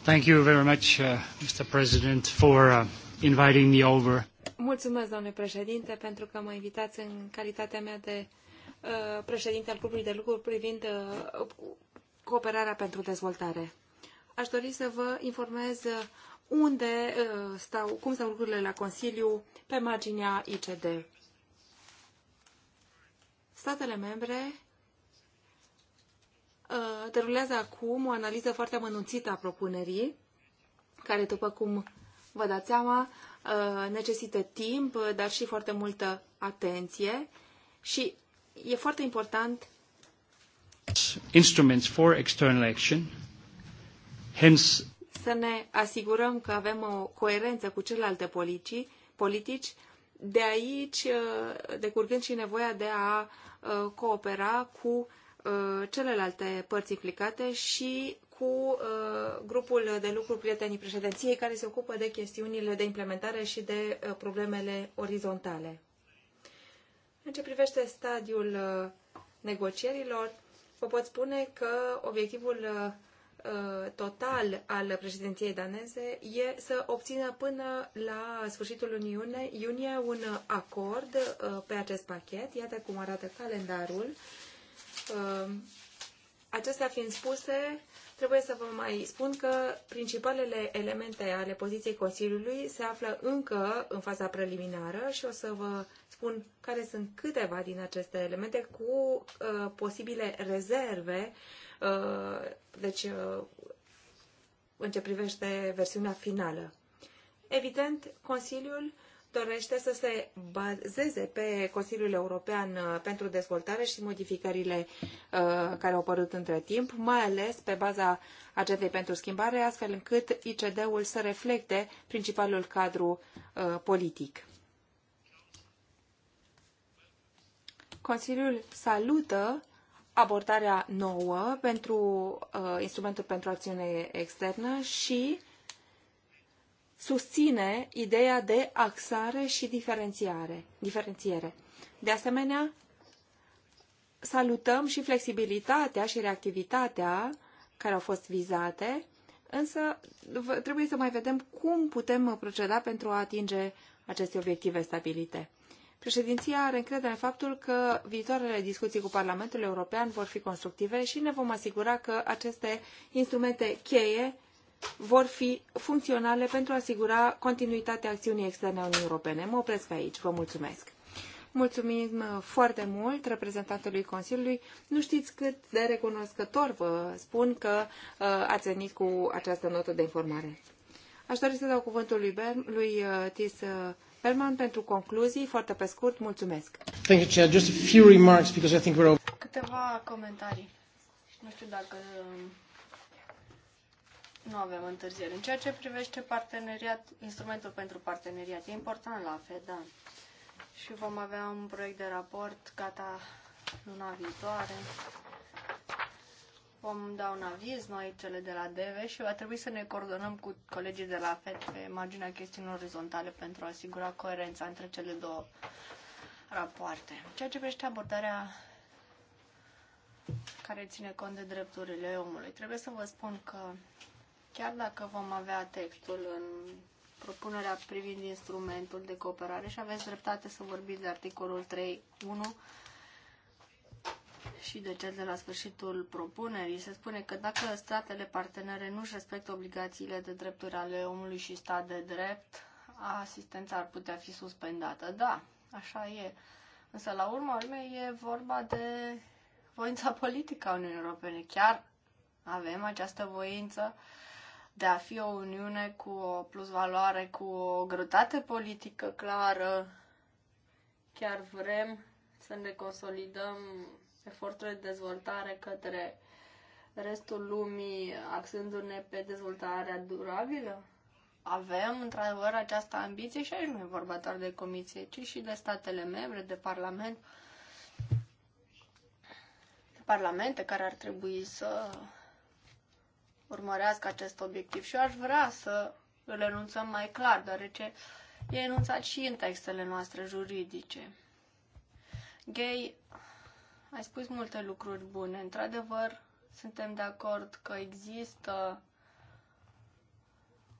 Speaker 2: Thank you very much, uh, Mr. President, for uh, inviting me over.
Speaker 3: Mulțumesc, domnule președinte, pentru că mă invitați în calitatea mea de uh, președinte al grupului de lucru privind uh, cooperarea pentru dezvoltare. Aș dori să vă informez uh, unde uh, stau, cum stau lucrurile la Consiliu pe marginea ICD. Statele membre uh, derulează acum o analiză foarte amănunțită a propunerii, care, după cum vă dați seama, Uh, necesită timp, uh, dar și foarte multă atenție și e foarte important
Speaker 2: instruments for external action. Hence
Speaker 3: să ne asigurăm că avem o coerență cu celelalte politici, politici de aici uh, decurgând și nevoia de a coopera cu celelalte părți implicate și cu uh, grupul de lucru prietenii președinției care se ocupă de chestiunile de implementare și de uh, problemele orizontale. În ce privește stadiul uh, negocierilor, vă pot spune că obiectivul total al președinției daneze e să obțină până la sfârșitul lunii iunie, iunie un acord pe acest pachet. Iată cum arată calendarul. Acestea fiind spuse, trebuie să vă mai spun că principalele elemente ale poziției Consiliului se află încă în faza preliminară și o să vă spun care sunt câteva din aceste elemente cu uh, posibile rezerve, uh, deci uh, în ce privește versiunea finală. Evident, Consiliul dorește să se bazeze pe Consiliul European uh, pentru Dezvoltare și modificările uh, care au apărut între timp, mai ales pe baza agendei pentru schimbare, astfel încât ICD-ul să reflecte principalul cadru uh, politic. Consiliul salută abordarea nouă pentru instrumentul pentru acțiune externă și uh, susține ideea de axare și diferențiare, diferențiere. De asemenea, salutăm și flexibilitatea și reactivitatea care au fost vizate, însă trebuie să mai vedem cum putem proceda pentru a atinge aceste obiective stabilite. Președinția are încredere în faptul că viitoarele discuții cu Parlamentul European vor fi constructive și ne vom asigura că aceste instrumente cheie vor fi funcționale pentru a asigura continuitatea acțiunii externe a Uniunii Europene. Mă opresc aici. Vă mulțumesc. Mulțumim uh, foarte mult reprezentantului Consiliului. Nu știți cât de recunoscător vă spun că uh, ați venit cu această notă de informare. Aș dori să dau cuvântul lui, Ber- lui uh, Tis uh, pentru concluzii, foarte pe scurt, mulțumesc.
Speaker 2: Thank you, Chair. Just a few remarks because I think we're
Speaker 4: Câteva comentarii. Nu știu dacă um, nu avem întârzieri. În ceea ce privește parteneriat, instrumentul pentru parteneriat, e important la da. Și vom avea un proiect de raport gata luna viitoare. Vom da un aviz noi, cele de la DV, și va trebui să ne coordonăm cu colegii de la FED pe marginea chestiunilor orizontale pentru a asigura coerența între cele două rapoarte. Ceea ce privește abordarea care ține cont de drepturile omului. Trebuie să vă spun că Chiar dacă vom avea textul în propunerea privind instrumentul de cooperare și aveți dreptate să vorbiți de articolul 3.1 și de cel de la sfârșitul propunerii, se spune că dacă statele partenere nu își respectă obligațiile de drepturi ale omului și stat de drept, asistența ar putea fi suspendată. Da, așa e. Însă, la urma urmei, e vorba de voința politică a Uniunii Europene. Chiar avem această voință de a fi o uniune cu o plusvaloare, cu o greutate politică clară. Chiar vrem să ne consolidăm eforturile de dezvoltare către restul lumii, axându-ne pe dezvoltarea durabilă? Avem, într-adevăr, această ambiție și aici nu e vorba doar de comisie, ci și de statele membre, de parlament, de parlamente care ar trebui să urmărească acest obiectiv și eu aș vrea să îl enunțăm mai clar, deoarece e enunțat și în textele noastre juridice. Gay, ai spus multe lucruri bune. Într-adevăr, suntem de acord că există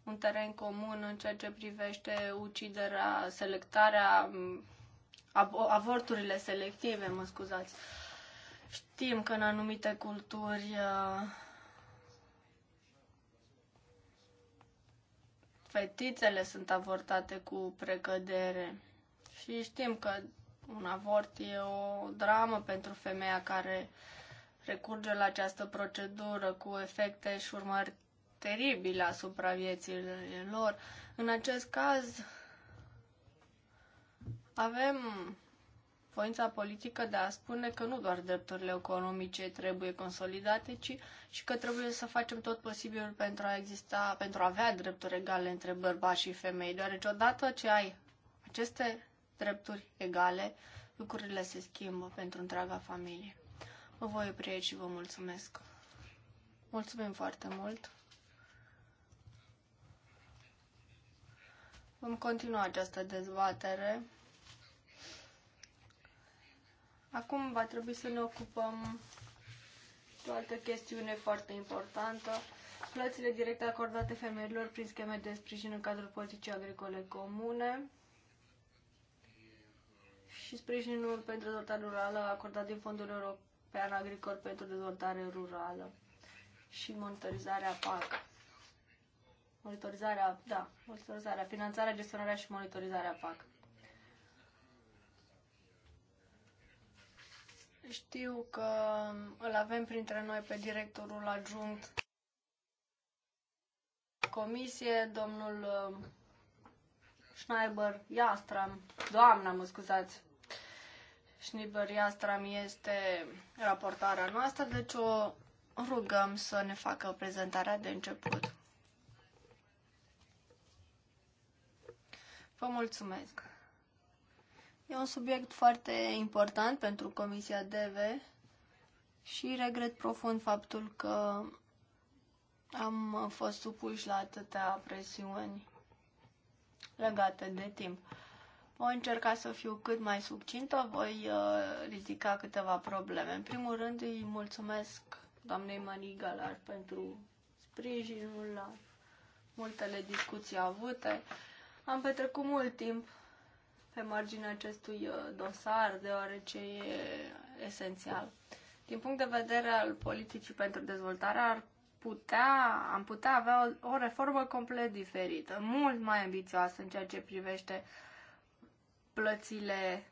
Speaker 4: un teren comun în ceea ce privește uciderea, selectarea, avorturile selective, mă scuzați. Știm că în anumite culturi uh, fetițele sunt avortate cu precădere. Și știm că un avort e o dramă pentru femeia care recurge la această procedură cu efecte și urmări teribile asupra vieților lor. În acest caz avem voința politică de a spune că nu doar drepturile economice trebuie consolidate, ci și că trebuie să facem tot posibilul pentru a exista, pentru a avea drepturi egale între bărbați și femei, deoarece odată ce ai aceste drepturi egale, lucrurile se schimbă pentru întreaga familie. Vă voi opri și vă mulțumesc. Mulțumim foarte mult. Vom continua această dezbatere. Acum va trebui să ne ocupăm de o altă chestiune foarte importantă, plățile directe acordate femeilor prin scheme de sprijin în cadrul politicii agricole comune și sprijinul pentru dezvoltare rurală acordat din Fondul European Agricol pentru Dezvoltare Rurală și monitorizarea PAC. Monitorizarea, da, monitorizarea, finanțarea, gestionarea și monitorizarea PAC. Știu că îl avem printre noi pe directorul adjunct comisie, domnul um, Schneiber Iastram, doamna, mă scuzați, Schneiber Iastram este raportarea noastră, deci o rugăm să ne facă prezentarea de început. Vă mulțumesc! E un subiect foarte important pentru Comisia DV și regret profund faptul că am fost supuși la atâtea presiuni legate de timp. Voi încerca să fiu cât mai succintă, voi uh, ridica câteva probleme. În primul rând îi mulțumesc doamnei Marie Galar pentru sprijinul la multele discuții avute. Am petrecut mult timp pe marginea acestui uh, dosar, deoarece e esențial. Din punct de vedere al politicii pentru dezvoltare, ar putea, am putea avea o, o reformă complet diferită, mult mai ambițioasă în ceea ce privește plățile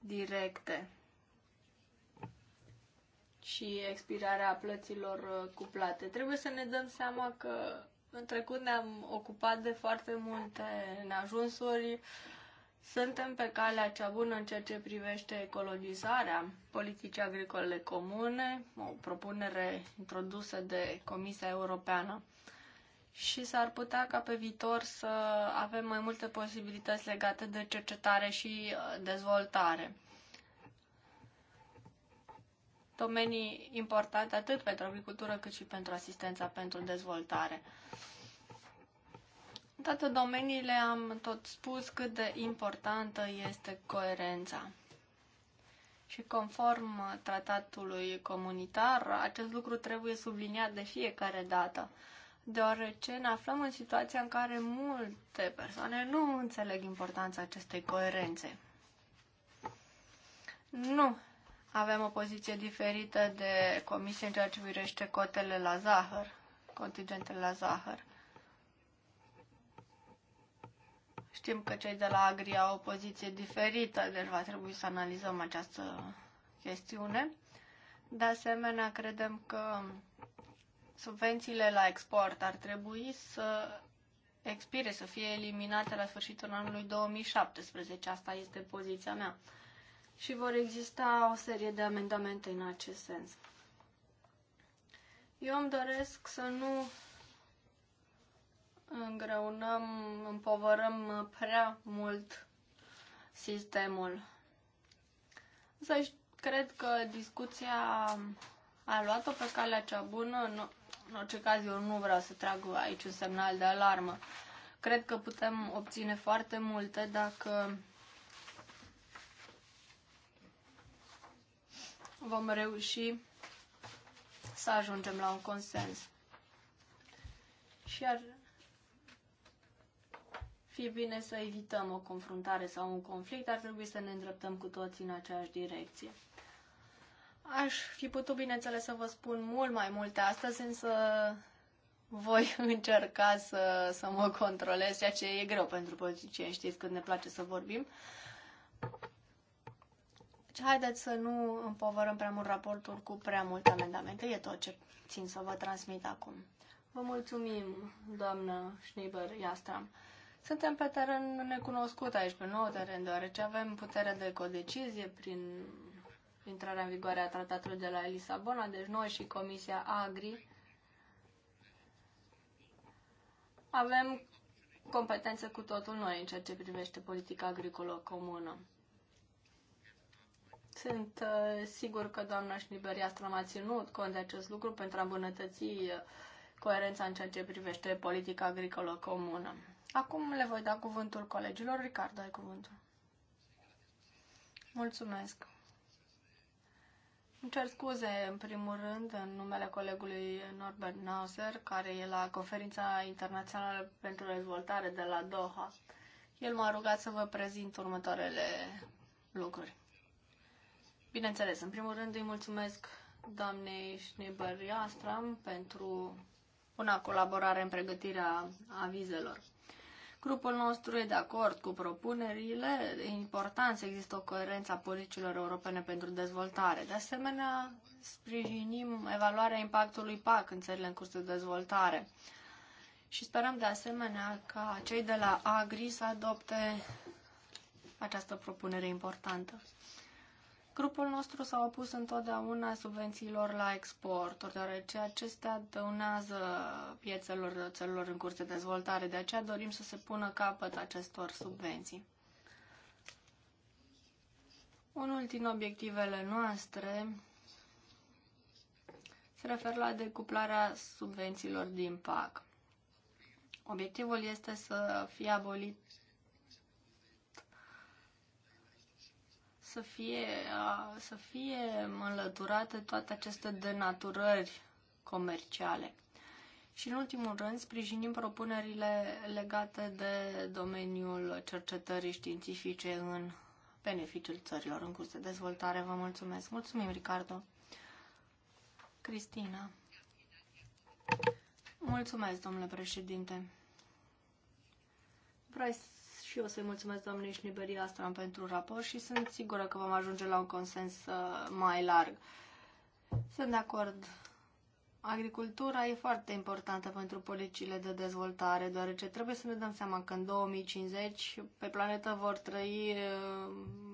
Speaker 4: directe și expirarea plăților uh, cuplate. Trebuie să ne dăm seama că în trecut ne-am ocupat de foarte multe neajunsuri, suntem pe calea cea bună în ceea ce privește ecologizarea politicii agricole comune, o propunere introdusă de Comisia Europeană și s-ar putea ca pe viitor să avem mai multe posibilități legate de cercetare și uh, dezvoltare. Domenii importante atât pentru agricultură cât și pentru asistența pentru dezvoltare. În toate domeniile am tot spus cât de importantă este coerența. Și conform tratatului comunitar, acest lucru trebuie subliniat de fiecare dată, deoarece ne aflăm în situația în care multe persoane nu înțeleg importanța acestei coerențe. Nu avem o poziție diferită de comisie în ceea ce privește cotele la zahăr, contingentele la zahăr. Știm că cei de la Agri au o poziție diferită, deci va trebui să analizăm această chestiune. De asemenea, credem că subvențiile la export ar trebui să expire, să fie eliminate la sfârșitul anului 2017. Asta este poziția mea. Și vor exista o serie de amendamente în acest sens. Eu îmi doresc să nu îngreunăm, împovărăm prea mult sistemul. Însă cred că discuția a luat-o pe calea cea bună. Nu, în orice caz, eu nu vreau să trag aici un semnal de alarmă. Cred că putem obține foarte multe dacă vom reuși să ajungem la un consens. Și ar fi bine să evităm o confruntare sau un conflict, ar trebui să ne îndreptăm cu toții în aceeași direcție. Aș fi putut, bineînțeles, să vă spun mult mai multe astăzi, însă voi încerca să, să mă controlez, ceea ce e greu pentru politicieni, știți, cât ne place să vorbim. haideți să nu împovărăm prea mult raportul cu prea multe amendamente. E tot ce țin să vă transmit acum. Vă mulțumim, doamnă Schneeber Iastram. Suntem pe teren necunoscut aici, pe nou teren, deoarece avem putere de codecizie prin intrarea în vigoare a tratatului de la Lisabona, deci noi și Comisia Agri avem competențe cu totul noi în ceea ce privește politica agricolă comună. Sunt uh, sigur că doamna Șniberiastra m-a ținut cont de acest lucru pentru a îmbunătăți uh, coerența în ceea ce privește politica agricolă comună. Acum le voi da cuvântul colegilor. Ricardo, ai cuvântul. Mulțumesc. Îmi cer scuze, în primul rând, în numele colegului Norbert Nauser, care e la conferința internațională pentru dezvoltare de la Doha. El m-a rugat să vă prezint următoarele lucruri. Bineînțeles, în primul rând îi mulțumesc doamnei Schneeber-Jastram pentru una colaborare în pregătirea avizelor. Grupul nostru e de acord cu propunerile. E important să există o coerență a politicilor europene pentru dezvoltare. De asemenea, sprijinim evaluarea impactului PAC în țările în curs de dezvoltare. Și sperăm de asemenea ca cei de la Agri să adopte această propunere importantă. Grupul nostru s-a opus întotdeauna subvențiilor la export, deoarece acestea dăunează piețelor țărilor în curs de dezvoltare. De aceea dorim să se pună capăt acestor subvenții. Unul din obiectivele noastre se referă la decuplarea subvențiilor din PAC. Obiectivul este să fie abolit să fie, să fie înlăturate toate aceste denaturări comerciale. Și în ultimul rând, sprijinim propunerile legate de domeniul cercetării științifice în beneficiul țărilor în curs de dezvoltare. Vă mulțumesc. Mulțumim, Ricardo. Cristina. Mulțumesc, domnule președinte. Vreau și o să-i mulțumesc doamnei Șniberi Astram pentru raport și sunt sigură că vom ajunge la un consens uh, mai larg. Sunt de acord. Agricultura e foarte importantă pentru politicile de dezvoltare, deoarece trebuie să ne dăm seama că în 2050 pe planetă vor trăi uh,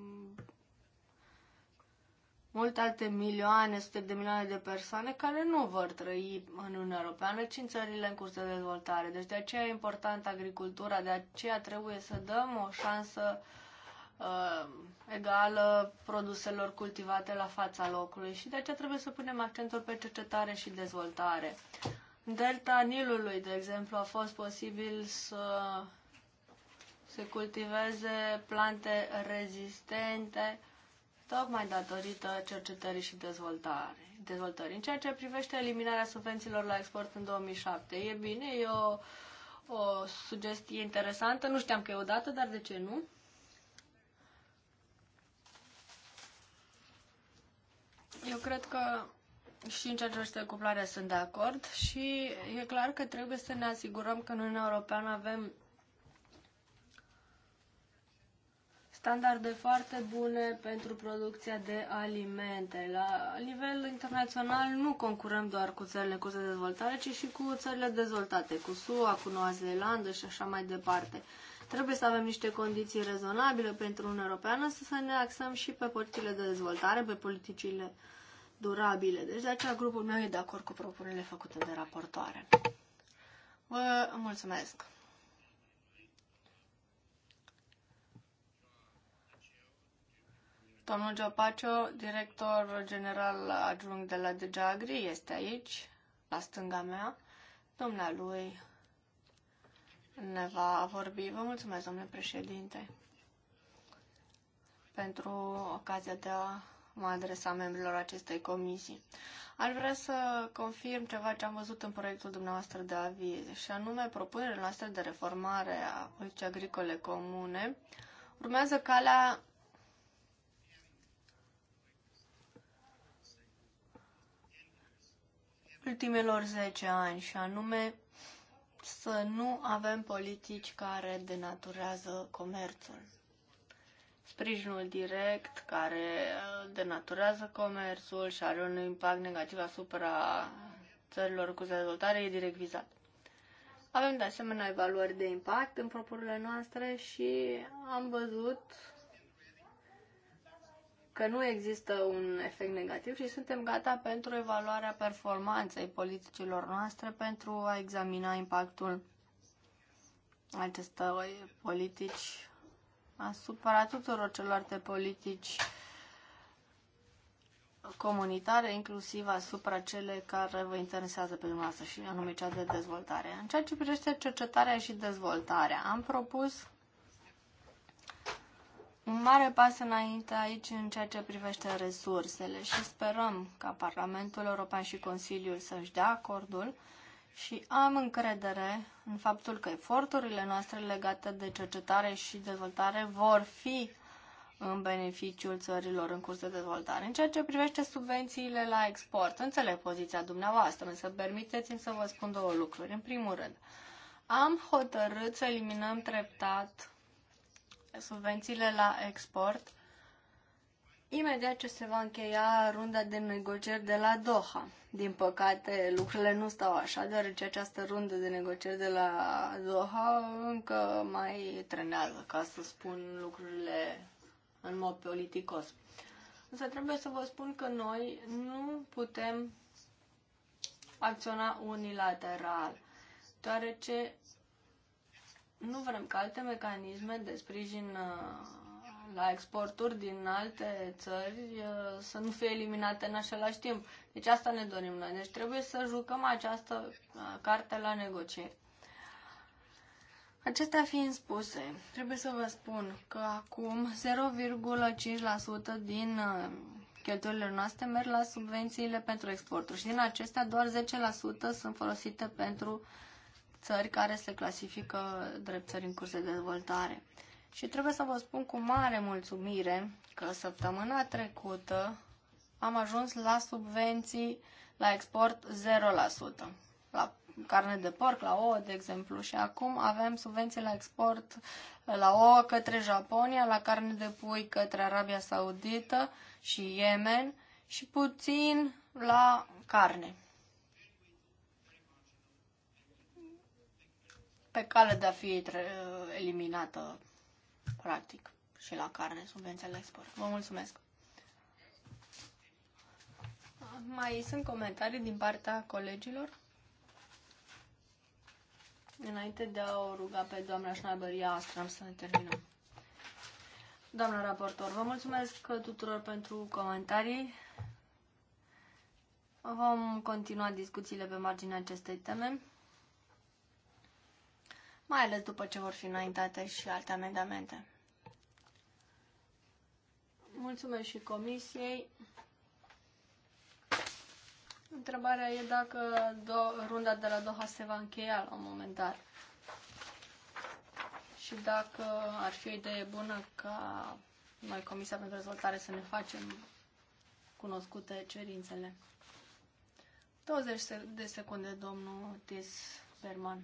Speaker 4: multe alte milioane, sute de milioane de persoane care nu vor trăi în Uniunea Europeană, ci în țările în curs de dezvoltare. Deci de aceea e importantă agricultura, de aceea trebuie să dăm o șansă uh, egală produselor cultivate la fața locului și de aceea trebuie să punem accentul pe cercetare și dezvoltare. În delta Nilului, de exemplu, a fost posibil să se cultiveze plante rezistente tocmai datorită cercetării și dezvoltare, dezvoltării. În ceea ce privește eliminarea subvențiilor la export în 2007, e bine, e o, o sugestie interesantă, nu știam că e o dată, dar de ce nu? Eu cred că și în ceea ce privește cuplarea sunt de acord și e clar că trebuie să ne asigurăm că în Uniunea Europeană avem standarde foarte bune pentru producția de alimente. La nivel internațional nu concurăm doar cu țările cu dezvoltare, ci și cu țările dezvoltate, cu SUA, cu Noua Zeelandă și așa mai departe. Trebuie să avem niște condiții rezonabile pentru Uniunea Europeană să, să ne axăm și pe politicile de dezvoltare, pe politicile durabile. Deci de aceea grupul meu e de acord cu propunerile făcute de raportoare. Vă mulțumesc! Domnul Giopacio, director general adjunct de la Degeagri, este aici, la stânga mea. lui ne va vorbi. Vă mulțumesc, domnule președinte, pentru ocazia de a mă adresa membrilor acestei comisii. Aș vrea să confirm ceva ce am văzut în proiectul dumneavoastră de aviz, și anume propunerea noastră de reformare a politicii agricole comune urmează calea ultimelor 10 ani și anume să nu avem politici care denaturează comerțul. Sprijinul direct care uh, denaturează comerțul și are un impact negativ asupra țărilor cu dezvoltare e direct vizat. Avem de asemenea evaluări de impact în propunerile noastre și am văzut că nu există un efect negativ și suntem gata pentru evaluarea performanței politicilor noastre pentru a examina impactul acestor politici asupra tuturor celorlalte politici comunitare, inclusiv asupra cele care vă interesează pe dumneavoastră și anume cea de dezvoltare. În ceea ce privește cercetarea și dezvoltarea, am propus un mare pas înainte aici în ceea ce privește resursele și sperăm ca Parlamentul European și Consiliul să-și dea acordul și am încredere în faptul că eforturile noastre legate de cercetare și dezvoltare vor fi în beneficiul țărilor în curs de dezvoltare. În ceea ce privește subvențiile la export, înțeleg poziția dumneavoastră, însă permiteți-mi să vă spun două lucruri. În primul rând, am hotărât să eliminăm treptat subvențiile la export, imediat ce se va încheia runda de negocieri de la Doha. Din păcate, lucrurile nu stau așa, deoarece această rundă de negocieri de la Doha încă mai trenează, ca să spun lucrurile în mod politicos. Însă trebuie să vă spun că noi nu putem acționa unilateral, deoarece nu vrem ca alte mecanisme de sprijin uh, la exporturi din alte țări uh, să nu fie eliminate în același timp. Deci asta ne dorim noi. Deci trebuie să jucăm această uh, carte la negocieri. Acestea fiind spuse, trebuie să vă spun că acum 0,5% din cheltuielile noastre merg la subvențiile pentru exporturi și din acestea doar 10% sunt folosite pentru uh, țări care se clasifică drept țări în curs de dezvoltare. Și trebuie să vă spun cu mare mulțumire că săptămâna trecută am ajuns la subvenții la export 0%. La carne de porc, la ouă, de exemplu, și acum avem subvenții la export la ouă către Japonia, la carne de pui către Arabia Saudită și Yemen și puțin la carne. pe cale de a fi eliminată, practic, și la carne, sunt la export. Vă mulțumesc! Mai sunt comentarii din partea colegilor? Înainte de a o ruga pe doamna Schneider, ia astram să ne terminăm. Doamna raportor, vă mulțumesc tuturor pentru comentarii. Vom continua discuțiile pe marginea acestei teme mai ales după ce vor fi înaintate și alte amendamente. Mulțumesc și comisiei. Întrebarea e dacă do- runda de la Doha se va încheia la un moment dat. Și dacă ar fi o idee bună ca noi, Comisia pentru Dezvoltare, să ne facem cunoscute cerințele. 20 de secunde, domnul Tis Berman.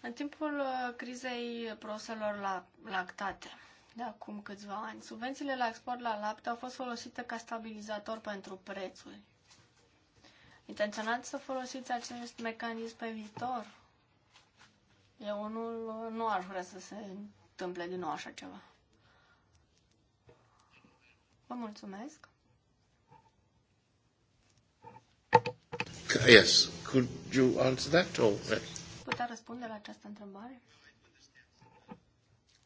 Speaker 4: În timpul uh, crizei proselor la lactate, de acum câțiva ani, subvențiile la export la lapte au fost folosite ca stabilizator pentru prețuri. Intenționați să folosiți acest mecanism pe viitor? Eu nu nu ar vrea să se întâmple din nou așa ceva. Vă mulțumesc.
Speaker 2: Yes, could you answer that or?
Speaker 4: putea răspunde la această întrebare?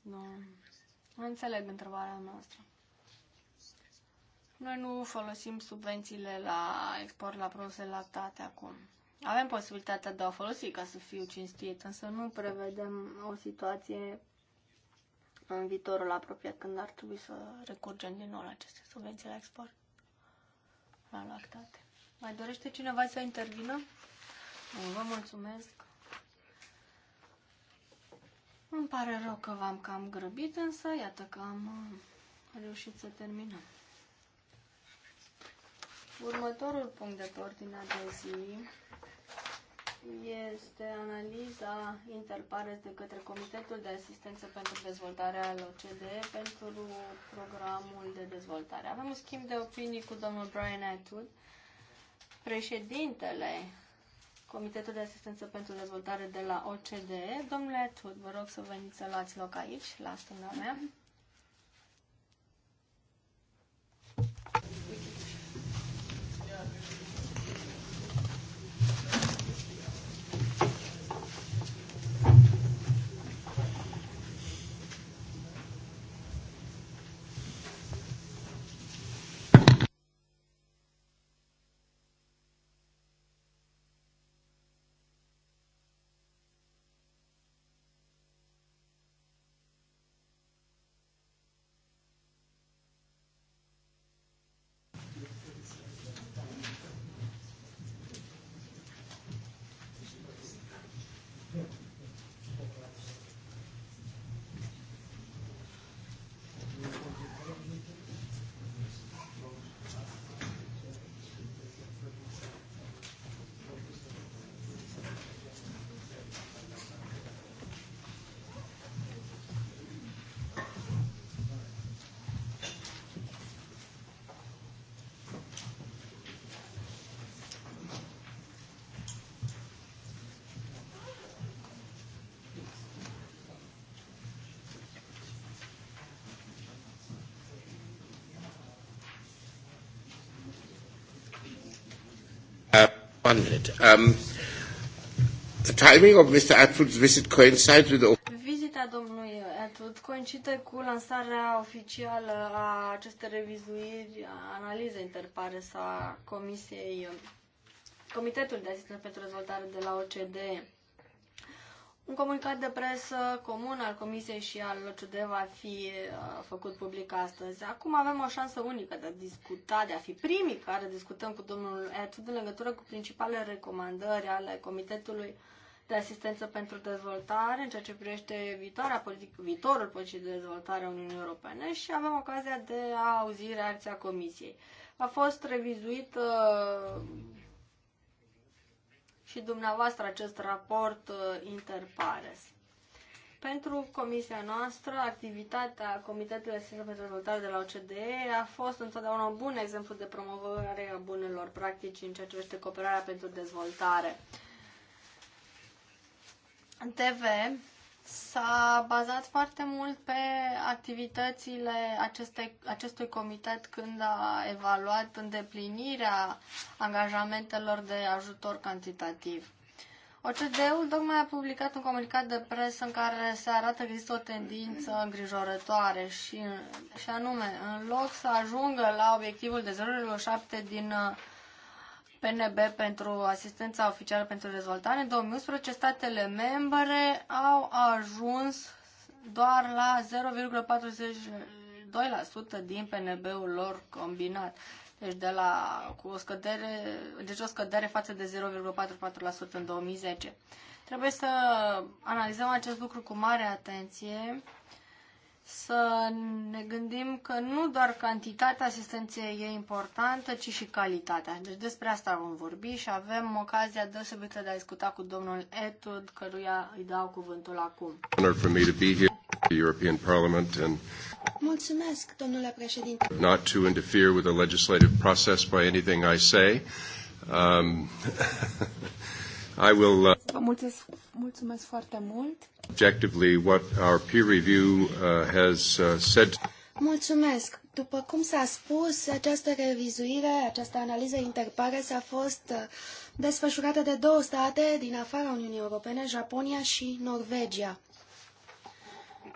Speaker 4: Nu. Înțeleg întrebarea noastră. Noi nu folosim subvențiile la export la produse lactate acum. Avem posibilitatea de a folosi, ca să fiu cinstit, însă nu prevedem o situație în viitorul apropiat când ar trebui să recurgem din nou la aceste subvenții la export, la lactate. Mai dorește cineva să intervină? vă mulțumesc. Îmi pare rău că v-am cam grăbit, însă iată că am uh, reușit să terminăm. Următorul punct de pe ordinea de zi este analiza interpares de către Comitetul de Asistență pentru Dezvoltarea al OCDE pentru programul de dezvoltare. Avem un schimb de opinii cu domnul Brian Atwood, președintele Comitetul de Asistență pentru Dezvoltare de la OCDE. Domnule Tud, vă rog să veniți să luați loc aici, la stânga mea.
Speaker 2: one minute. Um, the timing of Mr. Atwood's visit coincides with the...
Speaker 4: Vizita domnului Atwood coincide cu lansarea oficială a acestei revizuiri, analize interpare interpares a Comisiei, Comitetul de Asistență pentru Dezvoltare de la OCDE. Un comunicat de presă comun al Comisiei și al CDE va fi uh, făcut public astăzi. Acum avem o șansă unică de a discuta, de a fi primii care discutăm cu domnul Etud în legătură cu principalele recomandări ale Comitetului de Asistență pentru Dezvoltare în ceea ce privește viitoarea politic, viitorul politicii de dezvoltare a Uniunii Europene și avem ocazia de a auzi reacția Comisiei. A fost revizuit uh, și dumneavoastră acest raport uh, interpares. Pentru comisia noastră, activitatea Comitetului Asistență pentru Dezvoltare de la OCDE a fost întotdeauna un bun exemplu de promovare a bunelor practici în ceea ce privește cooperarea pentru dezvoltare. TV s-a bazat foarte mult pe activitățile aceste, acestui comitet când a evaluat îndeplinirea angajamentelor de ajutor cantitativ. ocd ul tocmai a publicat un comunicat de presă în care se arată că există o tendință îngrijorătoare și, și anume, în loc să ajungă la obiectivul de 0,7 din uh, PNB pentru asistența oficială pentru dezvoltare, în 2011 statele membre au ajuns doar la 0,42% din PNB-ul lor combinat. Deci, de la, cu o scădere, deci o scădere față de 0,44% în 2010. Trebuie să analizăm acest lucru cu mare atenție să ne gândim că nu doar cantitatea asistenței e importantă, ci și calitatea. Deci despre asta vom vorbi și avem ocazia deosebită de a discuta cu domnul Etud, căruia îi dau cuvântul acum. Mulțumesc, domnule
Speaker 3: președinte.
Speaker 1: Not
Speaker 2: to interfere with the legislative process by anything I say. Um, I will, uh,
Speaker 3: mulțumesc, foarte mult.
Speaker 2: Objectively, what our peer review uh, has uh, said.
Speaker 1: Mulțumesc. După cum s-a spus, această revizuire, această analiză interpare s a fost uh, desfășurată de două state din afara Uniunii Europene, Japonia și Norvegia.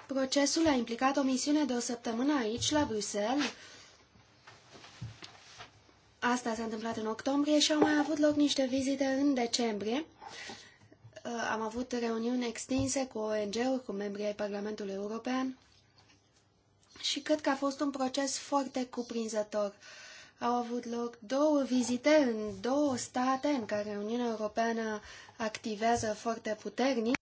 Speaker 1: Procesul a implicat o misiune de o săptămână aici, la Bruxelles, Asta s-a întâmplat în octombrie și au mai avut loc niște vizite în decembrie. Uh, am avut reuniuni extinse cu ONG-uri, cu membrii ai Parlamentului European și cred că a fost un proces foarte cuprinzător. Au avut loc două vizite în două state în care Uniunea Europeană activează foarte puternic.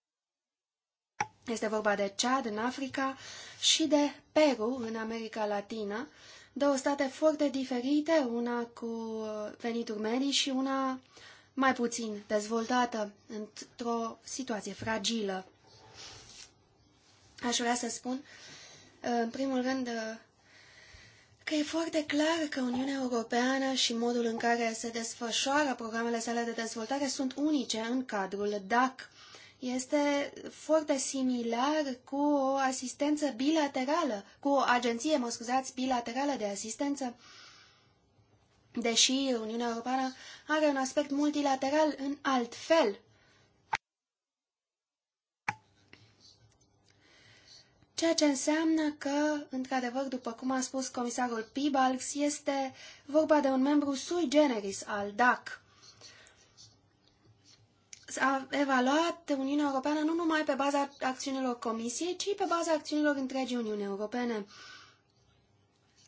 Speaker 1: Este vorba de Chad în Africa și de Peru în America Latină două state foarte diferite, una cu venituri medii și una mai puțin dezvoltată, într-o situație fragilă. Aș vrea să spun, uh, în primul rând, uh, că e foarte clar că Uniunea Europeană și modul în care se desfășoară programele sale de dezvoltare sunt unice în cadrul DAC este foarte similar cu o asistență bilaterală, cu o agenție, mă scuzați, bilaterală de asistență, deși Uniunea Europeană are un aspect multilateral în alt fel. Ceea ce înseamnă că, într-adevăr, după cum a spus comisarul Pibalx, este vorba de un membru sui generis al DAC a evaluat Uniunea Europeană nu numai pe baza acțiunilor Comisiei, ci pe baza acțiunilor întregii Uniuni Europene.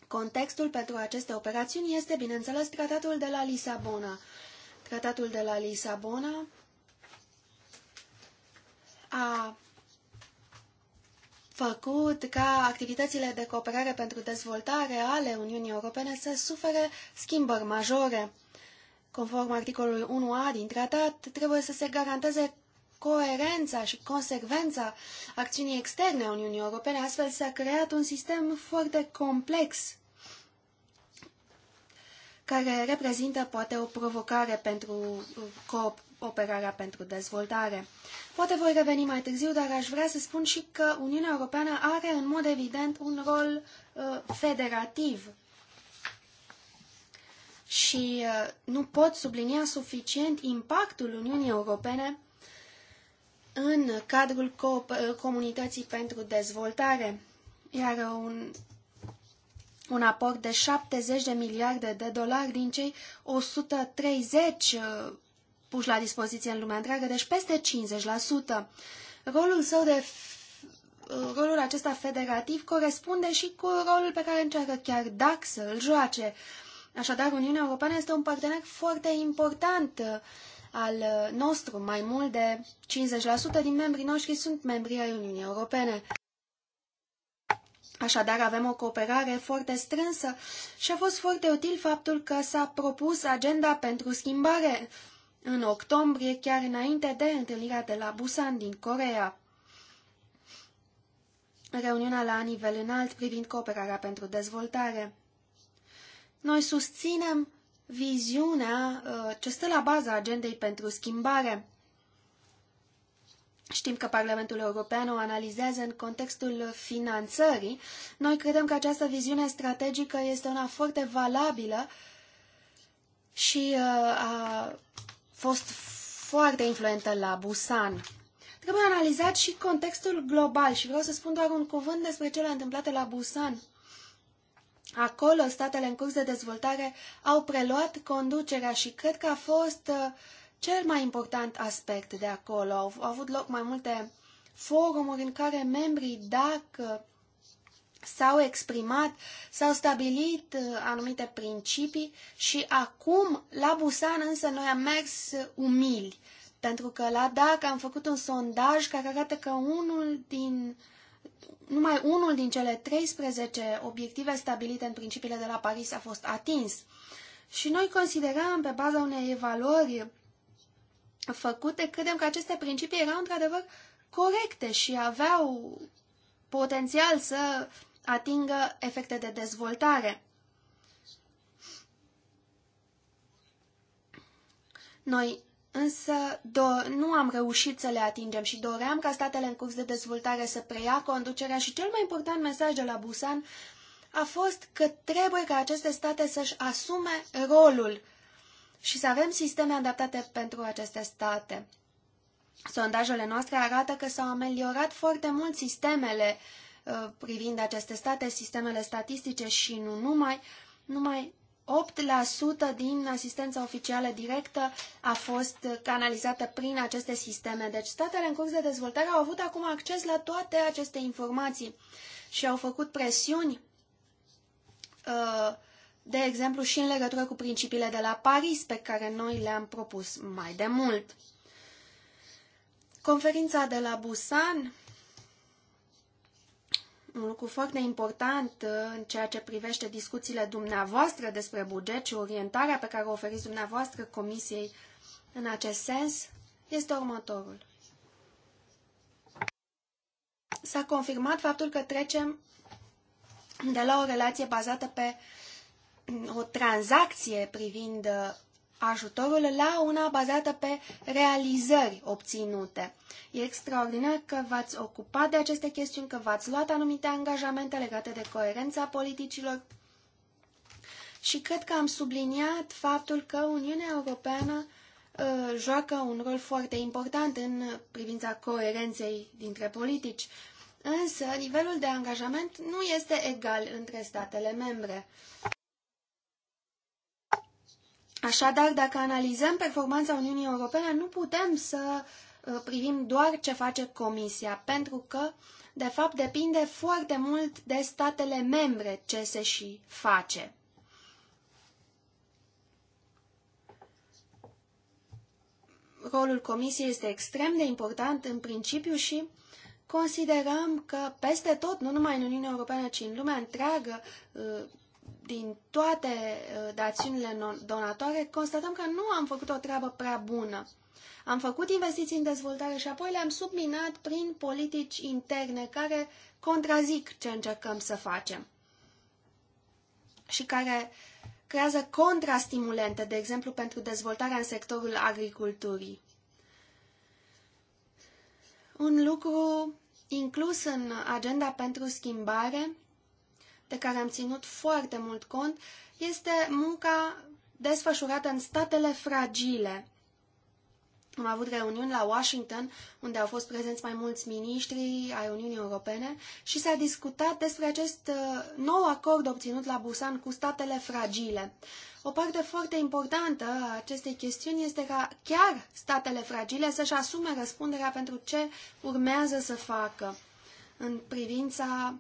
Speaker 1: Contextul pentru aceste operațiuni este, bineînțeles, tratatul de la Lisabona. Tratatul de la Lisabona a făcut ca activitățile de cooperare pentru dezvoltare ale Uniunii Europene să sufere schimbări majore. Conform articolului 1a din tratat, trebuie să se garanteze coerența și consecvența acțiunii externe a Uniunii Europene. Astfel s-a creat un sistem foarte complex care reprezintă poate o provocare pentru cooperarea pentru dezvoltare. Poate voi reveni mai târziu, dar aș vrea să spun și că Uniunea Europeană are în mod evident un rol uh, federativ și uh, nu pot sublinia suficient impactul Uniunii Europene în cadrul uh, comunității pentru dezvoltare, iar un, un aport de 70 de miliarde de dolari din cei 130 uh, puși la dispoziție în lumea întreagă, deci peste 50%. Rolul său de rolul acesta federativ corespunde și cu rolul pe care încearcă chiar DAC să îl joace, Așadar, Uniunea Europeană este un partener foarte important uh, al uh, nostru. Mai mult de 50% din membrii noștri sunt membri ai Uniunii Europene. Așadar, avem o cooperare foarte strânsă și a fost foarte util faptul că s-a propus agenda pentru schimbare în octombrie, chiar înainte de întâlnirea de la Busan din Corea. Reuniunea la nivel înalt privind cooperarea pentru dezvoltare. Noi susținem viziunea uh, ce stă la baza agendei pentru schimbare. Știm că Parlamentul European o analizează în contextul finanțării. Noi credem că această viziune strategică este una foarte valabilă și uh, a fost foarte influentă la Busan. Trebuie analizat și contextul global și vreau să spun doar un cuvânt despre cele întâmplate la Busan. Acolo, statele în curs de dezvoltare au preluat conducerea și cred că a fost uh, cel mai important aspect de acolo. Au, avut loc mai multe forumuri în care membrii DAC s-au exprimat, s-au stabilit uh, anumite principii și acum, la Busan, însă, noi am mers umili. Pentru că la DAC am făcut un sondaj care arată că unul din uh, numai unul din cele 13 obiective stabilite în principiile de la Paris a fost atins. Și noi considerăm pe baza unei evaluări făcute, credem că aceste principii erau într-adevăr corecte și aveau potențial să atingă efecte de dezvoltare. Noi însă nu am reușit să le atingem și doream ca statele în curs de dezvoltare să preia conducerea și cel mai important mesaj de la Busan a fost că trebuie ca aceste state să-și asume rolul și să avem sisteme adaptate pentru aceste state. Sondajele noastre arată că s-au ameliorat foarte mult sistemele uh, privind aceste state, sistemele statistice și nu numai, numai 8% din asistența oficială directă a fost canalizată prin aceste sisteme. Deci statele în curs de dezvoltare au avut acum acces la toate aceste informații și au făcut presiuni, uh, de exemplu, și în legătură cu principiile de la Paris, pe care noi le-am propus mai de mult. Conferința de la Busan un lucru foarte important uh, în ceea ce privește discuțiile dumneavoastră despre buget și orientarea pe care o oferiți dumneavoastră Comisiei în acest sens este următorul. S-a confirmat faptul că trecem de la o relație bazată pe mm, o tranzacție privind uh, ajutorul la una bazată pe realizări obținute. E extraordinar că v-ați ocupat de aceste chestiuni, că v-ați luat anumite angajamente legate de coerența politicilor și cred că am subliniat faptul că Uniunea Europeană uh, joacă un rol foarte important în privința coerenței dintre politici. Însă, nivelul de angajament nu este egal între statele membre. Așadar, dacă analizăm performanța Uniunii Europene, nu putem să uh, privim doar ce face Comisia, pentru că, de fapt, depinde foarte mult de statele membre ce se și face. Rolul Comisiei este extrem de important în principiu și considerăm că peste tot, nu numai în Uniunea Europeană, ci în lumea întreagă, uh, din toate uh, dațiunile donatoare, constatăm că nu am făcut o treabă prea bună. Am făcut investiții în dezvoltare și apoi le-am subminat prin politici interne care contrazic ce încercăm să facem și care creează contrastimulente, de exemplu, pentru dezvoltarea în sectorul agriculturii. Un lucru inclus în agenda pentru schimbare de care am ținut foarte mult cont este munca desfășurată în statele fragile. Am avut reuniuni la Washington, unde au fost prezenți mai mulți miniștri ai Uniunii Europene și s-a discutat despre acest uh, nou acord obținut la Busan cu statele fragile. O parte foarte importantă a acestei chestiuni este ca chiar statele fragile să-și asume răspunderea pentru ce urmează să facă în privința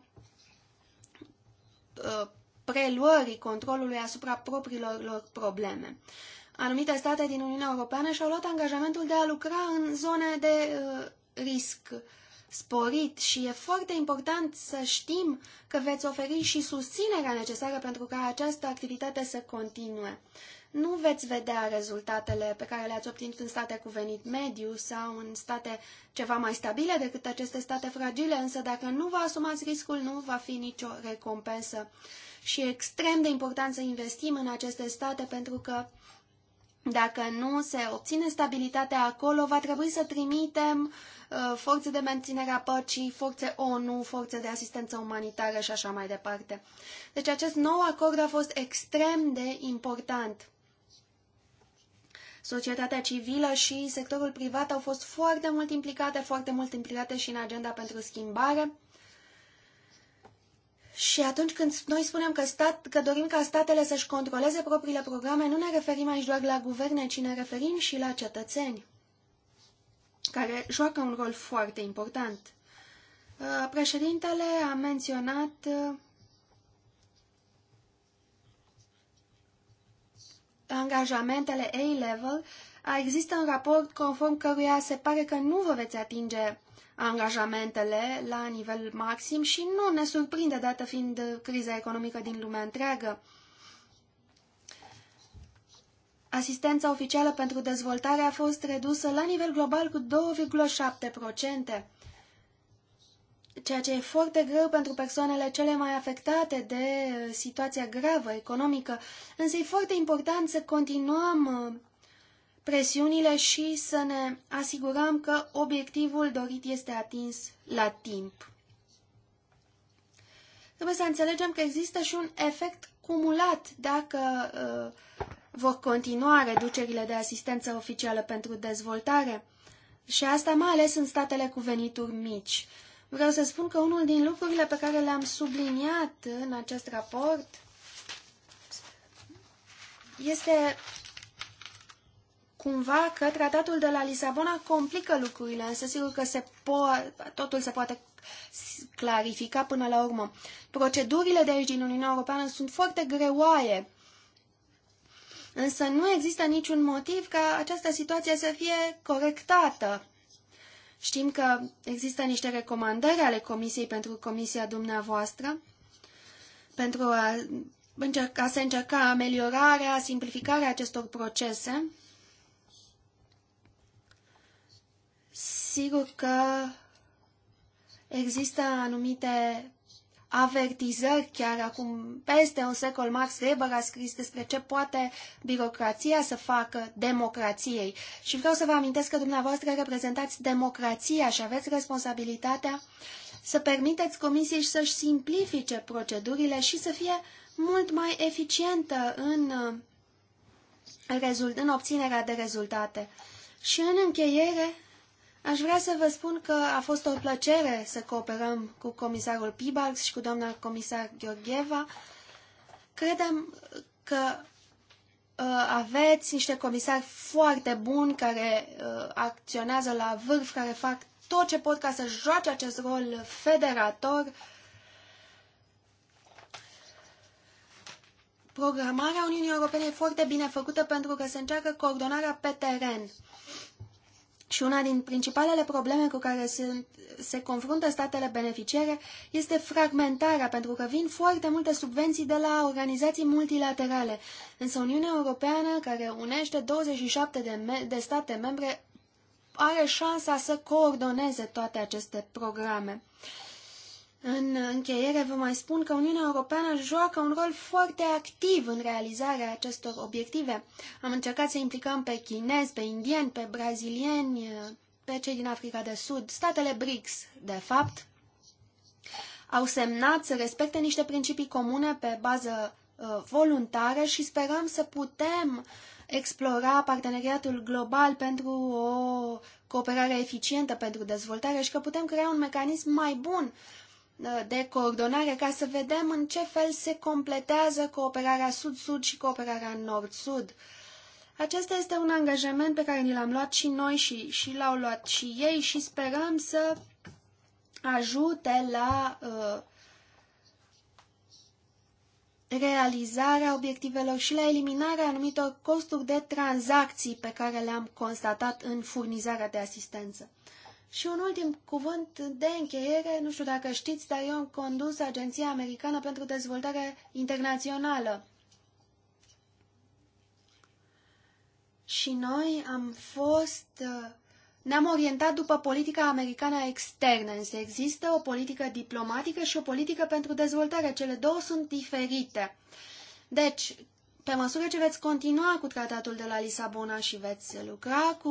Speaker 1: Uh, preluării controlului asupra propriilor lor probleme. Anumite state din Uniunea Europeană și-au luat angajamentul de a lucra în zone de uh, risc sporit și e foarte important să știm că veți oferi și susținerea necesară pentru ca această activitate să continue nu veți vedea rezultatele pe care le-ați obținut în state cu venit mediu sau în state ceva mai stabile decât aceste state fragile, însă dacă nu vă asumați riscul, nu va fi nicio recompensă. Și e extrem de important să investim în aceste state pentru că dacă nu se obține stabilitatea acolo, va trebui să trimitem uh, forțe de menținere a păcii, forțe ONU, forțe de asistență umanitară și așa mai departe. Deci acest nou acord a fost extrem de important. Societatea civilă și sectorul privat au fost foarte mult implicate, foarte mult implicate și în agenda pentru schimbare. Și atunci când noi spunem că, stat, că dorim ca statele să-și controleze propriile programe, nu ne referim aici doar la guverne, ci ne referim și la cetățeni, care joacă un rol foarte important. Uh, președintele a menționat uh, angajamentele A-level există un raport conform căruia se pare că nu vă veți atinge angajamentele la nivel maxim și nu ne surprinde, dată fiind criza economică din lumea întreagă. Asistența oficială pentru dezvoltare a fost redusă la nivel global cu 2,7% ceea ce e foarte greu pentru persoanele cele mai afectate de uh, situația gravă economică, însă e foarte important să continuăm uh, presiunile și să ne asigurăm că obiectivul dorit este atins la timp. Trebuie să înțelegem că există și un efect cumulat dacă uh, vor continua reducerile de asistență oficială pentru dezvoltare și asta mai ales în statele cu venituri mici. Uh, Vreau să spun că unul din lucrurile pe care le-am subliniat în acest raport este cumva că tratatul de la Lisabona complică lucrurile, însă sigur că se po- totul se poate clarifica până la urmă. Procedurile de aici din Uniunea Europeană sunt foarte greoaie, însă nu există niciun motiv ca această situație să fie corectată. Știm că există niște recomandări ale Comisiei pentru Comisia dumneavoastră pentru a, încerca, să încerca ameliorarea, simplificarea acestor procese. Sigur că există anumite avertizări, chiar acum peste un secol Max Weber a scris despre ce poate birocrația să facă democrației. Și vreau să vă amintesc că dumneavoastră reprezentați democrația și aveți responsabilitatea să permiteți comisiei să-și simplifice procedurile și să fie mult mai eficientă în, în obținerea de rezultate. Și în încheiere, Aș vrea să vă spun că a fost o plăcere să cooperăm cu comisarul Pibax și cu doamna comisar Gheorgheva. Credem că uh, aveți niște comisari foarte buni care uh, acționează la vârf, care fac tot ce pot ca să joace acest rol federator. Programarea Uniunii Europene e foarte bine făcută pentru că se încearcă coordonarea pe teren. Uh, și una din principalele probleme cu care se, se confruntă statele beneficiare este fragmentarea, pentru că vin foarte multe subvenții de la organizații multilaterale. Însă Uniunea Europeană, care unește 27 de, me de state membre, are șansa să coordoneze toate aceste programe. Uh, în încheiere vă mai spun că Uniunea Europeană joacă un rol foarte activ în realizarea acestor obiective. Am încercat să implicăm pe chinezi, pe indieni, pe brazilieni, pe cei din Africa de Sud, statele BRICS, de fapt, au semnat să respecte niște principii comune pe bază uh, voluntară și sperăm să putem explora parteneriatul global pentru o cooperare eficientă pentru dezvoltare și că putem crea un mecanism mai bun de coordonare ca să vedem în ce fel se completează cooperarea sud-sud și cooperarea nord-sud. Acesta este un angajament pe care ni l-am luat și noi și, și l-au luat și ei și sperăm să ajute la uh, realizarea obiectivelor și la eliminarea anumitor costuri de tranzacții pe care le-am constatat în furnizarea de asistență. Și un ultim cuvânt de încheiere, nu știu dacă știți, dar eu am condus Agenția Americană pentru Dezvoltare Internațională. Și noi am fost, uh, ne-am orientat după politica americană externă, însă există o politică diplomatică și o politică pentru dezvoltare. Cele două sunt diferite. Deci, pe măsură ce veți continua cu tratatul de la Lisabona și veți lucra cu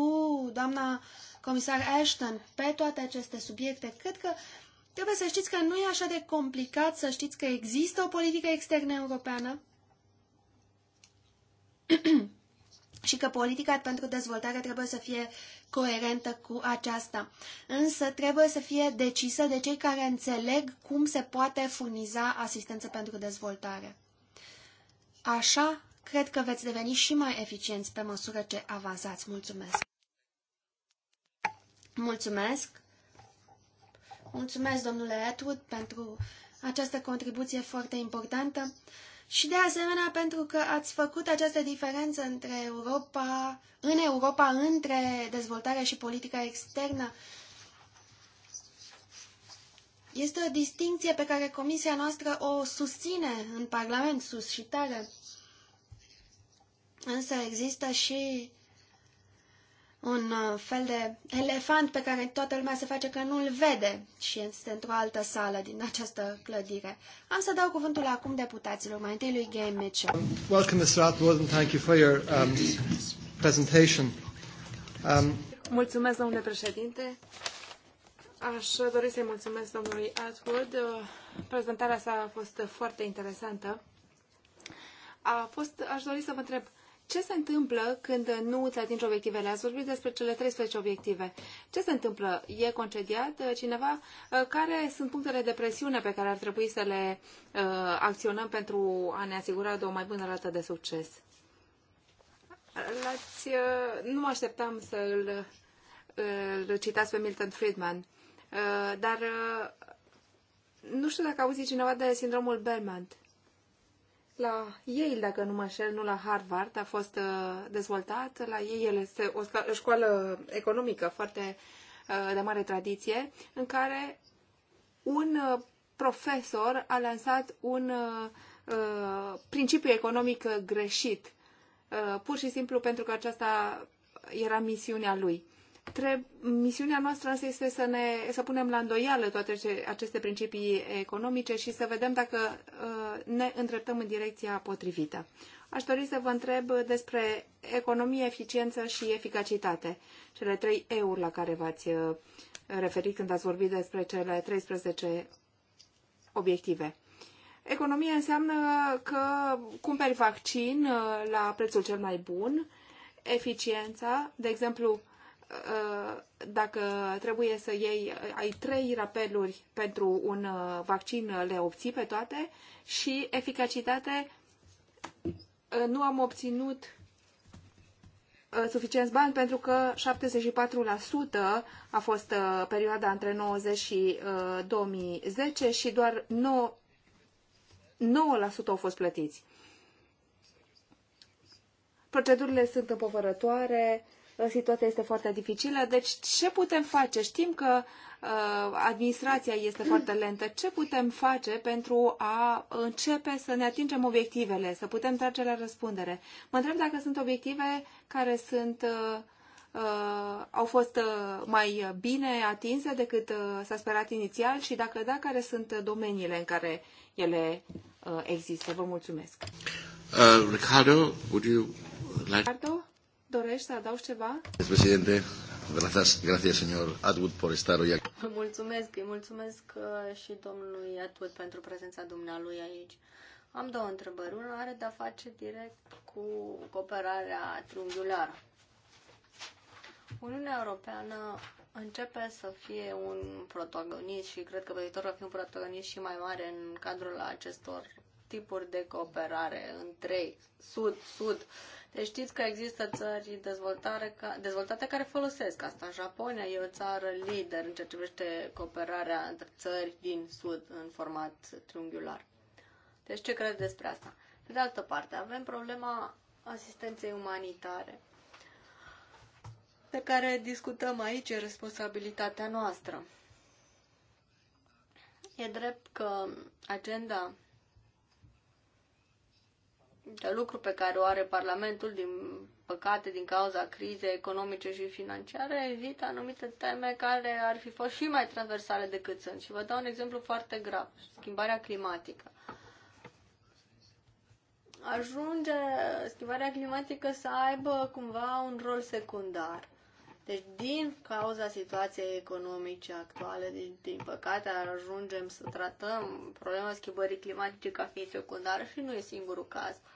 Speaker 1: doamna comisar Ashton pe toate aceste subiecte. Cred că trebuie să știți că nu e așa de complicat să știți că există o politică externă europeană și că politica pentru dezvoltare trebuie să fie coerentă cu aceasta. Însă trebuie să fie decisă de cei care înțeleg cum se poate furniza asistență pentru dezvoltare. Așa, cred că veți deveni și mai eficienți pe măsură ce avansați. Mulțumesc! Mulțumesc! Mulțumesc, domnule Atwood, pentru această contribuție foarte importantă și, de asemenea, pentru că ați făcut această diferență între Europa, în Europa între dezvoltarea și politica externă. Este o distinție pe care comisia noastră o susține în Parlament sus și tare. Însă există și un uh, fel de elefant pe care toată lumea se face că nu-l vede și este într-o altă sală din această clădire. Am să dau cuvântul acum deputaților, mai întâi lui
Speaker 3: Gay Mitchell. Um,
Speaker 2: welcome, Mr. Atwood, and thank you for your um, presentation. Um...
Speaker 3: Mulțumesc, domnule președinte. Aș dori să-i mulțumesc domnului Atwood. Uh, prezentarea sa a fost foarte interesantă. A fost, aș dori să vă întreb, uh, ce se întâmplă când nu îți atingi obiectivele? Ați vorbit despre cele 13 obiective. Ce se întâmplă? E concediat cineva? Uh, care sunt punctele de presiune pe care ar trebui să le uh, acționăm pentru a ne asigura de o mai bună rată de succes? L-ați, uh, nu mă așteptam să-l îl citați pe Milton Friedman, uh, dar uh, nu știu dacă auzi cineva de sindromul Belmont. La Yale, dacă nu mă înșel, nu la Harvard, a fost uh, dezvoltat. La Yale este o școală economică foarte uh, de mare tradiție, în care un uh, profesor a lansat un principiu economic greșit, pur și simplu pentru că aceasta era misiunea lui misiunea noastră însă este să, ne, să punem la îndoială toate aceste principii economice și să vedem dacă uh, ne îndreptăm în direcția potrivită. Aș dori să vă întreb despre economie, eficiență și eficacitate, cele trei euri la care v-ați uh, referit când ați vorbit despre cele 13 obiective. Economie înseamnă că cumperi vaccin uh, la prețul cel mai bun, eficiența, de exemplu, Uh, dacă trebuie să iei, uh, ai trei rapeluri pentru un uh, vaccin, le obții pe toate și eficacitate nu am obținut suficienți bani pentru că 74% a fost perioada între 90 și 2010 și doar 9, 9% au fost plătiți. Procedurile sunt împovărătoare, Uh, situația este foarte dificilă, deci ce putem face? Știm că uh, administrația este foarte lentă. Ce putem face pentru a începe să ne atingem obiectivele, să putem trage la răspundere? Mă întreb dacă sunt obiective care sunt uh, au fost mai bine atinse decât s-a sperat inițial și dacă da, care sunt domeniile în care ele există. Vă mulțumesc.
Speaker 2: Uh, Ricardo, would you like...
Speaker 4: Ricardo? Dorești să adaugi ceva?
Speaker 2: Președinte, gracias, señor Atwood, por estar hoy aquí.
Speaker 4: Mulțumesc, mulțumesc uh, și domnului Atwood pentru prezența dumnealui aici. Am două întrebări. Una are de-a face direct cu cooperarea triunghiulară. Uniunea Europeană începe să fie un protagonist și cred că pe viitor va fi un protagonist și mai mare în cadrul acestor tipuri de cooperare între sud, sud, deci știți că există țări dezvoltare ca, dezvoltate care folosesc asta. Japonia e o țară lider în ceea ce privește cooperarea între țări din sud în format triunghiular. Deci ce credeți despre asta? Pe de altă parte, avem problema asistenței umanitare pe care discutăm aici e responsabilitatea noastră. E drept că agenda de lucru pe care o are Parlamentul, din păcate, din cauza crizei economice și financiare, evită anumite teme care ar fi fost și mai transversale decât sunt. Și vă dau un exemplu foarte grav, schimbarea climatică. Ajunge schimbarea climatică să aibă cumva un rol secundar. Deci, din cauza situației economice actuale, din, din păcate, ajungem să tratăm problema schimbării climatice ca fiind secundară și nu e singurul caz. Uh,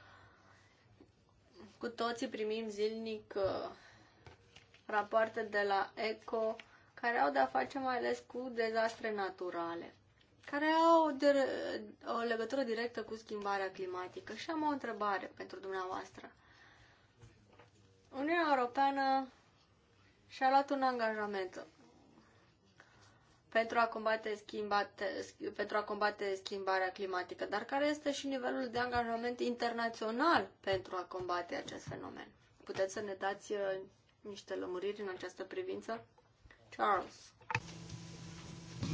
Speaker 4: cu toții primim zilnic uh, rapoarte de la ECO care au de-a face mai ales cu dezastre naturale, care au o, de- o legătură directă cu schimbarea climatică. Și am o întrebare pentru dumneavoastră. Uniunea Europeană și-a luat un angajament pentru a combate, schimbate, pentru a combate schimbarea climatică, dar care este și nivelul de angajament internațional pentru a combate acest fenomen. Puteți să ne dați uh, niște lămuriri în această privință? Charles.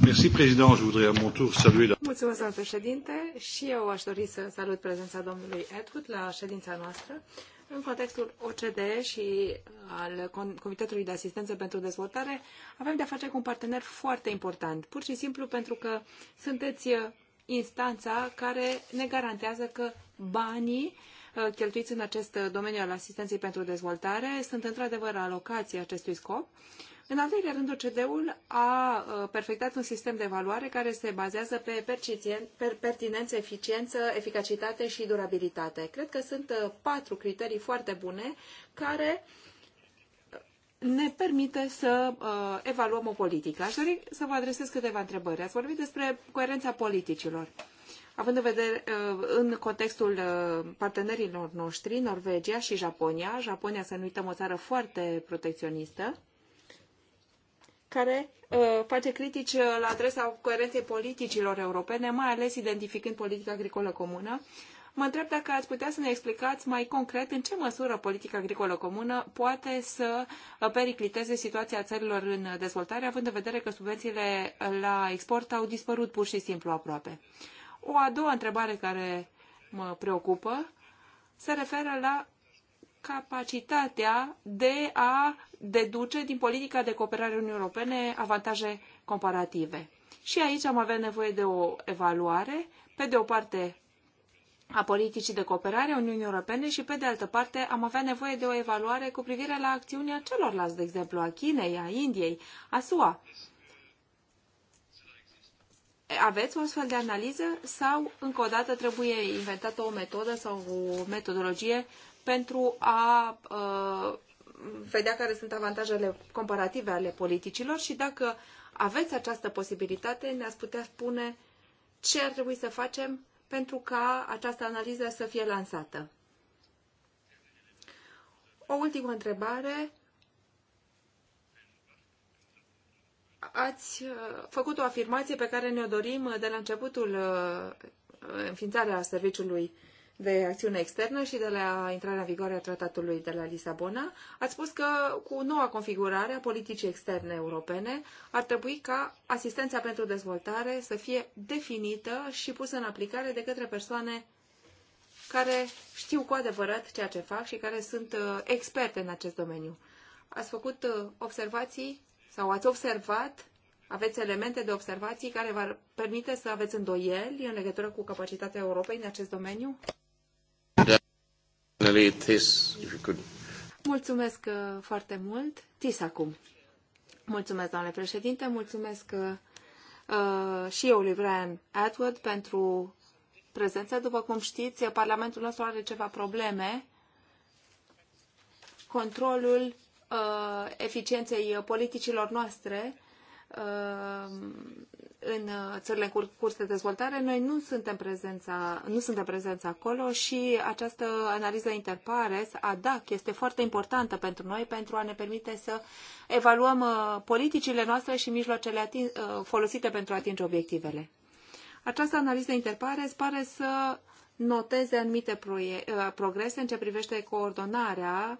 Speaker 2: Merci, président. Je voudrais à mon tour saluer la...
Speaker 3: Mulțumesc, domnul președinte, și eu aș dori să salut prezența domnului Edward la ședința noastră. În contextul OCDE și uh, al Comitetului de Asistență pentru Dezvoltare, avem de-a face cu un partener foarte important, pur și simplu pentru că sunteți uh, instanța care ne garantează că banii uh, cheltuiți în acest domeniu al asistenței pentru dezvoltare sunt într-adevăr alocații acestui scop în al treilea rând, OCD-ul a uh, perfectat un sistem de evaluare care se bazează pe pertinență, eficiență, eficacitate și durabilitate. Cred că sunt uh, patru criterii foarte bune care uh, ne permite să uh, evaluăm o politică. Aș dori să vă adresez câteva întrebări. Ați vorbit despre coerența politicilor. Având în vedere uh, în contextul uh, partenerilor noștri, Norvegia și Japonia, Japonia, să nu uităm, o țară foarte protecționistă, care uh, face critici uh, la adresa coerenței politicilor europene, mai ales identificând politica agricolă comună. Mă întreb dacă ați putea să ne explicați mai concret în ce măsură politica agricolă comună poate să uh, pericliteze situația țărilor în dezvoltare, având în vedere că subvențiile la export au dispărut pur și simplu aproape. O a doua întrebare care mă preocupă se referă la capacitatea de a deduce din politica de cooperare Uniunii Europene avantaje comparative. Și aici am avea nevoie de o evaluare, pe de o parte a politicii de cooperare a Uniunii Europene și, pe de altă parte, am avea nevoie de o evaluare cu privire la acțiunea celorlalți, de exemplu, a Chinei, a Indiei, a SUA. Aveți o astfel de analiză sau, încă o dată, trebuie inventată o metodă sau o metodologie pentru a uh, vedea care sunt avantajele comparative ale politicilor și dacă aveți această posibilitate, ne-ați putea spune ce ar trebui să facem pentru ca această analiză să fie lansată. O ultimă întrebare. Ați uh, făcut o afirmație pe care ne-o dorim de la începutul uh, înființarea serviciului de acțiune externă și de la intrarea în vigoare a tratatului de la Lisabona, ați spus că cu noua configurare a politicii externe europene ar trebui ca asistența pentru dezvoltare să fie definită și pusă în aplicare de către persoane care știu cu adevărat ceea ce fac și care sunt uh, experte în acest domeniu. Ați făcut uh, observații sau ați observat aveți elemente de observații care vă permite să aveți îndoieli în legătură cu capacitatea Europei în acest domeniu? Mulțumesc uh, foarte mult. Tis acum. Mulțumesc, doamne președinte, mulțumesc uh, uh, și eu lui Brian Atwood pentru prezența. După cum știți, Parlamentul nostru are ceva probleme. Controlul uh, eficienței politicilor noastre Uh, în țările în curs de dezvoltare, noi nu suntem, prezența, nu suntem prezența acolo și această analiză interpares ADAC, este foarte importantă pentru noi pentru a ne permite să evaluăm uh, politicile noastre și mijloacele atin, uh, folosite pentru a atinge obiectivele. Această analiză interpares pare să noteze anumite progrese în ce privește coordonarea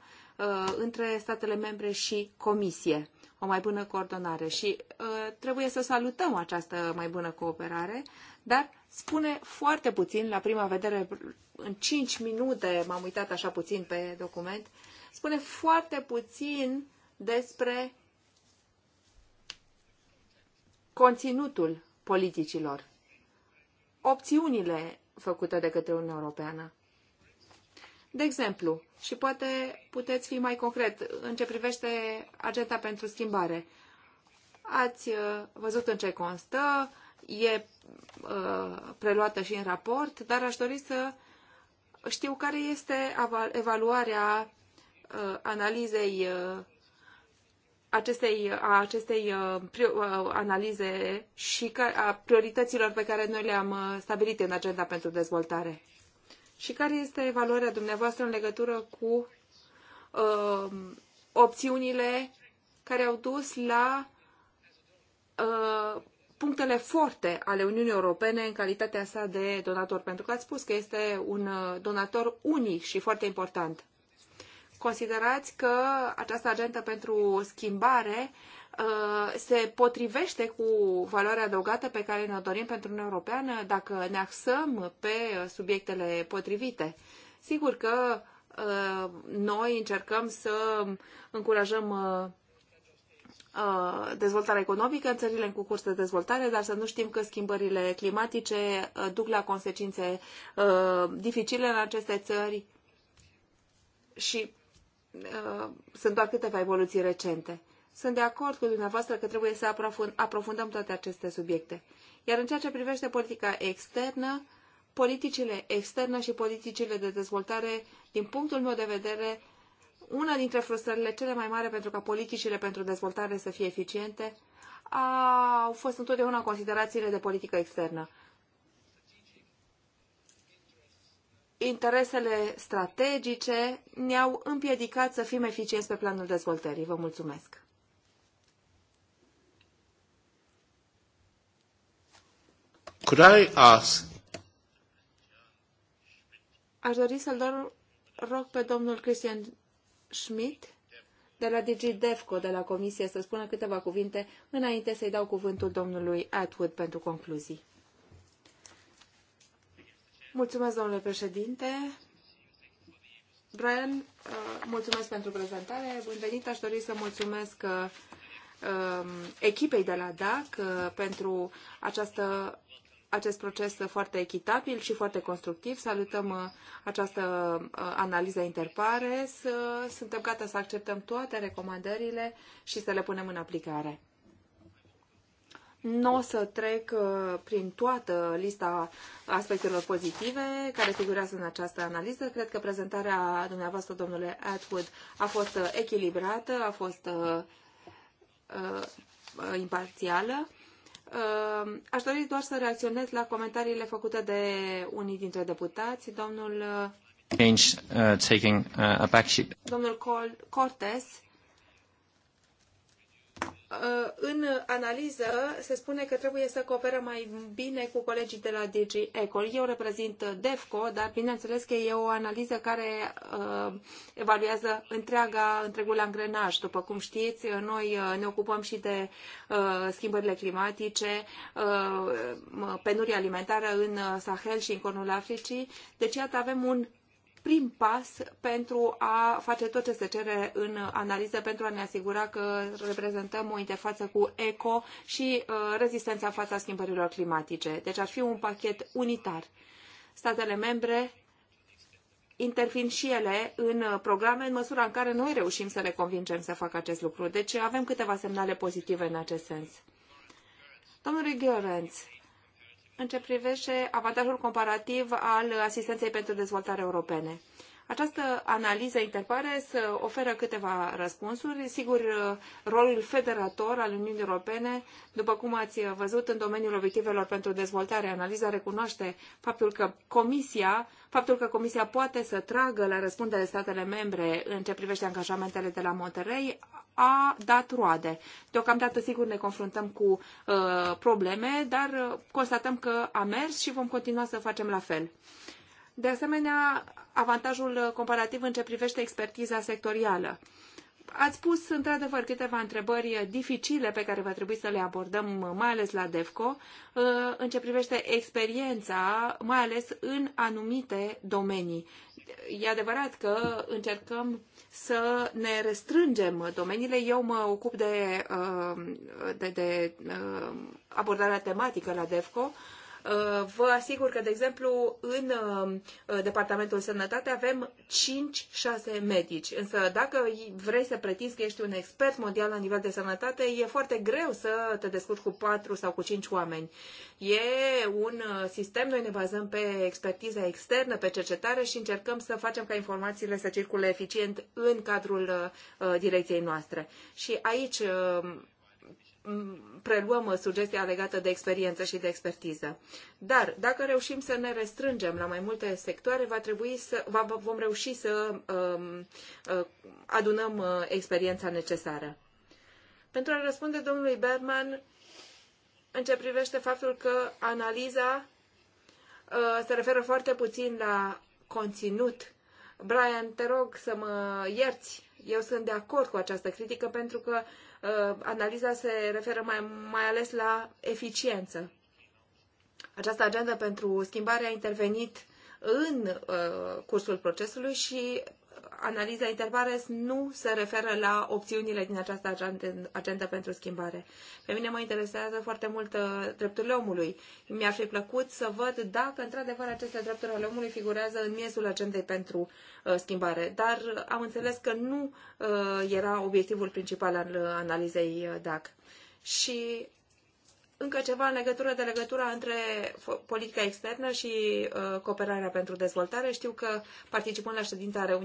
Speaker 3: între statele membre și Comisie o mai bună coordonare și uh, trebuie să salutăm această mai bună cooperare, dar spune foarte puțin, la prima vedere, în 5 minute m-am uitat așa puțin pe document, spune foarte puțin despre conținutul politicilor, opțiunile făcute de către Uniunea Europeană. De exemplu, și poate puteți fi mai concret în ce privește agenda pentru schimbare. Ați uh, văzut în ce constă, e uh, preluată și în raport, dar aș dori să știu care este evaluarea uh, analizei acestei, a acestei analize și a priorităților pe care noi le-am stabilit în agenda pentru dezvoltare. Și care este evaluarea dumneavoastră în legătură cu uh, opțiunile care au dus la uh, punctele forte ale Uniunii Europene în calitatea sa de donator, pentru că ați spus că este un uh, donator unic și foarte important. Considerați că această agentă pentru schimbare Uh, se potrivește cu valoarea adăugată pe care ne-o dorim pentru Uniunea Europeană dacă ne axăm pe subiectele potrivite. Sigur că uh, noi încercăm să încurajăm uh, dezvoltarea economică în țările în curs de dezvoltare, dar să nu știm că schimbările climatice duc la consecințe dificile în aceste țări și sunt doar câteva evoluții recente. Sunt de acord cu dumneavoastră că trebuie să aprofundăm toate aceste subiecte. Iar în ceea ce privește politica externă, politicile externe și politicile de dezvoltare, din punctul meu de vedere, una dintre frustrările cele mai mari pentru ca politicile pentru dezvoltare să fie eficiente au fost întotdeauna considerațiile de politică externă. Interesele strategice ne-au împiedicat să fim eficienți pe planul dezvoltării. Vă mulțumesc!
Speaker 2: Could I ask?
Speaker 3: Aș dori să-l rog pe domnul Cristian Schmidt de la DEFCO, de la Comisie, să spună câteva cuvinte înainte să-i dau cuvântul domnului Atwood pentru concluzii. Mulțumesc, domnule președinte. Brian, uh, mulțumesc pentru prezentare. Bun venit. Aș dori să mulțumesc uh, um, echipei de la DAC uh, pentru această acest proces foarte echitabil și foarte constructiv. Salutăm uh, această uh, analiză interpares. Suntem gata să acceptăm toate recomandările și să le punem în aplicare. Nu o să trec uh, prin toată lista aspectelor pozitive care figurează în această analiză. Cred că prezentarea dumneavoastră, domnule Atwood, a fost echilibrată, a fost uh, uh, imparțială. Ehm, aș dori doar să reacționez la comentariile făcute de unii dintre deputați. Domnul, Change, uh, taking, uh, a Domnul Cortes Uh, în analiză se spune că trebuie să cooperăm mai bine cu colegii de la DG Ecol. Eu reprezint DEFCO, dar bineînțeles că e o analiză care uh, evaluează întreaga, întregul angrenaj. După cum știți, noi uh, ne ocupăm și de schimbările climatice, penuria alimentară în Sahel și în Cornul Africii. Deci, iată, avem un prim pas pentru a face tot ce se cere în analiză pentru a ne asigura că reprezentăm o interfață cu eco și uh, rezistența în fața schimbărilor climatice. Deci ar fi un pachet unitar. Statele membre intervin și ele în programe în măsura în care noi reușim să le convingem să facă acest lucru. Deci avem câteva semnale pozitive în acest sens. Domnule Gheorenț, în ce privește avantajul comparativ al asistenței pentru dezvoltare europene. Această analiză interpares oferă câteva răspunsuri. Sigur, rolul federator al Uniunii Europene, după cum ați văzut în domeniul obiectivelor pentru dezvoltare, analiza recunoaște faptul că Comisia, faptul că Comisia poate să tragă la răspundere statele membre în ce privește angajamentele de la Monterrey, a dat roade. Deocamdată, sigur, ne confruntăm cu uh, probleme, dar uh, constatăm că a mers și vom continua să facem la fel. De asemenea, avantajul comparativ în ce privește expertiza sectorială. Ați pus, într-adevăr, câteva întrebări dificile pe care va trebui să le abordăm, mai ales la DEFCO, uh, în ce privește experiența, mai ales în anumite domenii. E adevărat că încercăm să ne restrângem domeniile. Eu mă ocup de, uh, de, de uh, abordarea tematică la DEFCO, Uh, vă asigur că, de exemplu, în uh, Departamentul Sănătate avem 5-6 medici. Însă, dacă vrei să pretinzi că ești un expert mondial la nivel de sănătate, e foarte greu să te descurci cu 4 sau cu 5 oameni. E un uh, sistem, noi ne bazăm pe expertiza externă, pe cercetare și încercăm să facem ca informațiile să circule eficient în cadrul direcției noastre. Și aici preluăm uh, sugestia legată de experiență și de expertiză. Dar dacă reușim să ne restrângem la mai multe sectoare, va trebui să va, vom reuși să um, uh, adunăm uh, experiența necesară. Pentru a răspunde domnului Berman, în ce privește faptul că analiza uh, se referă foarte puțin la conținut, Brian, te rog să mă ierți. Eu sunt de acord cu această critică pentru că uh, Uh, analiza se referă mai, mai ales la eficiență. Această agendă pentru schimbare a intervenit în uh, cursul procesului și analiza interpares nu se referă la opțiunile din această agendă pentru schimbare. Pe mine mă interesează foarte mult uh, drepturile omului. Mi-ar fi plăcut să văd dacă, într-adevăr, aceste drepturi ale omului figurează în miezul agendei pentru uh, schimbare. Dar uh, am înțeles că nu era obiectivul principal al analizei DAC. Și încă ceva în legătură de legătura între politica externă și uh, cooperarea pentru dezvoltare. Știu că participând la ședința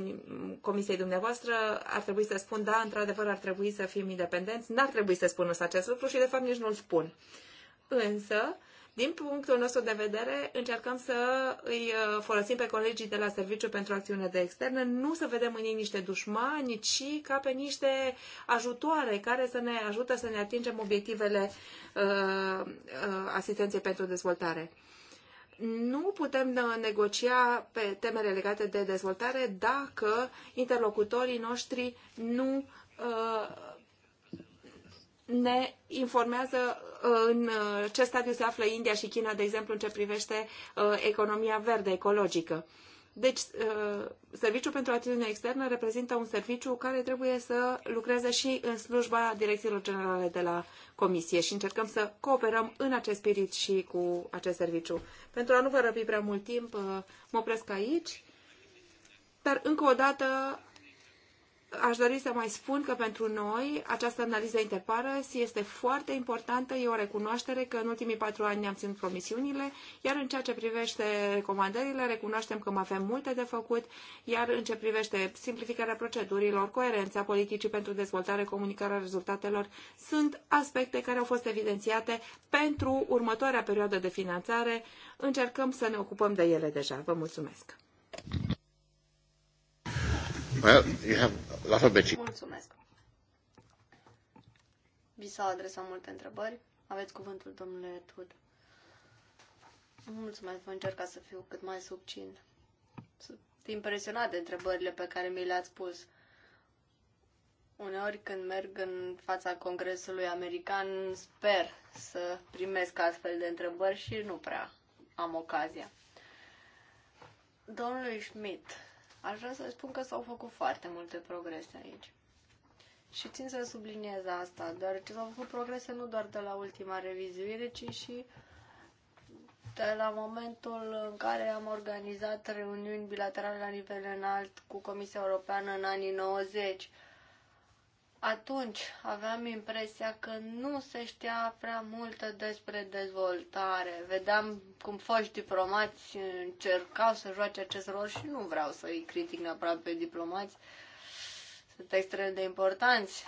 Speaker 3: comisiei dumneavoastră ar trebui să spun, da, într-adevăr ar trebui să fim independenți. N-ar trebui să spun acest lucru și de fapt nici nu-l spun. Însă, uh, din punctul nostru de vedere, încercăm să îi uh, folosim pe colegii de la Serviciu pentru Acțiune de Externă, nu să vedem în ei niște dușmani, ci ca pe niște ajutoare care să ne ajută să ne atingem obiectivele uh, uh, asistenței pentru dezvoltare nu putem uh, negocia pe temele legate de dezvoltare dacă interlocutorii noștri nu uh, ne informează uh, în uh, ce stadiu se află India și China, de exemplu, în ce privește uh, economia verde, ecologică. Deci, Serviciul pentru Acțiune Externă reprezintă un serviciu care trebuie să lucreze și în slujba direcțiilor generale de la Comisie și încercăm să cooperăm în acest spirit și cu acest serviciu. Pentru a nu vă răpi prea mult timp, mă opresc aici, dar încă o dată Aș dori să mai spun că pentru noi această analiză interpares este foarte importantă, e o recunoaștere că în ultimii patru ani ne-am ținut promisiunile, iar în ceea ce privește recomandările, recunoaștem că mai avem multe de făcut, iar în ce privește simplificarea procedurilor, coerența politicii pentru dezvoltare, comunicarea rezultatelor, sunt aspecte care au fost evidențiate pentru următoarea perioadă de finanțare. Încercăm să ne ocupăm de ele deja. Vă mulțumesc!
Speaker 2: Well, you have
Speaker 4: Mulțumesc. Vi s-au adresat multe întrebări. Aveți cuvântul, domnule Tud. Mulțumesc, voi încerca să fiu cât mai subțin. Sunt impresionat de întrebările pe care mi le-ați pus. Uneori când merg în fața Congresului American, sper să primesc astfel de întrebări și nu prea am ocazia. Domnului Schmidt, Aș vrea să spun că s-au făcut foarte multe progrese aici. Și țin să subliniez asta, deoarece s-au făcut progrese nu doar de la ultima revizuire, ci și de la momentul în care am organizat reuniuni bilaterale la nivel înalt cu Comisia Europeană în anii 90 atunci aveam impresia că nu se știa prea multă despre dezvoltare. Vedeam cum foști diplomați încercau să joace acest rol și nu vreau să îi critic neapărat pe diplomați. Sunt extrem de importanți.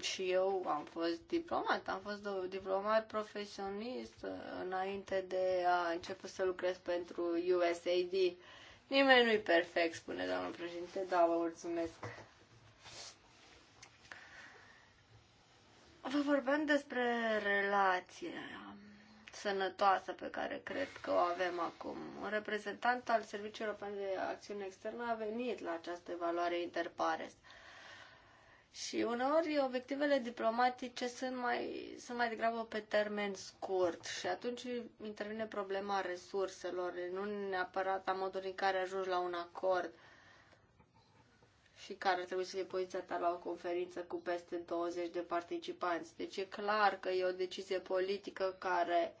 Speaker 4: Și eu am fost diplomat, am fost diplomat profesionist înainte de a începe să lucrez pentru USAID. Nimeni nu-i perfect, spune doamna președinte. Da, vă mulțumesc. Vă vorbeam despre relația sănătoasă pe care cred că o avem acum. Un reprezentant al Serviciului European de Acțiune Externă a venit la această evaluare interpares. Și uneori obiectivele diplomatice sunt mai, sunt mai degrabă pe termen scurt și atunci intervine problema resurselor, nu neapărat a modului în care ajungi la un acord și care trebuie să fie poziția ta la o conferință cu peste 20 de participanți. Deci e clar că e o decizie politică care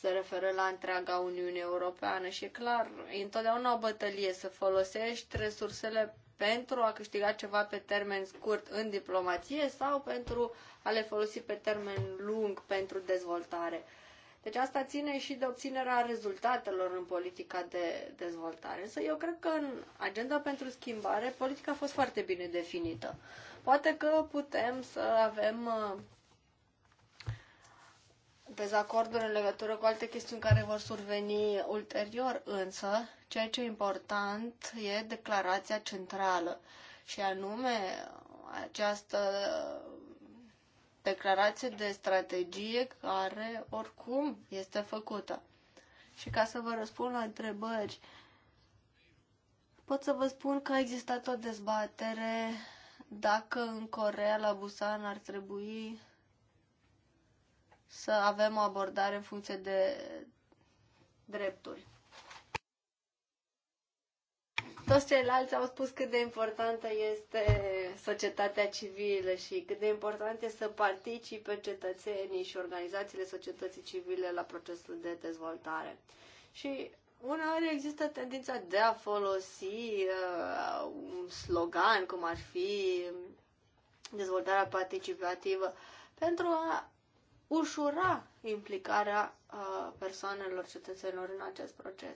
Speaker 4: se referă la întreaga Uniune Europeană și e clar, e întotdeauna o bătălie să folosești resursele pentru a câștiga ceva pe termen scurt în diplomație sau pentru a le folosi pe termen lung pentru dezvoltare. Deci asta ține și de obținerea rezultatelor în politica de dezvoltare. Însă eu cred că în agenda pentru schimbare politica a fost foarte bine definită. Poate că putem să avem uh, dezacorduri în legătură cu alte chestiuni care vor surveni ulterior, însă ceea ce e important e declarația centrală și anume această declarație de strategie care oricum este făcută. Și ca să vă răspund la întrebări, pot să vă spun că a existat o dezbatere dacă în Corea la Busan ar trebui să avem o abordare în funcție de drepturi. Toți ceilalți au spus cât de importantă este societatea civilă și cât de important este să participe cetățenii și organizațiile societății civile la procesul de dezvoltare. Și uneori există tendința de a folosi uh, un slogan, cum ar fi dezvoltarea participativă, pentru a ușura implicarea uh, persoanelor, cetățenilor în acest proces.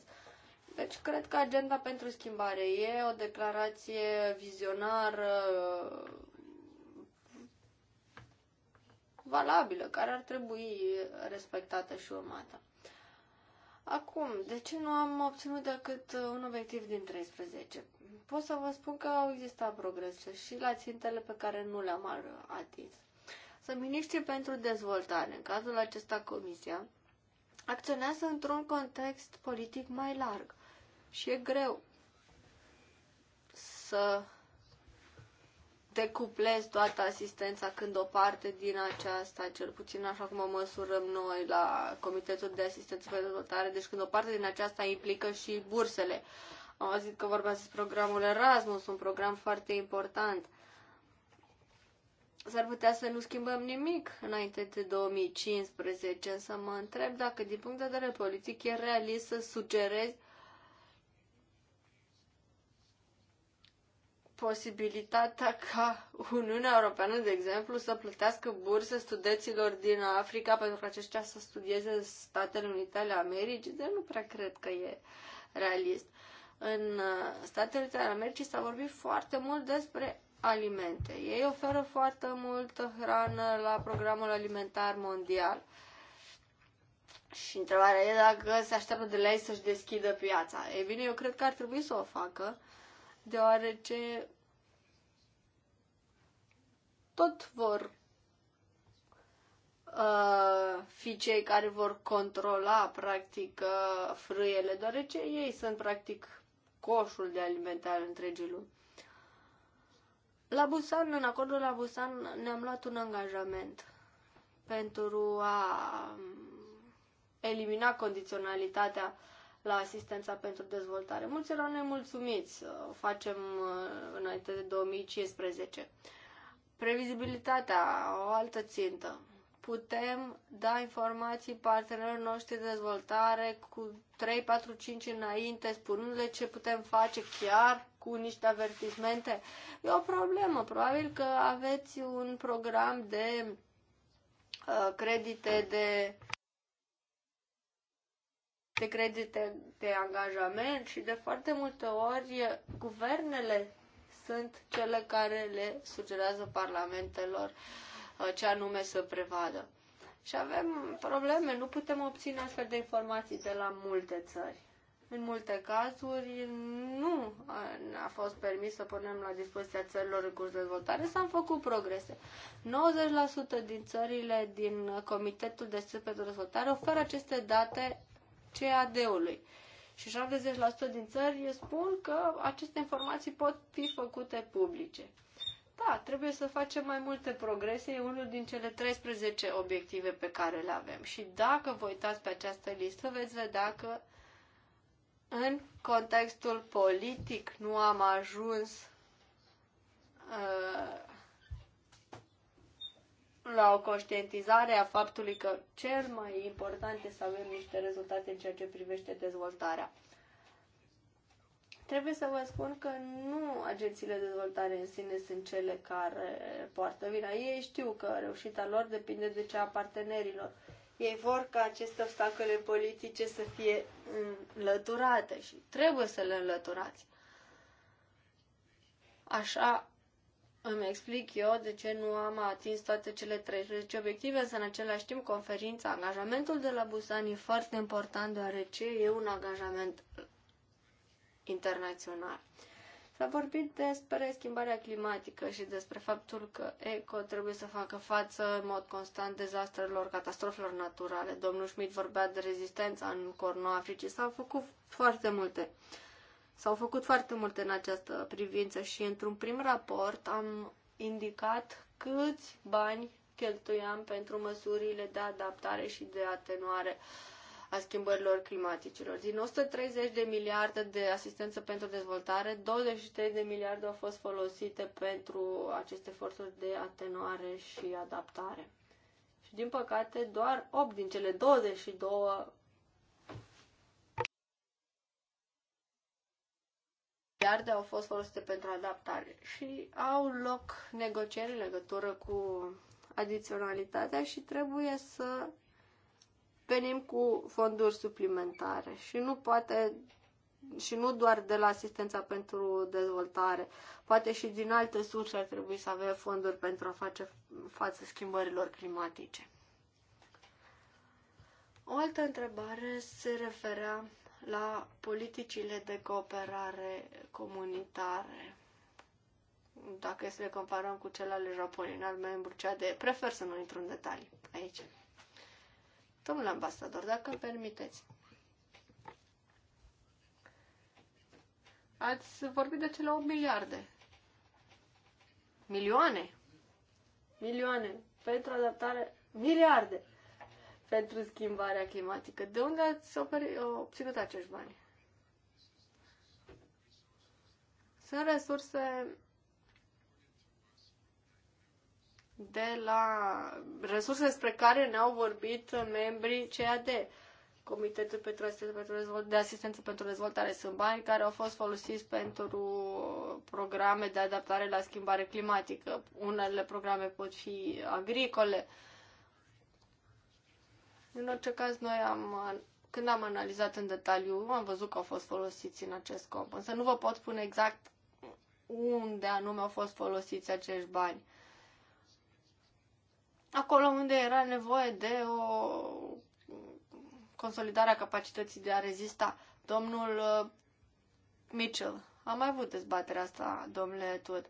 Speaker 4: Deci cred că agenda pentru schimbare e o declarație vizionară valabilă, care ar trebui respectată și urmată. Acum, de ce nu am obținut decât un obiectiv din 13? Pot să vă spun că au existat progrese și la țintele pe care nu le-am atins. Sunt miniștri pentru dezvoltare. În cazul acesta, Comisia acționează într-un context politic mai larg și e greu să decuplezi toată asistența când o parte din aceasta, cel puțin așa cum o măsurăm noi la Comitetul de Asistență pentru Dezvoltare, deci când o parte din aceasta implică și bursele. Am auzit că vorbeați despre programul Erasmus, un program foarte important s-ar putea să nu schimbăm nimic înainte de 2015, însă mă întreb dacă din punct de vedere politic e realist să sugerezi posibilitatea ca Uniunea Europeană, de exemplu, să plătească burse studenților din Africa pentru că aceștia să studieze în Statele Unite ale Americii, de nu prea cred că e realist. În uh, Statele Unite ale Americii s-a vorbit foarte mult despre alimente. Ei oferă foarte multă hrană la programul alimentar mondial. Și întrebarea e dacă se așteaptă de la ei să-și deschidă piața. E bine, eu cred că ar trebui să o facă, deoarece tot vor uh, fi cei care vor controla, practic, uh, frâiele, deoarece ei sunt, practic, coșul de alimentare al întregii lumi. La Busan, în acordul la Busan, ne-am luat un angajament pentru a mm, elimina condiționalitatea la asistența pentru dezvoltare. Mulți erau nemulțumiți, uh, o facem uh, înainte de 2015. Previzibilitatea, o altă țintă. Putem da informații partenerilor noștri de dezvoltare cu 3, 4, 5 înainte, spunându-le ce putem face chiar cu niște avertismente. E o problemă. Probabil că aveți un program de uh, credite de de credite de angajament și de foarte multe ori guvernele sunt cele care le sugerează parlamentelor uh, ce anume să prevadă. Și avem probleme, nu putem obține astfel de informații de la multe țări. În multe cazuri nu a fost permis să punem la dispoziția țărilor în curs de dezvoltare, s-au făcut progrese. 90% din țările din Comitetul de Țări pentru Dezvoltare oferă aceste date CAD-ului. Și 70% din țări spun că aceste informații pot fi făcute publice. Da, trebuie să facem mai multe progrese, e unul din cele 13 obiective pe care le avem. Și dacă vă uitați pe această listă, veți vedea că în contextul politic nu am ajuns uh, la o conștientizare a faptului că cel mai important este să avem niște rezultate în ceea ce privește dezvoltarea. Trebuie să vă spun că nu agențiile de dezvoltare în sine sunt cele care poartă vina. Ei știu că reușita lor depinde de cea a partenerilor. Uh, ei vor ca aceste obstacole politice să fie înlăturate și trebuie să le înlăturați. Așa îmi explic eu de ce nu am atins toate cele 13 obiective, însă în același timp conferința, angajamentul de la Busan e foarte important deoarece e un angajament internațional. S-a vorbit despre schimbarea climatică și despre faptul că ECO trebuie să facă față în mod constant dezastrelor, catastrofelor naturale. Domnul Schmidt vorbea de rezistența în cornul Africii. S-au făcut foarte multe. S-au făcut foarte multe în această privință și într-un prim raport am indicat câți bani cheltuiam pentru măsurile de adaptare și de atenuare uh, a schimbărilor climaticilor. Din 130 de miliarde de asistență pentru dezvoltare, 23 de miliarde au fost folosite pentru aceste eforturi de atenuare și adaptare. Și din păcate, doar 8 din cele 22 miliarde au fost folosite pentru adaptare și au loc negocieri în legătură cu adiționalitatea și trebuie să venim cu fonduri suplimentare și nu poate și nu doar de la asistența pentru dezvoltare, poate și din alte surse ar trebui să avem fonduri pentru a face față schimbărilor climatice. O altă întrebare se referea la politicile de cooperare comunitare. Dacă să le comparăm cu cele ale Japoniei, n-ar mai de... Prefer să nu intru în detalii aici. Domnule ambasador, dacă îmi permiteți. Ați vorbit de cele 8 miliarde. Milioane. Milioane. Pentru adaptare. Miliarde. Pentru schimbarea climatică. De unde ați obținut acești bani? Sunt resurse de la resurse despre care ne-au vorbit membrii CAD. Comitetul pentru asistență pentru dezvoltare, de asistență pentru dezvoltare sunt bani care au fost folosiți pentru programe de adaptare la schimbare climatică. Unele programe pot fi agricole. În orice caz, noi am, când am analizat în detaliu, am văzut că au fost folosiți în acest scop. Însă nu vă pot spune exact unde anume au fost folosiți acești bani acolo unde era nevoie de o consolidare a capacității de a rezista. Domnul uh, Mitchell, am mai avut dezbaterea asta, domnule Tud,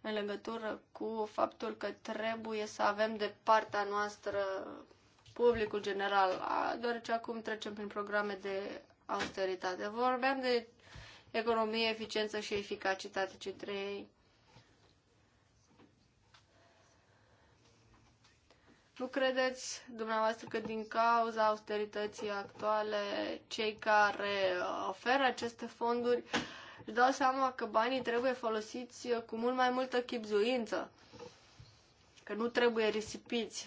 Speaker 4: în legătură cu faptul că trebuie să avem de partea noastră publicul general, deoarece acum trecem prin programe de austeritate. Vorbeam de economie, eficiență și eficacitate, ce trei Nu credeți dumneavoastră că din cauza austerității actuale cei care uh, oferă aceste fonduri își dau seama că banii trebuie folosiți uh, cu mult mai multă chipzuință, că nu trebuie risipiți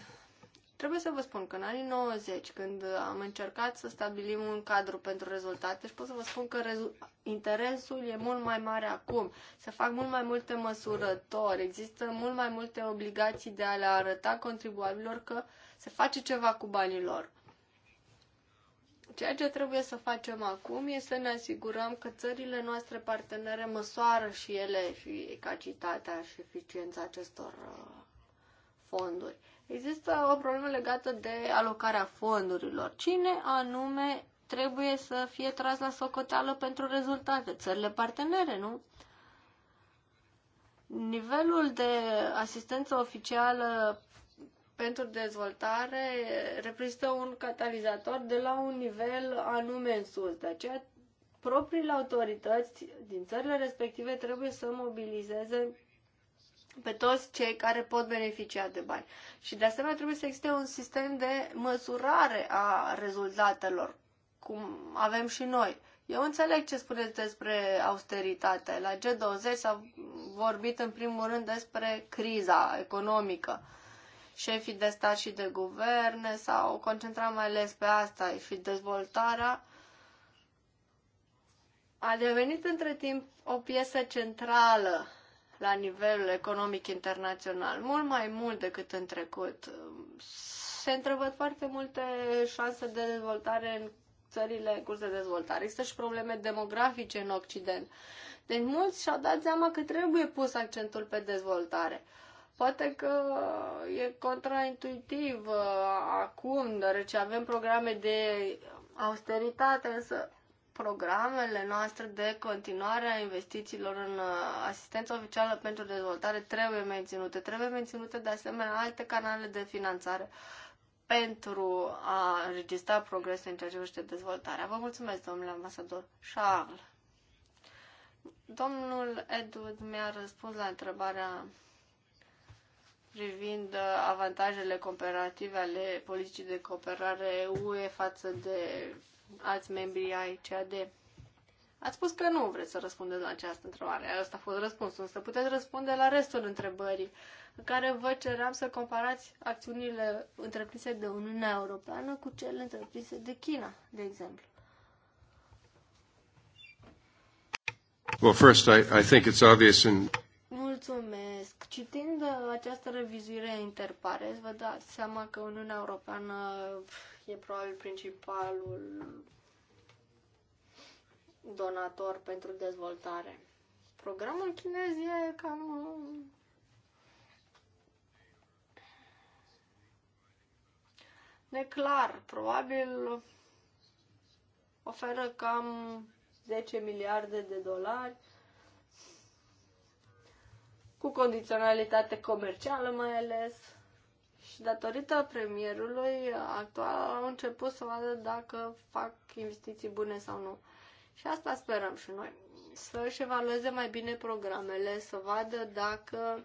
Speaker 4: Trebuie să vă spun că în anii 90, când am încercat să stabilim un cadru pentru rezultate, și pot să vă spun că interesul e mult mai mare acum. Se fac mult mai multe măsurători, există mult mai multe obligații de a le arăta contribuabilor că se face ceva cu banii lor. Ceea ce trebuie să facem acum este să ne asigurăm că țările noastre partenere măsoară și ele eficacitatea și eficiența acestor uh, fonduri. Există o problemă legată de alocarea fondurilor. Cine anume trebuie să fie tras la socoteală pentru rezultate? Țările partenere, nu? Nivelul de asistență oficială pentru dezvoltare reprezintă un catalizator de la un nivel anume în sus. De aceea, propriile autorități din țările respective trebuie să mobilizeze pe toți cei care pot beneficia de bani. Și de asemenea trebuie să existe un sistem de măsurare a rezultatelor, cum avem și noi. Eu înțeleg ce spuneți despre austeritate. La G20 s-a vorbit în primul rând despre criza economică. Șefii de stat și de guverne s-au concentrat mai ales pe asta și dezvoltarea a devenit între timp o piesă centrală la nivel economic internațional, mult mai mult decât în trecut. Se întrevăd foarte multe șanse de dezvoltare în țările în curs de dezvoltare. Există și probleme demografice în Occident. Deci mulți și-au dat seama că trebuie pus accentul pe dezvoltare. Poate că e contraintuitiv uh, acum, deoarece avem programe de austeritate, însă programele noastre de continuare a investițiilor în uh, asistență oficială pentru dezvoltare trebuie menținute. Trebuie menținute de asemenea alte canale de finanțare pentru a înregistra progrese în ceea ce privește dezvoltarea. Vă mulțumesc, domnule ambasador Charles. Domnul Edward mi-a răspuns la întrebarea privind uh, avantajele comparative ale politicii de cooperare UE față de alți membri ai CAD. Ați spus că nu vreți să răspundeți la această întrebare. Asta a fost răspunsul, însă puteți răspunde la restul întrebării în care vă ceream să comparați acțiunile întreprinse de Uniunea Europeană cu cele întreprinse de China, de exemplu.
Speaker 2: Well, first, I, I think it's obvious in...
Speaker 4: Mulțumesc. Citind această revizuire interpares, vă dați seama că Uniunea Europeană e probabil principalul donator pentru dezvoltare. Programul chinez e cam uh, neclar. Probabil oferă cam 10 miliarde de dolari cu condiționalitate comercială mai ales. Și datorită premierului actual au început să vadă dacă fac investiții bune sau nu. Și asta sperăm și noi. Să își evalueze mai bine programele, să vadă dacă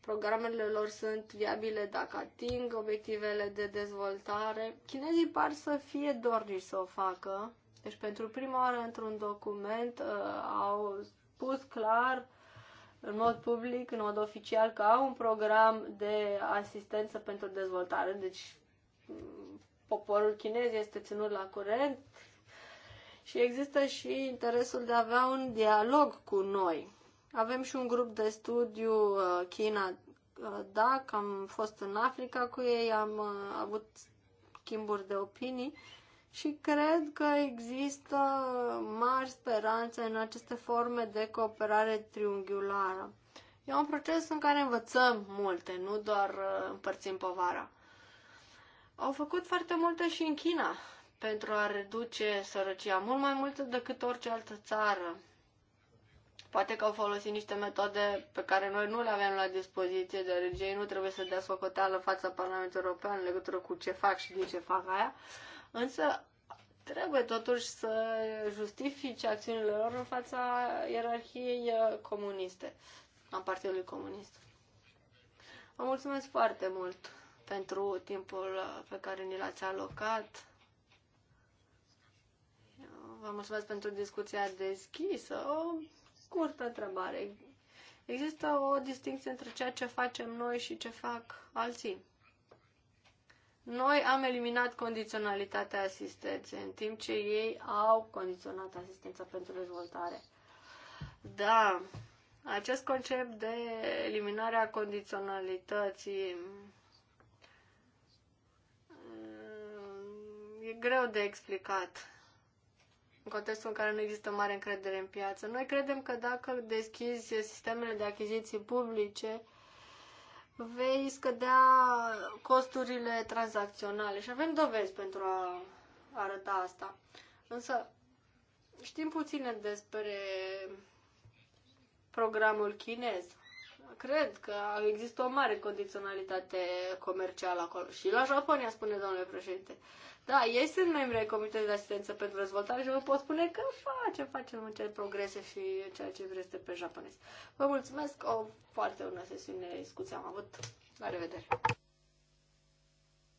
Speaker 4: programele lor sunt viabile, dacă ating obiectivele de dezvoltare. Chinezii par să fie dornici să o facă. Deci pentru prima oară într-un document uh, au spus clar uh, în mod public, în mod oficial, că au un program de asistență pentru dezvoltare. Deci poporul chinez este ținut la curent și există și interesul de a avea un dialog cu noi. Avem și un grup de studiu uh, China uh, DAC, am fost în Africa cu ei, am uh, avut schimburi de opinii și cred că există mari speranțe în aceste forme de cooperare triunghiulară. E un proces în care învățăm multe, nu doar uh, împărțim povara. Au făcut foarte multe și în China pentru a reduce sărăcia mult mai mult decât orice altă țară. Poate că au folosit niște metode pe care noi nu le avem la dispoziție, deoarece ei nu trebuie să dea socoteală fața Parlamentului European în legătură cu ce fac și de ce fac aia. Uh, însă trebuie totuși să justifice acțiunile lor în fața ierarhiei uh, comuniste, a Partidului Comunist. Vă mulțumesc foarte mult pentru timpul uh, pe care ni l-ați alocat. Vă mulțumesc pentru discuția deschisă. O scurtă întrebare. Există o distinție între ceea ce facem noi și ce fac alții? Noi am eliminat condiționalitatea asistenței, în timp ce ei au condiționat asistența pentru dezvoltare. Da, acest concept de eliminare a condiționalității mm, e greu de explicat în contextul în care nu există mare încredere în piață. Noi credem că dacă deschizi sistemele de achiziții publice, vei scădea costurile tranzacționale și avem dovezi pentru a arăta asta. Însă știm puține despre programul chinez cred că există o mare condiționalitate comercială acolo. Și la Japonia, spune domnule președinte. Da, ei sunt membri ai Comitetului de Asistență pentru Dezvoltare și vă pot spune că facem, facem multe progrese și ceea ce vreți pe japonez. Vă mulțumesc, o foarte bună sesiune discuția am avut. La revedere!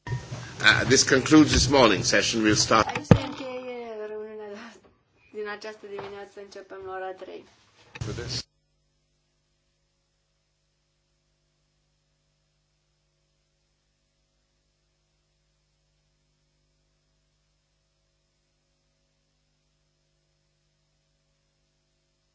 Speaker 2: Uh, this concludes this morning session. We'll start.
Speaker 4: Aici se încheie reuniunea din această dimineață. Începem la ora
Speaker 2: 3.